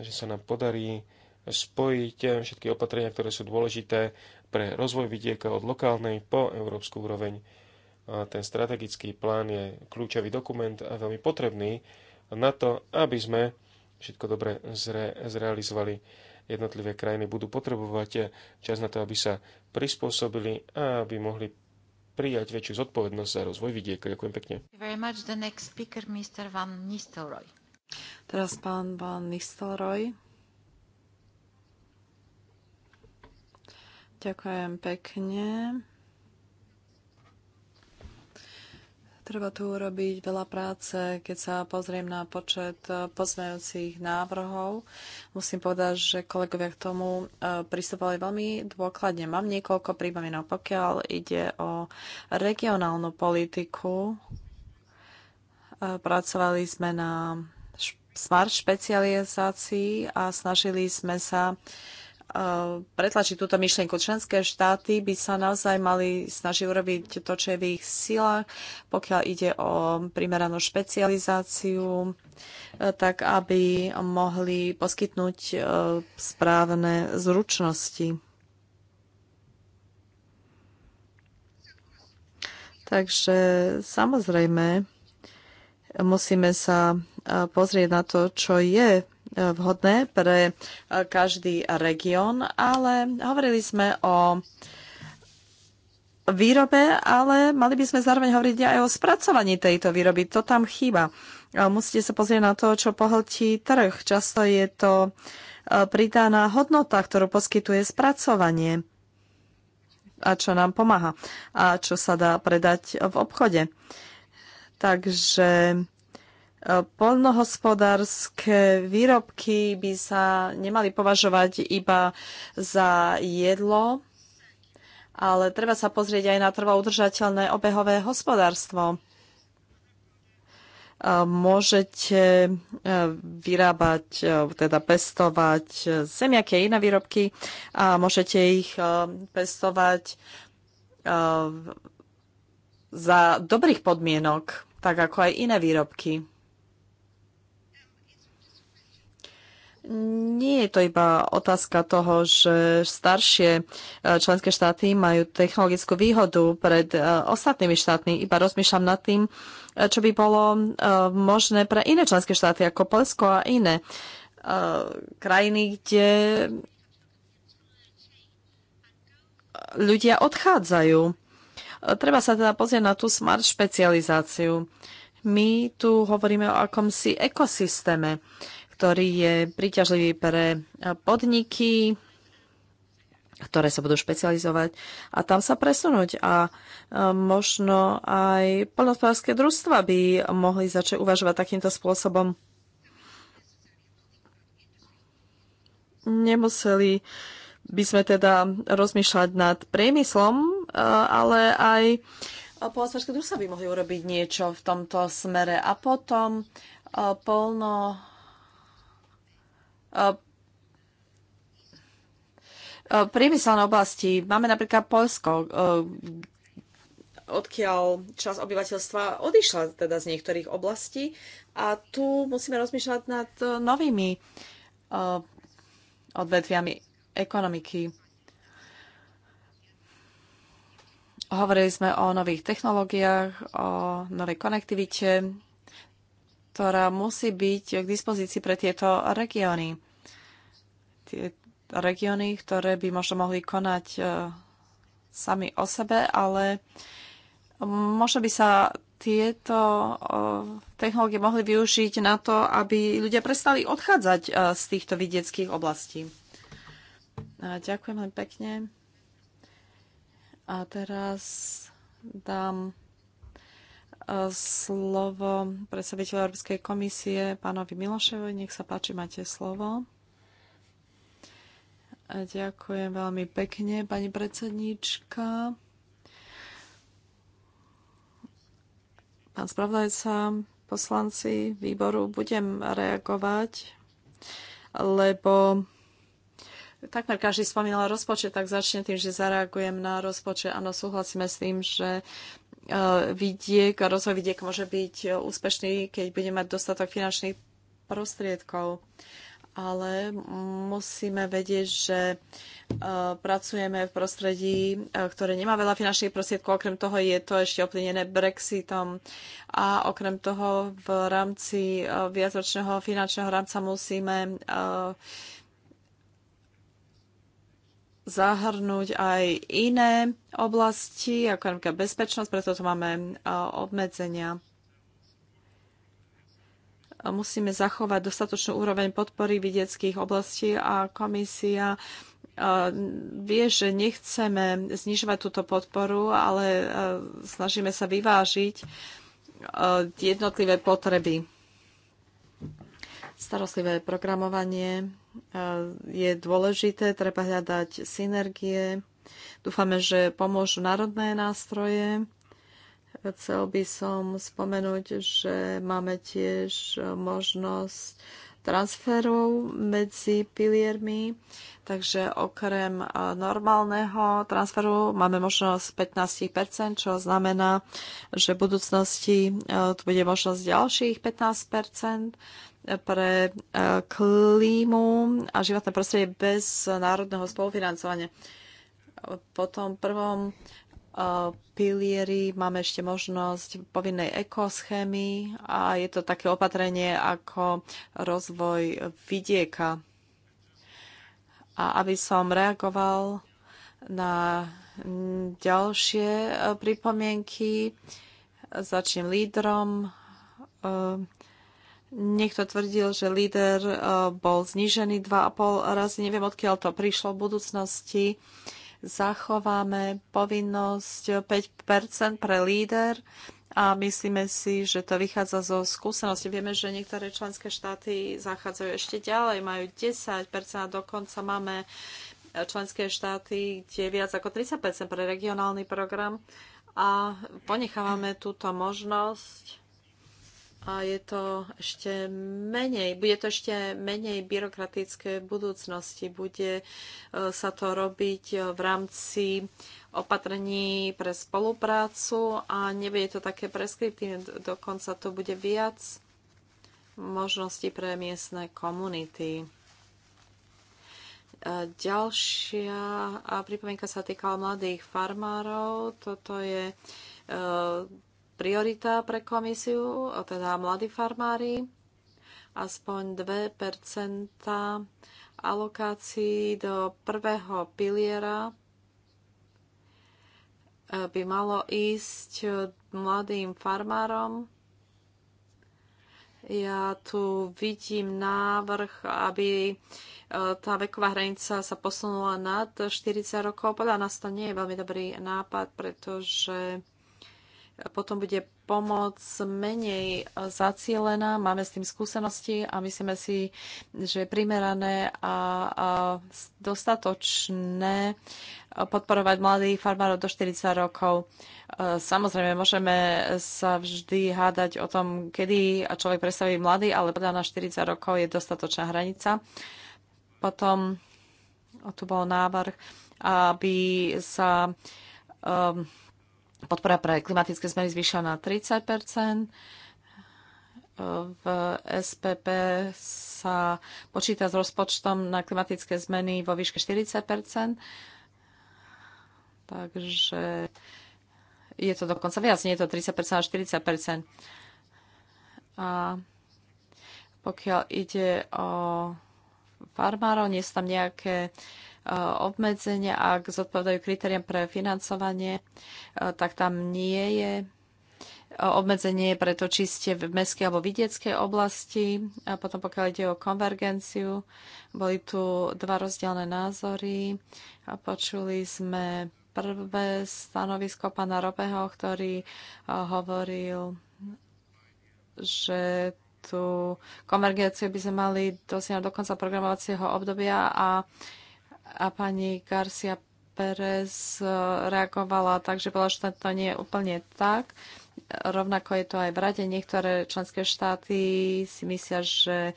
že sa nám podarí spojiť všetky opatrenia, ktoré sú dôležité pre rozvoj vidieka od lokálnej po európsku úroveň. A ten strategický plán je kľúčový dokument a veľmi potrebný na to, aby sme všetko dobre zre, zrealizovali. Jednotlivé krajiny budú potrebovať čas na to, aby sa prispôsobili a aby mohli prijať väčšiu zodpovednosť za rozvoj vidieka. Ďakujem pekne. Speaker, Teraz pán Van Nistelrooy. Ďakujem pekne. Treba tu urobiť veľa práce. Keď sa pozriem na počet e, pozmejúcich návrhov, musím povedať, že kolegovia k tomu e, pristupovali veľmi dôkladne. Mám niekoľko prípomienok. Pokiaľ ide o regionálnu politiku, e, pracovali sme na smart špecializácii a snažili sme sa uh, Eh, pretlačiť túto myšlienku. Členské štáty by sa naozaj mali snažiť urobiť to, čo je v ich silách, pokiaľ ide o primeranú špecializáciu, eh, tak aby mohli poskytnúť eh, správne zručnosti. Takže samozrejme musíme sa pozrieť na to, čo je vhodné pre e, každý región, ale hovorili sme o výrobe, ale mali by sme zároveň hovoriť aj o spracovaní tejto výroby. To tam chýba. Musíte sa pozrieť na to, čo pohltí trh. Často je to e, pridaná hodnota, ktorú poskytuje spracovanie a čo nám pomáha a čo sa dá predať v obchode. Takže Polnohospodárske výrobky by sa nemali považovať iba za jedlo, ale treba sa pozrieť aj na trvalo udržateľné obehové hospodárstvo e, môžete e, vyrábať, e, teda pestovať zemiaké iné výrobky a môžete ich pestovať za dobrých podmienok, tak ako aj iné výrobky. nie je to iba otázka toho, že staršie e, členské štáty majú technologickú výhodu pred e, ostatnými štátmi. Iba rozmýšľam nad tým, e, čo by bolo možné pre iné členské štáty ako Polsko a iné krajiny, kde ľudia odchádzajú. Treba sa teda pozrieť na tú smart špecializáciu. My tu hovoríme o akomsi ekosystéme ktorý je príťažlivý pre podniky, ktoré sa budú špecializovať a tam sa presunúť. A e, možno aj polnospodárske družstva by mohli začať uvažovať takýmto spôsobom. Nemuseli by sme teda rozmýšľať nad priemyslom, e, ale aj polnospodárske družstva by mohli urobiť niečo v tomto smere. A potom e, polno Eh, priemyselné oblasti. Máme napríklad Polsko, eh, odkiaľ časť obyvateľstva odišla teda z niektorých oblastí a tu musíme rozmýšľať nad eh, novými odvetviami ekonomiky. Hovorili sme o nových technológiách, o novej konektivite, ktorá musí byť k dispozícii pre tieto regióny. Tie regióny, ktoré by možno mohli konať e, sami o sebe, ale možno by sa tieto e, technológie mohli využiť na to, aby ľudia prestali odchádzať e, z týchto vidieckých oblastí. ďakujem len pekne. A teraz dám slovo predstaviteľa Európskej komisie, pánovi Milošovi, Nech sa páči, máte slovo. ďakujem veľmi pekne, pani predsednička. Pán spravodajca, poslanci výboru, budem reagovať, lebo takmer každý spomínal rozpočet, tak začne tým, že zareagujem na rozpočet. Áno, súhlasíme s tým, že E, vidiek, rozvoj vidiek môže byť úspešný, keď bude mať dostatok finančných prostriedkov. Ale musíme vedieť, že e, pracujeme v prostredí, e, ktoré nemá veľa finančných prostriedkov. Okrem toho je to ešte ovplyvnené Brexitom. A okrem toho v rámci viacročného finančného rámca musíme zahrnúť aj iné oblasti, ako napríklad bezpečnosť, preto tu máme obmedzenia. Musíme zachovať dostatočnú úroveň podpory vidieckých oblastí a komisia vie, že nechceme znižovať túto podporu, ale snažíme sa vyvážiť jednotlivé potreby. Starostlivé programovanie Eh, je dôležité, treba hľadať synergie. Dúfame, že pomôžu národné nástroje. Chcel by som spomenúť, že máme tiež možnosť transferov medzi piliermi, takže okrem eh, normálneho transferu máme možnosť 15%, čo znamená, že v budúcnosti eh, tu bude možnosť ďalších 15% pre e, klímu a životné prostredie bez národného spolufinancovania. Po tom prvom e, pilieri máme ešte možnosť povinnej ekoschémy a je to také opatrenie ako rozvoj vidieka. A aby som reagoval na ďalšie e, pripomienky, začnem lídrom Niekto tvrdil, že líder e, bol znížený 2,5 razy. Neviem, odkiaľ to prišlo v budúcnosti. Zachováme povinnosť 5 pre líder a myslíme si, že to vychádza zo skúsenosti. Vieme, že niektoré členské štáty zachádzajú ešte ďalej, majú 10 a dokonca máme členské štáty, kde viac ako 30 pre regionálny program a ponechávame túto možnosť a je to ešte menej, bude to ešte menej byrokratické v budúcnosti. Bude e, sa to robiť e, v rámci opatrení pre spoluprácu a nebude to také preskriptívne, dokonca to bude viac možností pre miestne komunity. E, ďalšia pripomienka sa týkala mladých farmárov. Toto je priorita pre komisiu, teda mladí farmári, aspoň 2 alokácií do prvého piliera e, by malo ísť mladým farmárom. Ja tu vidím návrh, aby e, tá veková hranica sa posunula nad 40 rokov. Podľa nás to nie je veľmi dobrý nápad, pretože potom bude pomoc menej zacielená. Máme s tým skúsenosti a myslíme si, že je primerané a, a dostatočné podporovať mladých farmárov do 40 rokov. E, samozrejme, môžeme sa vždy hádať o tom, kedy človek predstaví mladý, ale podľa na 40 rokov je dostatočná hranica. Potom tu bol návrh, aby sa um, podpora pre klimatické zmeny zvýšila na 30 v SPP sa počíta s rozpočtom na klimatické zmeny vo výške 40 takže je to dokonca viac, nie je to 30 až 40 A pokiaľ ide o farmárov, nie sú tam nejaké Eh, obmedzenia, ak zodpovedajú kritériám pre financovanie, eh, tak tam nie je eh, obmedzenie pre to, či ste v mestskej alebo vidieckej oblasti. A potom pokiaľ ide o konvergenciu, boli tu dva rozdielne názory. A počuli sme prvé stanovisko pána Robeho, ktorý hovoril, že tú konvergenciu by sme mali dosiahnuť do konca programovacieho obdobia a a pani Garcia Pérez e, reagovala tak, že bola, že to nie je úplne tak. Rovnako je to aj v rade. Niektoré členské štáty si myslia, že e,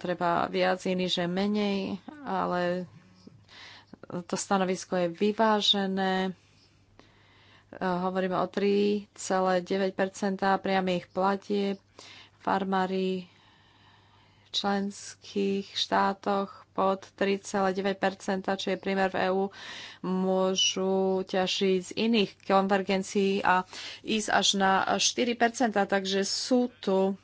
treba viac, iní, že menej, ale to stanovisko je vyvážené. E, hovoríme o 3,9 priamých platieb. Farmári členských štátoch pod 3,9%, čo je priemer v EÚ, môžu ťažiť z iných konvergencií a ísť až na 4%, takže sú tu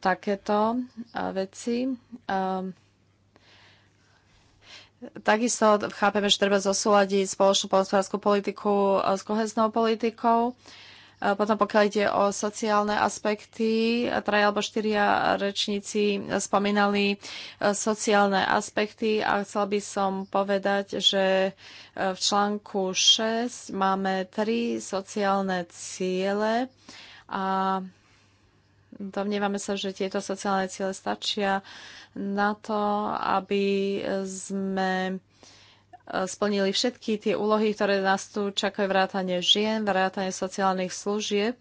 takéto e, veci. Ehm, takisto chápeme, že treba zosúľadiť spoločnú hospodárskú politiku e, s koheznou politikou potom pokiaľ ide o sociálne aspekty, traja alebo štyria rečníci spomínali e, sociálne aspekty a chcel by som povedať, že e, v článku 6 máme tri sociálne ciele a Domnievame sa, že tieto sociálne ciele stačia na to, aby sme E, splnili všetky tie úlohy, ktoré nás tu čakajú vrátanie žien, vrátanie sociálnych služieb.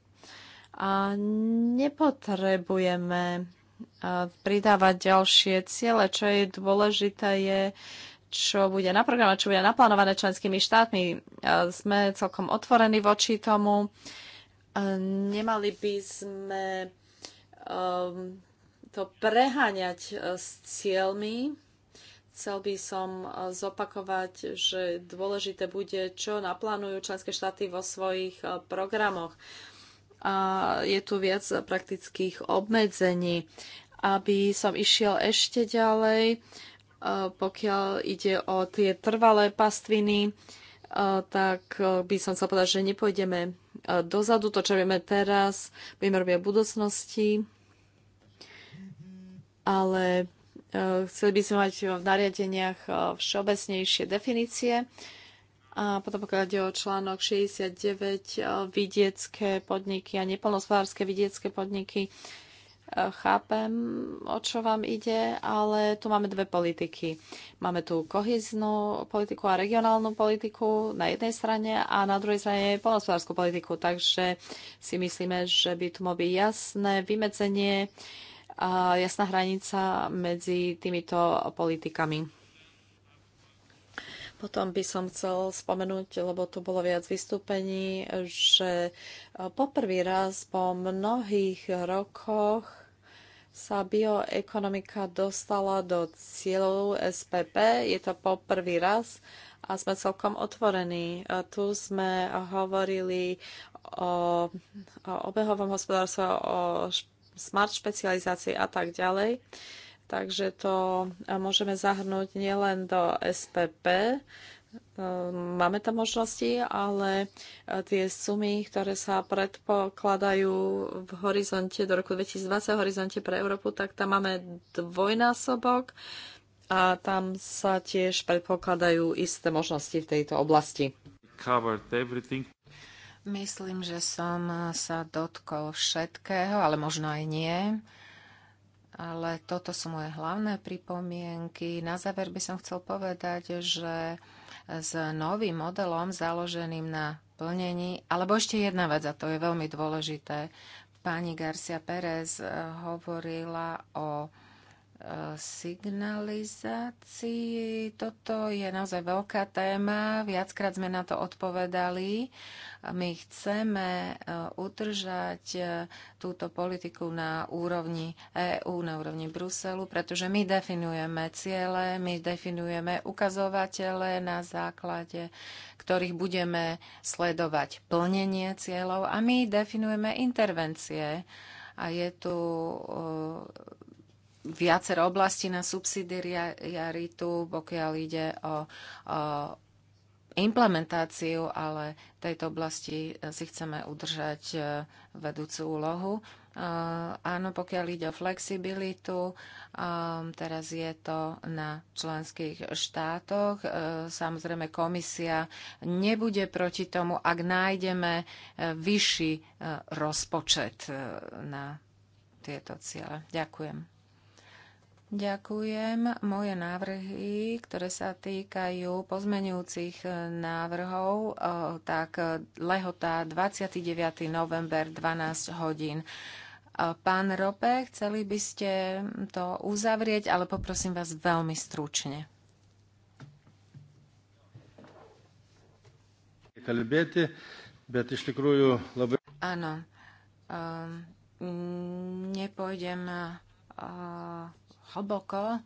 A nepotrebujeme e, pridávať ďalšie ciele. Čo je dôležité je, čo bude na programe, čo bude naplánované členskými štátmi. E, sme celkom otvorení voči tomu. Nemali by sme to preháňať s cieľmi, Chcel by som e, zopakovať, že dôležité bude, čo naplánujú členské štáty vo svojich e, programoch. A je tu viac praktických obmedzení. Aby som išiel ešte ďalej, e, pokiaľ ide o tie trvalé pastviny, tak by som chcel povedať, že nepôjdeme dozadu. To, čo vieme teraz, budeme robiť v budúcnosti. Ale Eh, chceli by sme mať v nariadeniach eh, všeobecnejšie definície. A potom pokiaľ ide o článok 69, eh, vidiecké podniky a nepolnospodárske vidiecké podniky, chápem, o čo vám ide, ale tu máme dve politiky. Máme tu koheznú politiku a regionálnu politiku na jednej strane a na druhej strane polnospodárskú politiku. Takže si myslíme, že by tu mohlo byť jasné vymedzenie jasná hranica medzi týmito politikami. Potom by som chcel spomenúť, lebo tu bolo viac vystúpení, že e, poprvý raz po mnohých rokoch sa bioekonomika dostala do cieľov SPP. Je to poprvý raz a sme celkom otvorení. Tu sme hovorili o, o obehovom hospodárstve, o špe- smart špecializácie a tak ďalej. Takže to e, môžeme zahrnúť nielen do SPP, e, máme tam možnosti, ale e, tie sumy, ktoré sa predpokladajú v horizonte do roku 2020, v horizonte pre Európu, tak tam máme dvojnásobok a tam sa tiež predpokladajú isté možnosti v tejto oblasti. Myslím, že som sa dotkol všetkého, ale možno aj nie. Ale toto sú moje hlavné pripomienky. Na záver by som chcel povedať, že s novým modelom založeným na plnení, alebo ešte jedna vec, a to je veľmi dôležité. Pani Garcia Pérez hovorila o signalizácii. Toto je naozaj veľká téma. Viackrát sme na to odpovedali. My chceme eh, udržať eh, túto politiku na úrovni EÚ, na úrovni Bruselu, pretože my definujeme ciele, my definujeme ukazovatele, na základe ktorých budeme sledovať plnenie cieľov a my definujeme intervencie. A je tu eh, viacero oblastí na subsidiaritu, pokiaľ ide o, o implementáciu, ale v tejto oblasti eh, si chceme udržať eh, vedúcu úlohu. Eh, áno, pokiaľ ide o flexibilitu, teraz je to na členských štátoch. Samozrejme, komisia nebude proti tomu, ak nájdeme vyšší rozpočet na tieto ciele. Ďakujem. Ďakujem. Moje návrhy, ktoré sa týkajú pozmenujúcich e, návrhov, e, tak e, lehota 29. november 12 hodín. Pán Rope, chceli by ste to uzavrieť, ale poprosím vás veľmi stručne. Áno. Ehm, nepôjdem uh, hlboko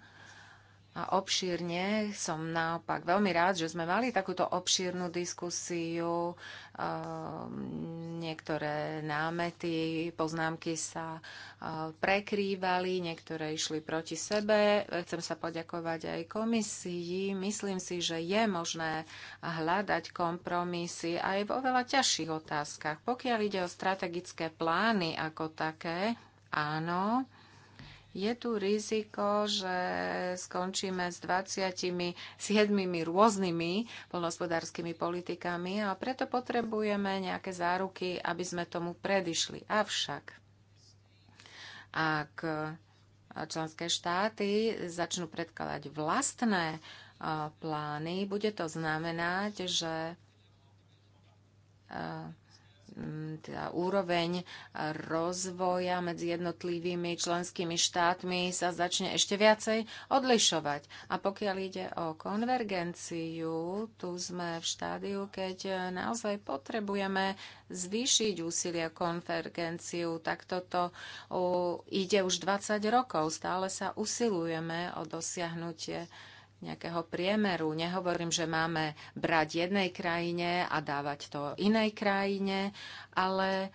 a obšírne. Som naopak veľmi rád, že sme mali takúto obšírnu diskusiu. Ehm, niektoré námety, poznámky sa e, prekrývali, niektoré išli proti sebe. Chcem sa poďakovať aj komisii. Myslím si, že je možné hľadať kompromisy aj v oveľa ťažších otázkach. Pokiaľ ide o strategické plány ako také, áno, je tu riziko, že skončíme s 27 rôznymi polnospodárskymi politikami a preto potrebujeme nejaké záruky, aby sme tomu predišli. Avšak, ak členské štáty začnú predkladať vlastné plány, bude to znamenať, že Mm, teda úroveň rozvoja medzi jednotlivými členskými štátmi sa začne ešte viacej odlišovať. A pokiaľ ide o konvergenciu, tu sme v štádiu, keď naozaj potrebujeme zvýšiť úsilie konvergenciu. tak toto ide už 20 rokov. Stále sa usilujeme o dosiahnutie nejakého priemeru. Nehovorím, že máme brať jednej krajine a dávať to inej krajine, ale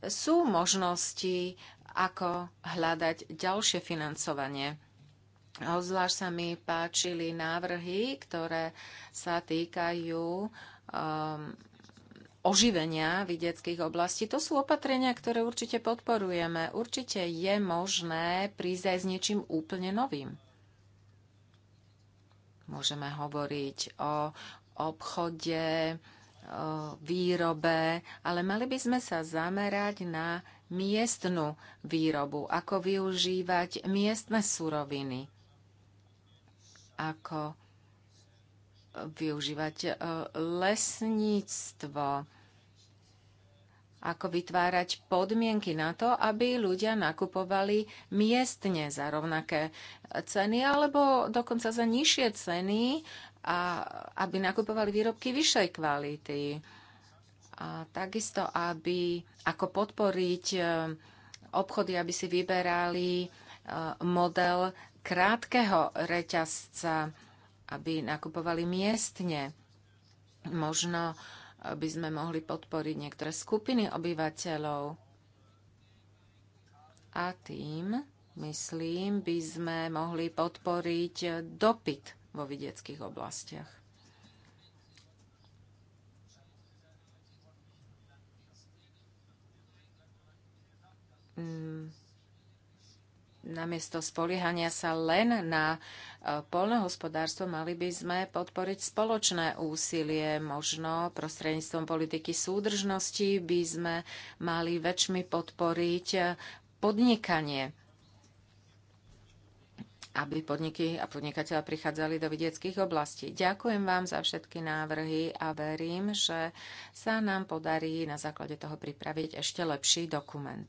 sú možnosti, ako hľadať ďalšie financovanie. Ozvlášť sa mi páčili návrhy, ktoré sa týkajú um, oživenia vidieckých oblastí. To sú opatrenia, ktoré určite podporujeme. Určite je možné prísť aj s niečím úplne novým. Môžeme hovoriť o obchode, o výrobe, ale mali by sme sa zamerať na miestnu výrobu, ako využívať miestne suroviny, ako využívať e, lesníctvo, ako vytvárať podmienky na to, aby ľudia nakupovali miestne za rovnaké ceny alebo dokonca za nižšie ceny, a aby nakupovali výrobky vyššej kvality. A takisto, aby ako podporiť e, obchody, aby si vyberali e, model krátkeho reťazca, aby nakupovali miestne. Možno uh, by sme mohli podporiť niektoré skupiny obyvateľov. A tým, myslím, by sme mohli podporiť dopyt vo vidieckých oblastiach. Mm namiesto spoliehania sa len na e, polnohospodárstvo, mali by sme podporiť spoločné úsilie. Možno prostredníctvom politiky súdržnosti by sme mali väčšmi podporiť e, podnikanie aby podniky a podnikateľa prichádzali do vidieckých oblastí. Ďakujem vám za všetky návrhy a verím, že sa nám podarí na základe toho pripraviť ešte lepší dokument.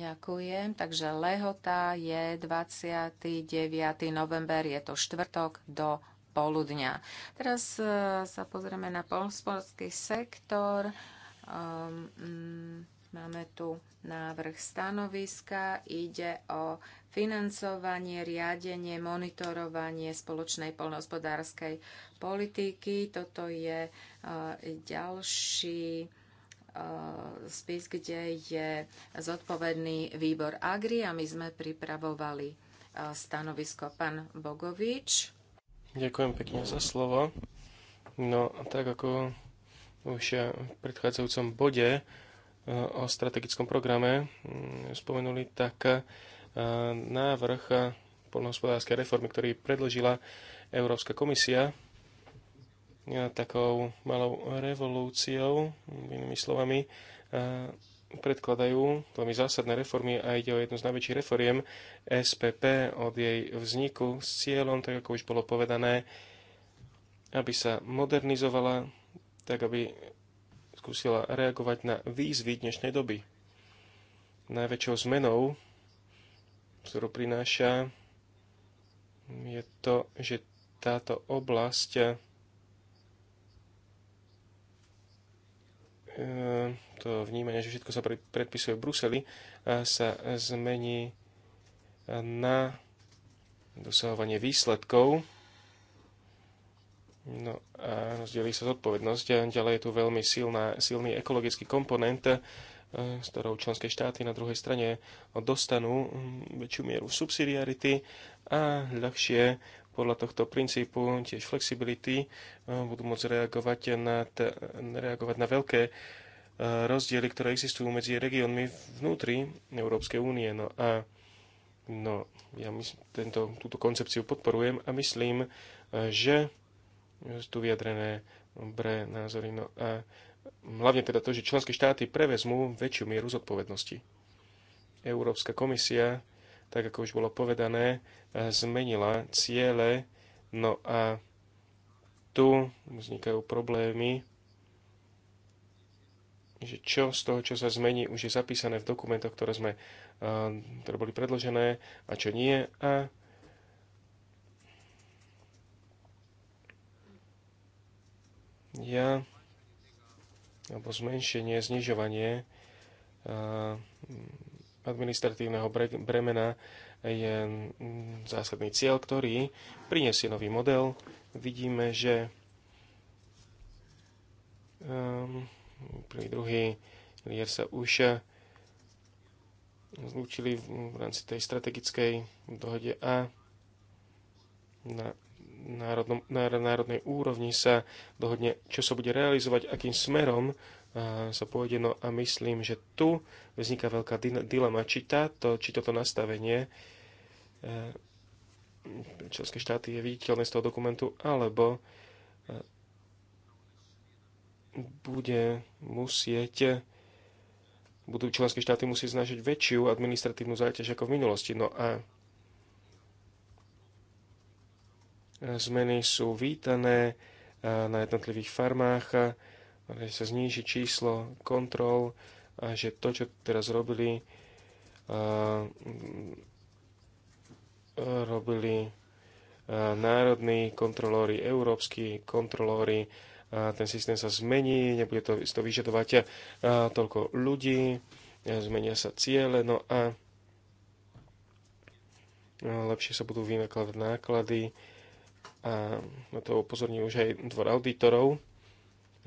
Ďakujem. Takže lehota je 29. november, je to štvrtok do poludňa. Teraz e, sa pozrieme na polsporský sektor. Ehm, mm, máme tu návrh stanoviska. Ide o financovanie, riadenie, monitorovanie spoločnej polnohospodárskej politiky. Toto je e, ďalší Eh, spis, kde je zodpovedný výbor Agri a my sme pripravovali eh, stanovisko pán Bogovič. Ďakujem pekne za slovo. No a tak ako už v predchádzajúcom bode eh, o strategickom programe mm, spomenuli, tak návrh poľnohospodárskej reformy, ktorý predložila Európska komisia, takou malou revolúciou, inými slovami, predkladajú veľmi zásadné reformy a ide o jednu z najväčších reforiem SPP od jej vzniku s cieľom, tak ako už bolo povedané, aby sa modernizovala, tak aby skúsila reagovať na výzvy dnešnej doby. Najväčšou zmenou, ktorú prináša, je to, že táto oblasť to vnímanie, že všetko sa predpisuje v Bruseli, sa zmení na dosahovanie výsledkov. No a rozdelí sa zodpovednosť. Ďalej je tu veľmi silná, silný ekologický komponent, s e, ktorou členské štáty na druhej strane dostanú mm, väčšiu mieru subsidiarity a ľahšie podľa tohto princípu tiež flexibility e, budú môcť reagovať na, reagovať na veľké e, rozdiely, ktoré existujú medzi regiónmi vnútri Európskej únie. No a no, ja mysl, tento, túto koncepciu podporujem a myslím, e, že sú tu vyjadrené dobré názory. No a hlavne teda to, že členské štáty prevezmú väčšiu mieru zodpovednosti. Európska komisia tak ako už bolo povedané, e, zmenila ciele, no a tu vznikajú problémy, že čo z toho, čo sa zmení, už je zapísané v dokumentoch, ktoré, sme, e, ktoré boli predložené a čo nie. A ja, alebo zmenšenie, znižovanie e, administratívneho bremena je zásadný cieľ, ktorý priniesie nový model. Vidíme, že ehm, prvý, druhý lier sa už eh, zlúčili v rámci tej strategickej dohode A na národnom, na národnej úrovni sa dohodne, čo sa bude realizovať, akým smerom sa pôjde. No a myslím, že tu vzniká veľká dilema, či, táto, či toto nastavenie e, členské štáty je viditeľné z toho dokumentu, alebo e, bude musieť budú členské štáty musieť znažiť väčšiu administratívnu záťaž ako v minulosti. No a Zmeny sú vítané e, na jednotlivých farmách, e, že sa zníži číslo kontrol a že to, čo teraz robili, e, robili národní kontrolóri, európsky kontrolóri, ten systém sa zmení, nebude to, to vyžadovať toľko ľudí, zmenia sa ciele, no a lepšie sa budú vynakladať náklady a na to upozornil už aj dvor auditorov.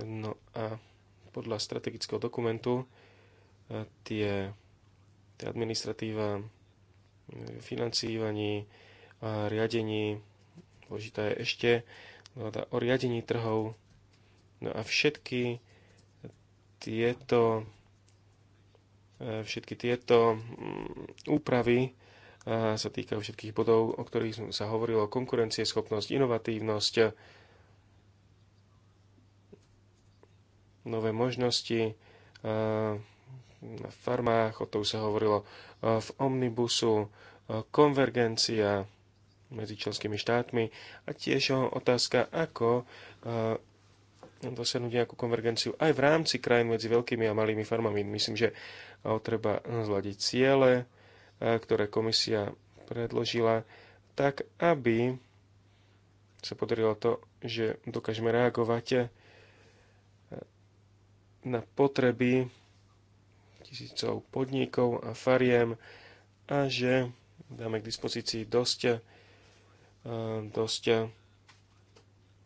No a podľa strategického dokumentu tie, tie administratíva financívaní a riadení, dôležitá je ešte vláda o riadení trhov. No a všetky tieto e, všetky tieto mm, úpravy sa týkajú všetkých bodov, o ktorých sa hovorilo, schopnosť, inovatívnosť, nové možnosti na farmách, o tom sa hovorilo v omnibusu, konvergencia medzi členskými štátmi a tiež otázka, ako dosiahnuť nejakú konvergenciu aj v rámci krajín medzi veľkými a malými farmami. Myslím, že treba zladiť ciele, E, ktoré komisia predložila, tak aby sa podarilo to, že dokážeme reagovať e, na potreby tisícov podnikov a fariem a že dáme k dispozícii dosť, e, dosť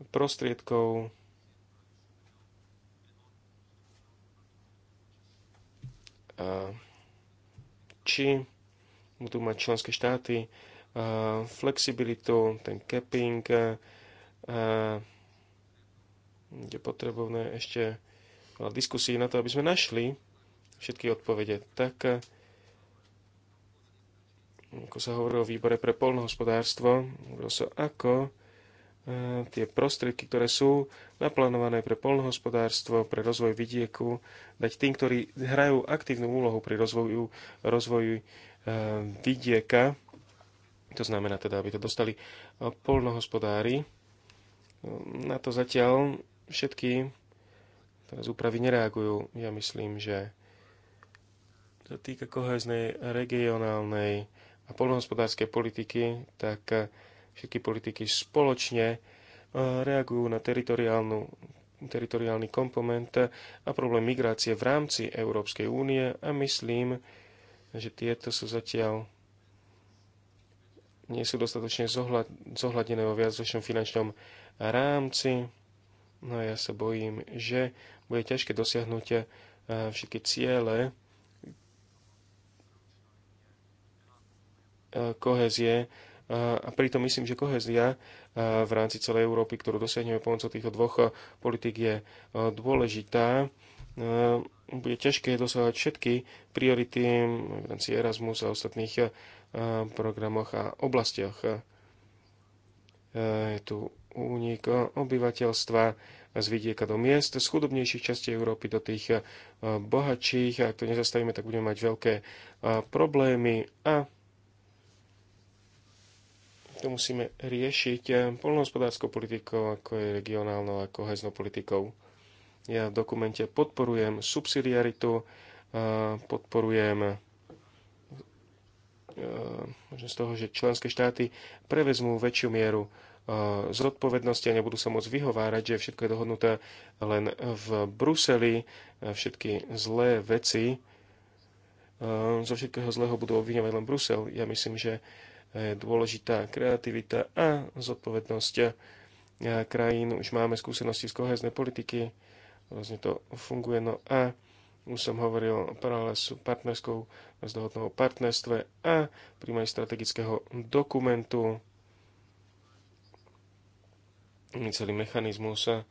prostriedkov či budú mať členské štáty eh, flexibilitu, ten capping, eh, eh, je potrebné ešte veľa diskusí na to, aby sme našli všetky odpovede. Tak, ako sa hovorilo o výbore pre polnohospodárstvo, hovorilo sa ako tie prostriedky, ktoré sú naplánované pre polnohospodárstvo, pre rozvoj vidieku, dať tým, ktorí hrajú aktívnu úlohu pri rozvoju, rozvoju E, vidieka, to znamená teda, aby to dostali e, polnohospodári. E, na to zatiaľ všetky teraz úpravy nereagujú. Ja myslím, že sa týka koheznej, regionálnej a polnohospodárskej politiky, tak všetky politiky spoločne reagujú na teritoriálnu teritoriálny komponent a problém migrácie v rámci Európskej únie a myslím, že tieto sú zatiaľ nie sú dostatočne zohľadené vo viacročnom finančnom rámci. No a ja sa bojím, že bude ťažké dosiahnuť eh, všetky ciele eh, kohezie. Eh, a pritom myslím, že kohezia v rámci celej Európy, ktorú dosiahneme pomocou týchto dvoch politik, je dôležitá. Ehm, bude ťažké dosahovať všetky priority v rámci Erasmus a ostatných ehm, programoch a oblastiach. Ehm, je tu únik obyvateľstva z vidieka do miest, z chudobnejších častí Európy do tých bohatších. Ak to nezastavíme, tak budeme mať veľké problémy a to musíme riešiť polnohospodárskou politikou, ako je regionálnou a koheznou politikou ja v dokumente podporujem subsidiaritu, e, podporujem e, z toho, že členské štáty prevezmú väčšiu mieru e, zodpovednosti a nebudú sa môcť vyhovárať, že všetko je dohodnuté len v Bruseli, všetky zlé veci, zo všetkého zlého budú obviňovať len Brusel. Ja myslím, že je dôležitá kreativita a zodpovednosť krajín. Už máme skúsenosti z kohezné politiky, vlastne to funguje. No a už som hovoril o paralele s partnerskou z dohodnou partnerstve a príjmaní strategického dokumentu celý mechanizmus eh,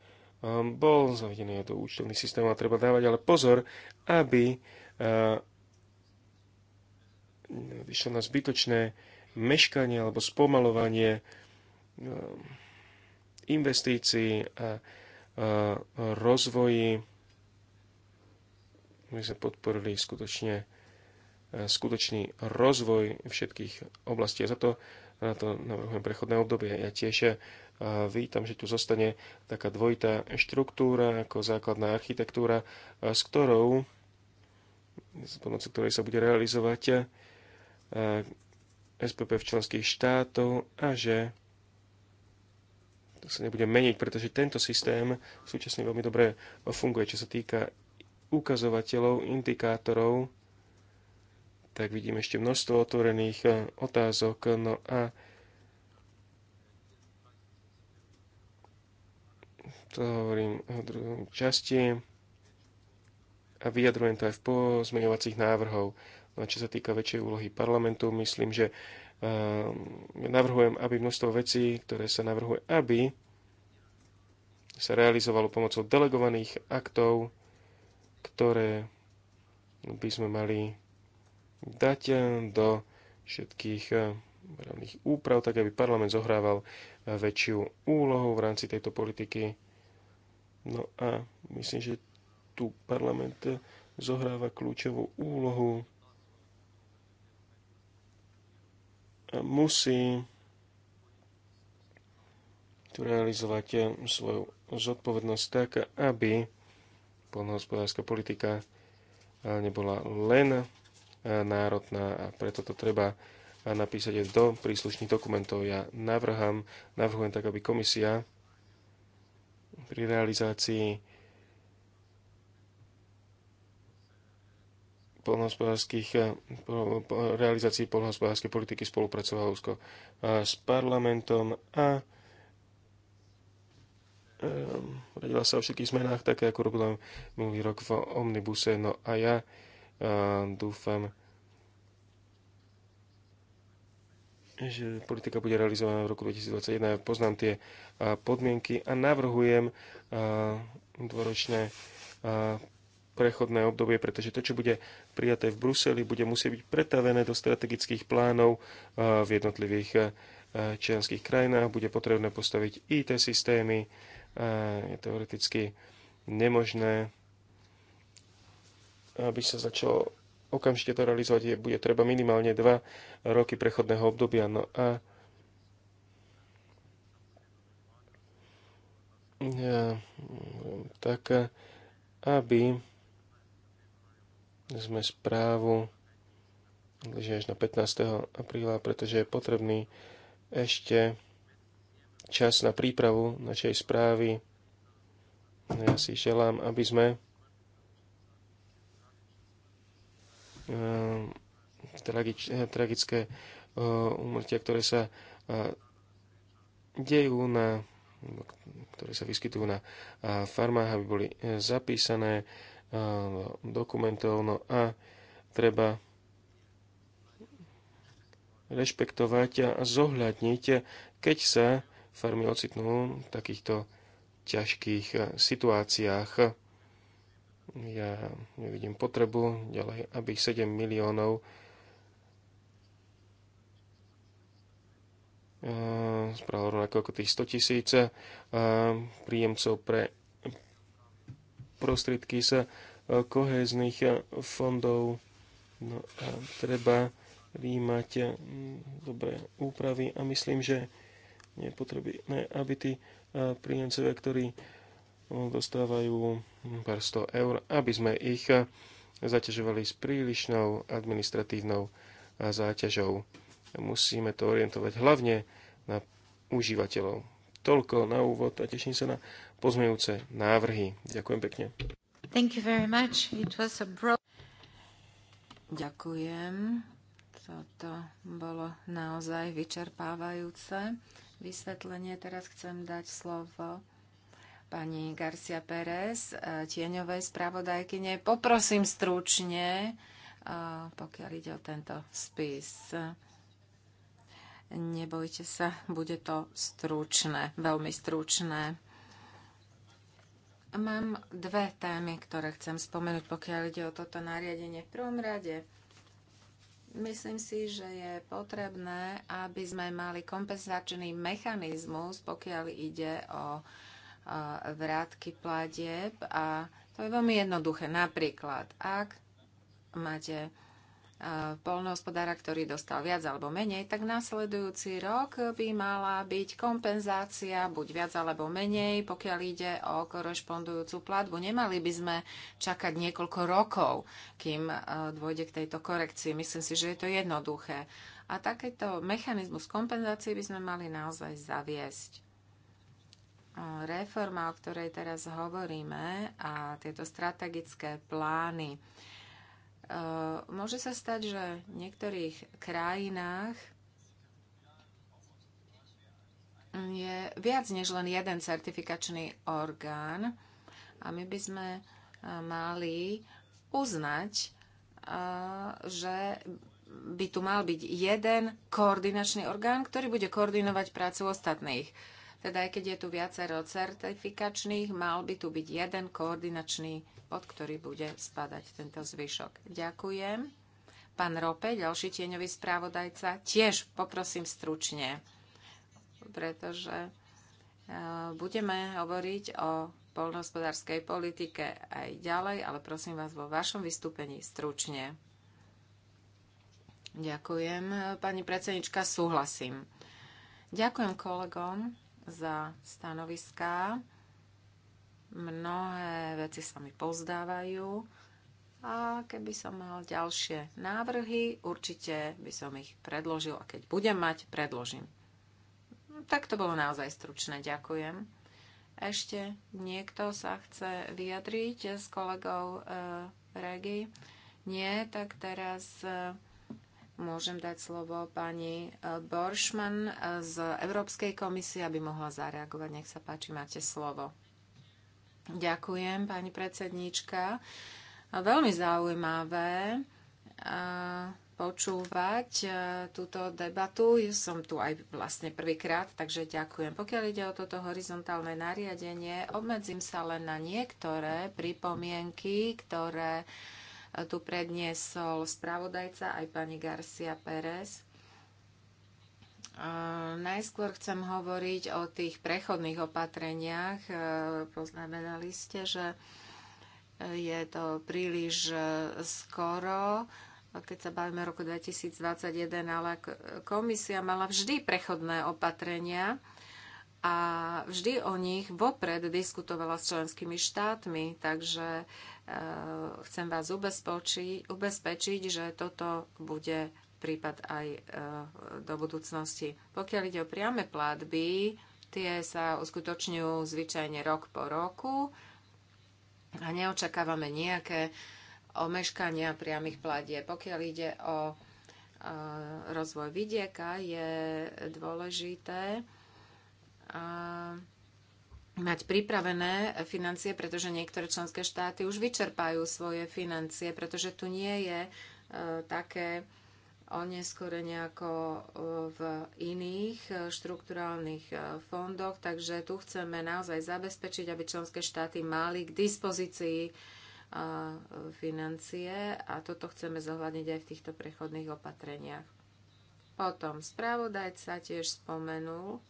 um, bol zavedený do účtovný systém a treba dávať ale pozor, aby eh, vyšlo na zbytočné meškanie alebo spomalovanie eh, investícií a rozvoji, aby sme podporili skutočne, e, skutočný rozvoj všetkých oblastí. A za to na to navrhujem prechodné obdobie. Ja tiež e, vítam, že tu zostane taká dvojitá štruktúra ako základná architektúra, e, s ktorou, s pomocou ktorej sa bude realizovať SPP v členských štátov a že sa nebude meniť, pretože tento systém súčasne veľmi dobre funguje. Čo sa týka ukazovateľov, indikátorov, tak vidím ešte množstvo otvorených e, otázok. No a to hovorím o druhom časti a vyjadrujem to aj v pozmeňovacích návrhov. No a čo sa týka väčšej úlohy parlamentu, myslím, že Ehm, navrhujem, aby množstvo vecí, ktoré sa navrhuje, aby sa realizovalo pomocou delegovaných aktov, ktoré by sme mali dať eh, do všetkých eh, právnych úprav, tak aby parlament zohrával eh, väčšiu úlohu v rámci tejto politiky. No a myslím, že tu parlament zohráva kľúčovú úlohu musí tu realizovať svoju zodpovednosť tak, aby polnohospodárska politika nebola len národná a preto to treba napísať aj do príslušných dokumentov. Ja navrhám, navrhujem tak, aby komisia pri realizácii polnohospodárských, eh, realizácii polnohospodárskej politiky spolupracovalo úzko eh, s parlamentom a eh, radila sa o všetkých zmenách, také ako robila minulý rok v Omnibuse. No a ja dúfam, že politika bude realizovaná v roku 2021. Ja poznám tie podmienky a navrhujem dvoročné prechodné obdobie, pretože to, čo bude prijaté v Bruseli, bude musieť byť pretavené do strategických plánov eh, v jednotlivých eh, členských krajinách. Bude potrebné postaviť IT systémy. Eh, je teoreticky nemožné, aby sa začalo okamžite to realizovať. Bude treba minimálne dva roky prechodného obdobia. No a tak aby sme správu že až na 15. apríla, pretože je potrebný ešte čas na prípravu našej správy. No ja si želám, aby sme ehm, tragič, eh, tragické eh, úmrtia, ktoré sa eh, dejú na ktoré sa vyskytujú na farmách, aby boli zapísané dokumentov. No a treba rešpektovať a zohľadniť, keď sa farmy ocitnú v takýchto ťažkých eh, situáciách. Ja nevidím potrebu ďalej, aby 7 miliónov eh, spravilo rovnako ako tých 100 tisíc eh, príjemcov pre prostriedky z e, kohéznych e, fondov. No a treba príjmať e, dobré úpravy a myslím, že je potrebné, aby tí príjemcovia, ktorí dostávajú pár 100 eur, aby sme ich zaťažovali s prílišnou administratívnou záťažou. Musíme to orientovať hlavne na užívateľov. Toľko na úvod a teším sa na pozmejúce návrhy. Ďakujem pekne. Thank you very much. It was a bro- Ďakujem. Toto bolo naozaj vyčerpávajúce vysvetlenie. Teraz chcem dať slovo pani Garcia Pérez, eh, tieňovej spravodajkyne. Poprosím stručne, eh, pokiaľ ide o tento spis. Nebojte sa, bude to stručné, veľmi stručné. Mám dve témy, ktoré chcem spomenúť, pokiaľ ide o toto nariadenie. V prvom rade myslím si, že je potrebné, aby sme mali kompenzačný mechanizmus, pokiaľ ide o vrátky platieb a to je veľmi jednoduché. Napríklad, ak máte polnohospodára, ktorý dostal viac alebo menej, tak následujúci rok by mala byť kompenzácia buď viac alebo menej, pokiaľ ide o korešpondujúcu platbu. Nemali by sme čakať niekoľko rokov, kým e, dôjde k tejto korekcii. Myslím si, že je to jednoduché. A takýto mechanizmus kompenzácie by sme mali naozaj zaviesť reforma, o ktorej teraz hovoríme a tieto strategické plány Eh, môže sa stať, že v niektorých krajinách je viac než len jeden certifikačný orgán a my by sme eh, mali uznať, eh, že by tu mal byť jeden koordinačný orgán, ktorý bude koordinovať prácu ostatných. Teda aj keď je tu viacero certifikačných, mal by tu byť jeden koordinačný, pod ktorý bude spadať tento zvyšok. Ďakujem. Pán Rope, ďalší tieňový správodajca, tiež poprosím stručne, pretože e, budeme hovoriť o poľnohospodárskej politike aj ďalej, ale prosím vás vo vašom vystúpení stručne. Ďakujem. Pani predsednička, súhlasím. Ďakujem kolegom za stanoviská. Mnohé veci sa mi pozdávajú a keby som mal ďalšie návrhy, určite by som ich predložil a keď budem mať, predložím. Tak to bolo naozaj stručné, ďakujem. Ešte niekto sa chce vyjadriť s kolegou e, Regi? Nie, tak teraz e, môžem dať slovo pani e, Boršman e, z Európskej komisie, aby mohla zareagovať. Nech sa páči, máte slovo. Ďakujem, pani predsedníčka. Veľmi zaujímavé e, počúvať túto debatu. Som tu aj vlastne prvýkrát, takže ďakujem. Pokiaľ ide o toto horizontálne nariadenie, obmedzím sa len na niektoré pripomienky, ktoré tu predniesol spravodajca aj pani Garcia Pérez. Eh, najskôr chcem hovoriť o tých prechodných opatreniach. Eh, poznamenali ste, že eh, je to príliš skoro, keď sa bavíme roku 2021, ale komisia mala vždy prechodné opatrenia a vždy o nich vopred diskutovala s členskými štátmi, takže Eh, chcem vás ubezpečiť, ubezpečiť že toto bude prípad aj eh, do budúcnosti. Pokiaľ ide o priame platby, tie sa uskutočňujú zvyčajne rok po roku a neočakávame nejaké omeškania priamých platie. Pokiaľ ide o eh, rozvoj vidieka, je dôležité, mať pripravené financie, pretože niektoré členské štáty už vyčerpajú svoje financie, pretože tu nie je e, také oneskorenie ako e, v iných e, štrukturálnych fondoch, takže tu chceme naozaj zabezpečiť, aby členské štáty mali k dispozícii financie a toto chceme zohľadniť aj v týchto prechodných opatreniach. Potom správodajca tiež spomenul,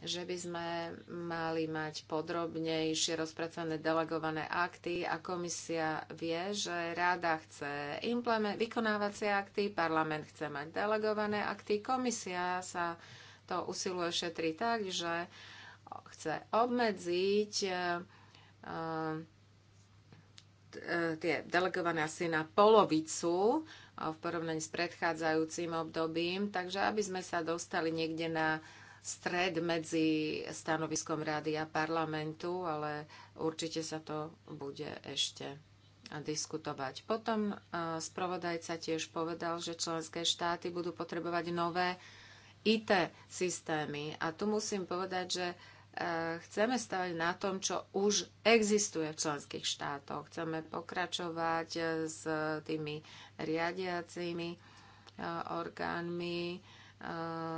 že by sme mali mať podrobnejšie rozpracované delegované akty a komisia vie, že rada chce vykonávacie akty, parlament chce mať delegované akty, komisia sa to usiluje šetriť tak, že chce obmedziť e, e, tie delegované asi na polovicu e, v porovnaní s predchádzajúcim obdobím, takže aby sme sa dostali niekde na stred medzi stanoviskom rády a parlamentu, ale určite sa to bude ešte diskutovať. Potom e, spravodajca tiež povedal, že členské štáty budú potrebovať nové IT systémy. A tu musím povedať, že e, chceme stavať na tom, čo už existuje v členských štátoch. Chceme pokračovať e, s tými riadiacimi orgánmi,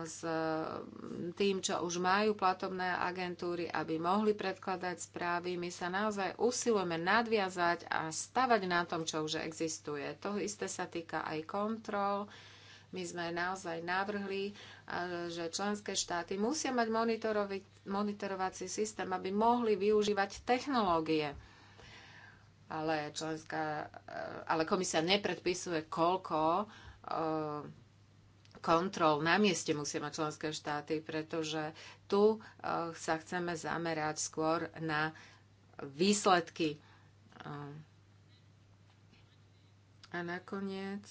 s mm, tým, čo už majú platobné agentúry, aby mohli predkladať správy. My sa naozaj usilujeme nadviazať a stavať na tom, čo už existuje. To isté sa týka aj kontrol. My sme naozaj navrhli, že členské štáty musia mať monitorovací systém, aby mohli využívať technológie ale, členská, e, ale komisia nepredpisuje, koľko e, kontrol na mieste musia mať členské štáty, pretože tu e, sa chceme zamerať skôr na výsledky. E, a nakoniec,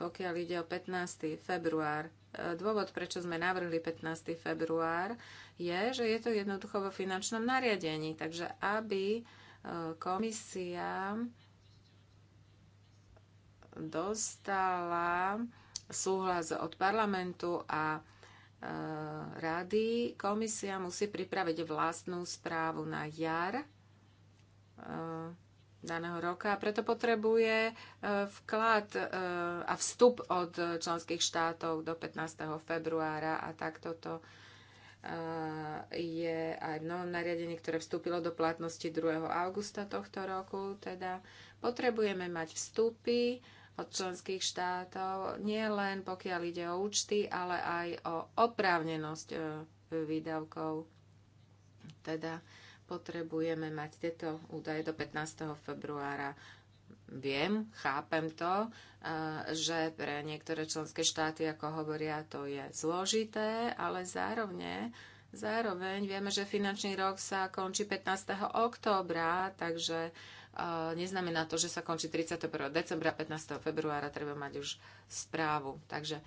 pokiaľ ide o 15. február, e, dôvod, prečo sme navrhli 15. február, je, že je to jednoducho vo finančnom nariadení. Takže aby komisia dostala súhlas od parlamentu a e, rady, komisia musí pripraviť vlastnú správu na jar e, daného roka a preto potrebuje e, vklad a vstup od členských štátov do 15. februára a takto to je aj v novom nariadení, ktoré vstúpilo do platnosti 2. augusta tohto roku. Teda potrebujeme mať vstupy, od členských štátov, nie len pokiaľ ide o účty, ale aj o oprávnenosť e, výdavkov. Teda potrebujeme mať tieto údaje do 15. februára. Viem, chápem to, e, že pre niektoré členské štáty, ako hovoria, to je zložité, ale zároveň Zároveň vieme, že finančný rok sa končí 15. októbra, takže neznamená to, že sa končí 31. decembra, 15. februára treba mať už správu. Takže e,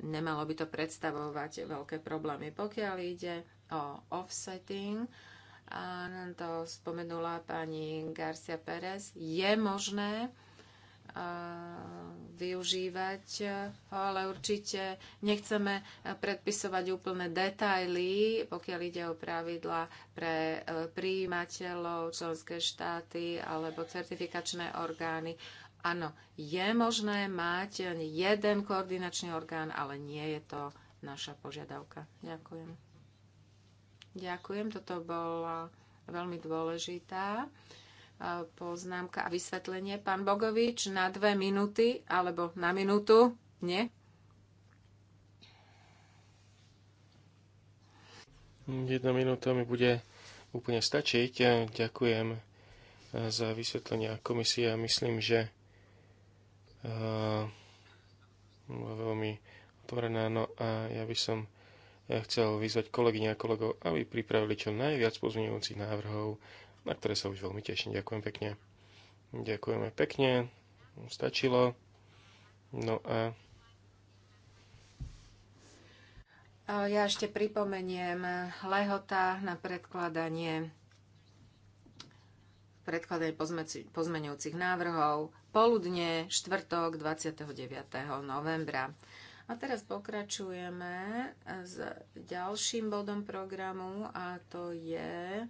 nemalo by to predstavovať veľké problémy. Pokiaľ ide o offsetting, a to spomenula pani Garcia Pérez, je možné využívať, ale určite nechceme predpisovať úplné detaily, pokiaľ ide o pravidla pre e, príjimateľov, členské štáty alebo certifikačné orgány. Áno, je možné mať jeden koordinačný orgán, ale nie je to naša požiadavka. Ďakujem. Ďakujem, toto bola veľmi dôležitá poznámka a vysvetlenie. Pán Bogovič, na dve minúty alebo na minútu? Nie? Jedna minúta mi bude úplne stačiť. Ďakujem eh, za a komisie a myslím, že eh, bola veľmi otvorená. No a ja by som eh, chcel vyzvať kolegyne a kolegov, aby pripravili čo najviac pozmeňujúcich návrhov na ktoré sa už veľmi teším. Ďakujem pekne. Ďakujeme pekne. Stačilo. No a... Ja ešte pripomeniem lehota na predkladanie predkladanie pozmeňujúcich návrhov poludne štvrtok 29. novembra. A teraz pokračujeme s ďalším bodom programu a to je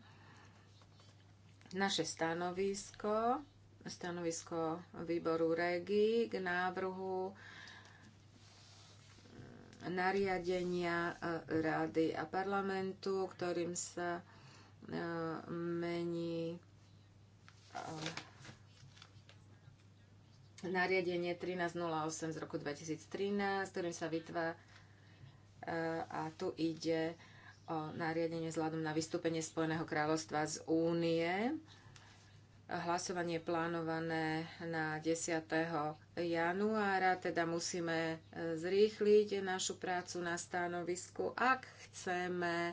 naše stanovisko, stanovisko výboru REGI k návrhu eh, nariadenia eh, Rady a parlamentu, ktorým sa eh, mení nariadenie 1308 z roku 2013, ktorým sa vytvára a tu ide o nariadenie vzhľadom na vystúpenie Spojeného kráľovstva z únie. Hlasovanie je plánované na 10. januára, teda musíme e, zrýchliť našu prácu na stanovisku, ak chceme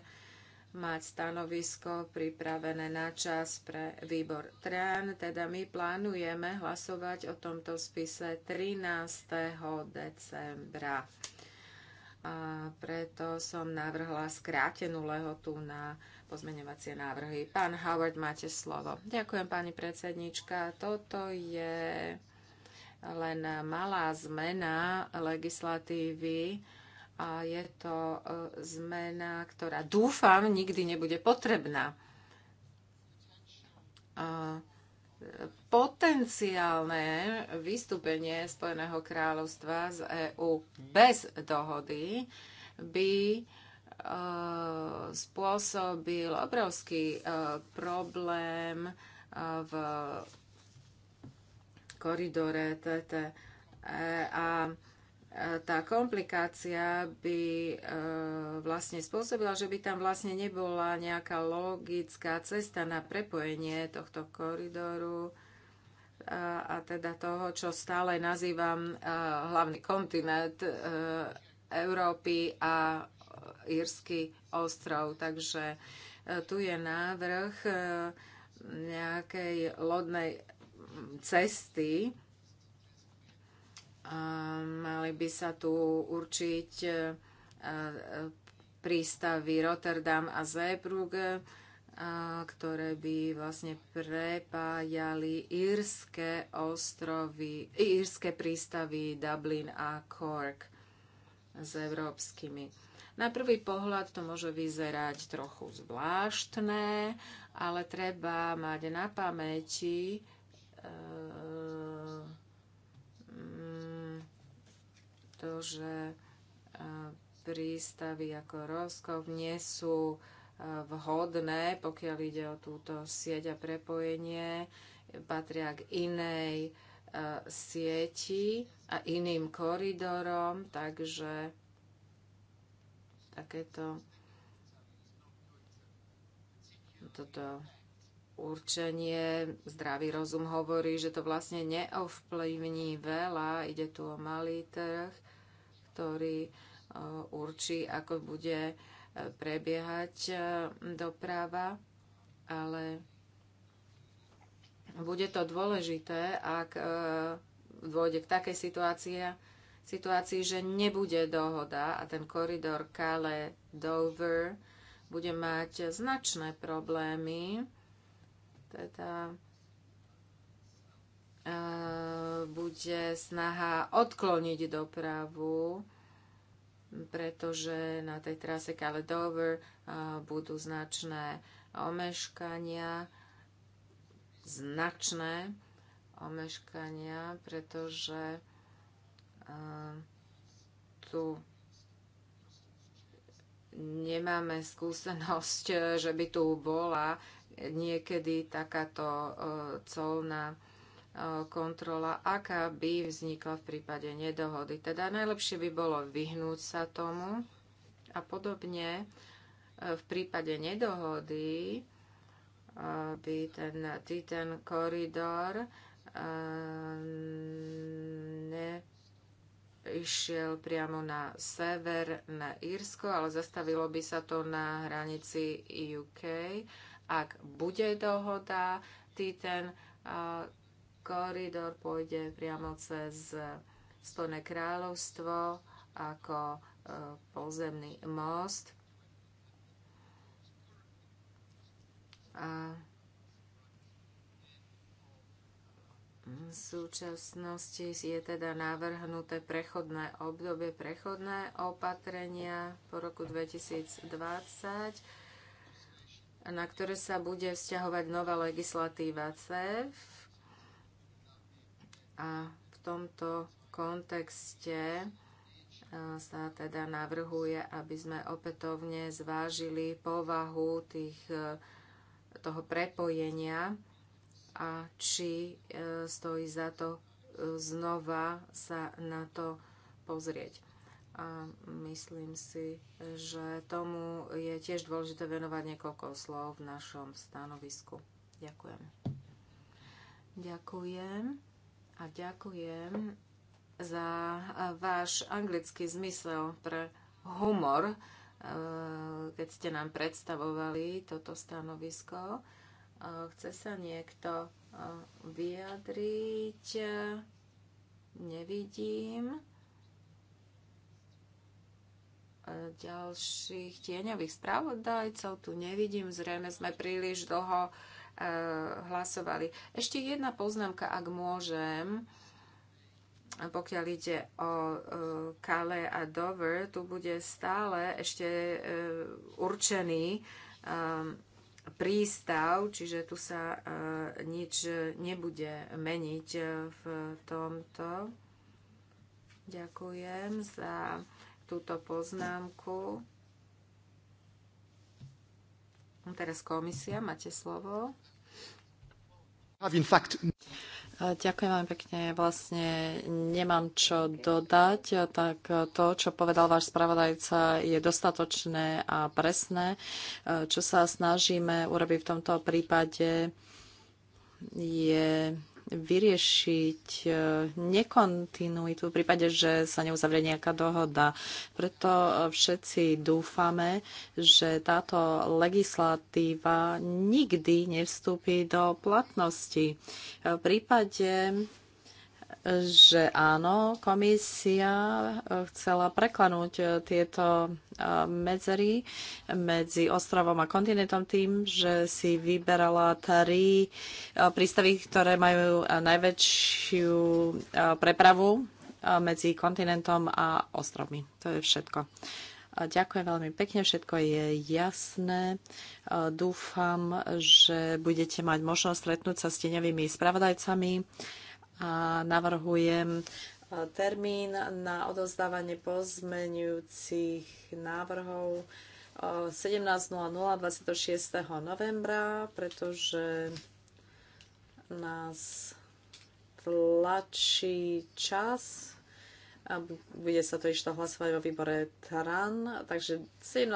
mať stanovisko pripravené na čas pre výbor TRAN. Teda my plánujeme hlasovať o tomto spise 13. decembra a preto som navrhla skrátenú lehotu na pozmeňovacie návrhy. Pán Howard, máte slovo. Ďakujem, pani predsednička. Toto je len malá zmena legislatívy a je to e, zmena, ktorá dúfam nikdy nebude potrebná. A potenciálne vystúpenie Spojeného kráľovstva z EÚ bez dohody by eh, spôsobil obrovský eh, problém eh, v koridore TTE a tá komplikácia by e, vlastne spôsobila, že by tam vlastne nebola nejaká logická cesta na prepojenie tohto koridoru e, a teda toho, čo stále nazývam e, hlavný kontinent Európy a Írsky ostrov. Takže tu je návrh nejakej lodnej cesty, Mali by sa tu určiť e, e, prístavy Rotterdam a Zeebrugge, e, ktoré by vlastne prepájali írske ostrovy, írske prístavy Dublin a Cork s európskymi. Na prvý pohľad to môže vyzerať trochu zvláštne, ale treba mať na pamäti e, to, že prístavy ako Roskov nie sú vhodné, pokiaľ ide o túto sieť a prepojenie, patria k inej sieti a iným koridorom, takže takéto toto určenie, zdravý rozum hovorí, že to vlastne neovplyvní veľa, ide tu o malý trh, ktorý e, určí, ako bude e, prebiehať e, doprava, ale bude to dôležité, ak dôjde k takej situácii, situácii, že nebude dohoda a ten koridor Calais-Dover bude mať značné problémy. Teda E, bude snaha odkloniť dopravu, pretože na tej trase Caledover e, budú značné omeškania, značné omeškania, pretože e, tu nemáme skúsenosť, že by tu bola niekedy takáto colná E, kontrola, aká by vznikla v prípade nedohody. Teda najlepšie by bolo vyhnúť sa tomu a podobne e, v prípade nedohody e, by ten, Titan koridor nešiel priamo na sever, na Írsko, ale zastavilo by sa to na hranici UK. Ak bude dohoda, Titan koridor pôjde priamo cez Spojené kráľovstvo ako e, pozemný most. A v súčasnosti je teda navrhnuté prechodné obdobie, prechodné opatrenia po roku 2020, na ktoré sa bude vzťahovať nová legislatíva CEF a v tomto kontexte e, sa teda navrhuje, aby sme opätovne zvážili povahu tých, e, toho prepojenia a či e, stojí za to znova sa na to pozrieť. A myslím si, že tomu je tiež dôležité venovať niekoľko slov v našom stanovisku. Ďakujem. Ďakujem a ďakujem za váš anglický zmysel pre humor, e, keď ste nám predstavovali toto stanovisko. E, chce sa niekto e, vyjadriť? Nevidím ďalších tieňových spravodajcov tu nevidím. Zrejme sme príliš dlho E, hlasovali. Ešte jedna poznámka, ak môžem. Pokiaľ ide o Kale e, a Dover, tu bude stále ešte e, určený prístav, čiže tu sa nič nebude meniť v tomto. Ďakujem za túto poznámku. Teraz komisia, máte slovo. Ďakujem vám pekne. Vlastne nemám čo dodať, tak to, čo povedal váš spravodajca, je dostatočné a presné. Čo sa snažíme urobiť v tomto prípade, je vyriešiť e, nekontinuitu v prípade, že sa neuzavrie nejaká dohoda. Preto e, všetci dúfame, že táto legislatíva nikdy nevstúpi do platnosti. E, v prípade že áno, komisia e, chcela preklanúť e, tieto e, medzery medzi ostrovom a kontinentom tým, že si vyberala tri prístavy, ktoré majú najväčšiu prepravu medzi kontinentom a ostrovmi. To je všetko. Ďakujem veľmi pekne, všetko je jasné. Dúfam, že budete mať možnosť stretnúť sa s teňovými spravodajcami navrhujem e, termín na odozdávanie pozmenujúcich návrhov 17.00 e, 26. novembra, pretože nás tlačí čas. Bude sa to išlo hlasovať vo výbore TRAN, takže 17.00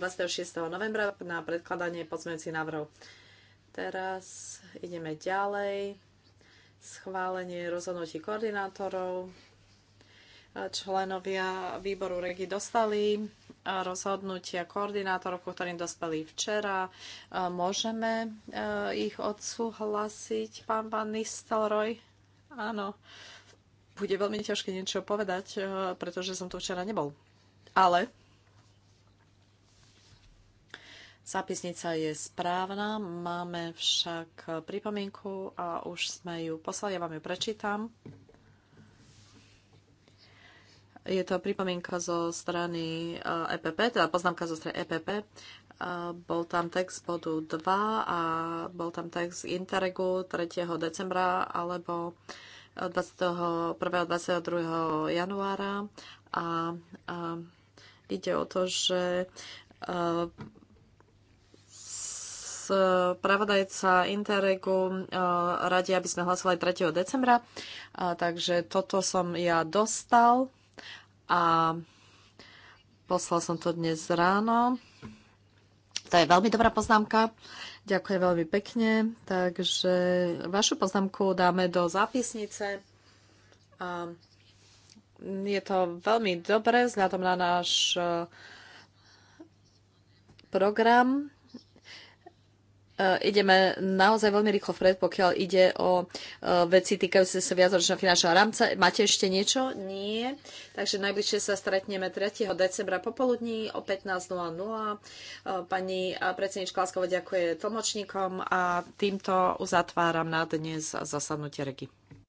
26. novembra na predkladanie pozmenujúcich návrhov. Teraz ideme ďalej schválenie rozhodnutí koordinátorov. Členovia výboru REGI dostali rozhodnutia koordinátorov, ku ktorým dospeli včera. Môžeme e, ich odsúhlasiť, pán Van Nistelrooy? Áno. Bude veľmi ťažké niečo povedať, e, pretože som tu včera nebol. Ale Zápisnica je správna, máme však pripomienku a už sme ju poslali, ja vám ju prečítam. Je to pripomienka zo strany EPP, eh, e teda poznámka zo strany EPP. Eh, bol tam text bodu 2 a bol tam text Interregu 3. decembra alebo 21. Eh, 22. januára a, a ide o to, že spravodajca Interregu e, radi, aby sme hlasovali 3. decembra. E, takže toto som ja dostal a poslal som to dnes ráno. To je veľmi dobrá poznámka. Ďakujem veľmi pekne. Takže vašu poznámku dáme do zápisnice. A je to veľmi dobré vzhľadom na náš e, program. E, ideme naozaj veľmi rýchlo vpred, pokiaľ ide o e, veci týkajúce sa viacročného finančného rámca. Máte ešte niečo? Nie. Takže najbližšie sa stretneme 3. decembra popoludní o 15.00. E, pani predsednička Láskova ďakuje tlmočníkom a týmto uzatváram na dnes zasadnutie regi.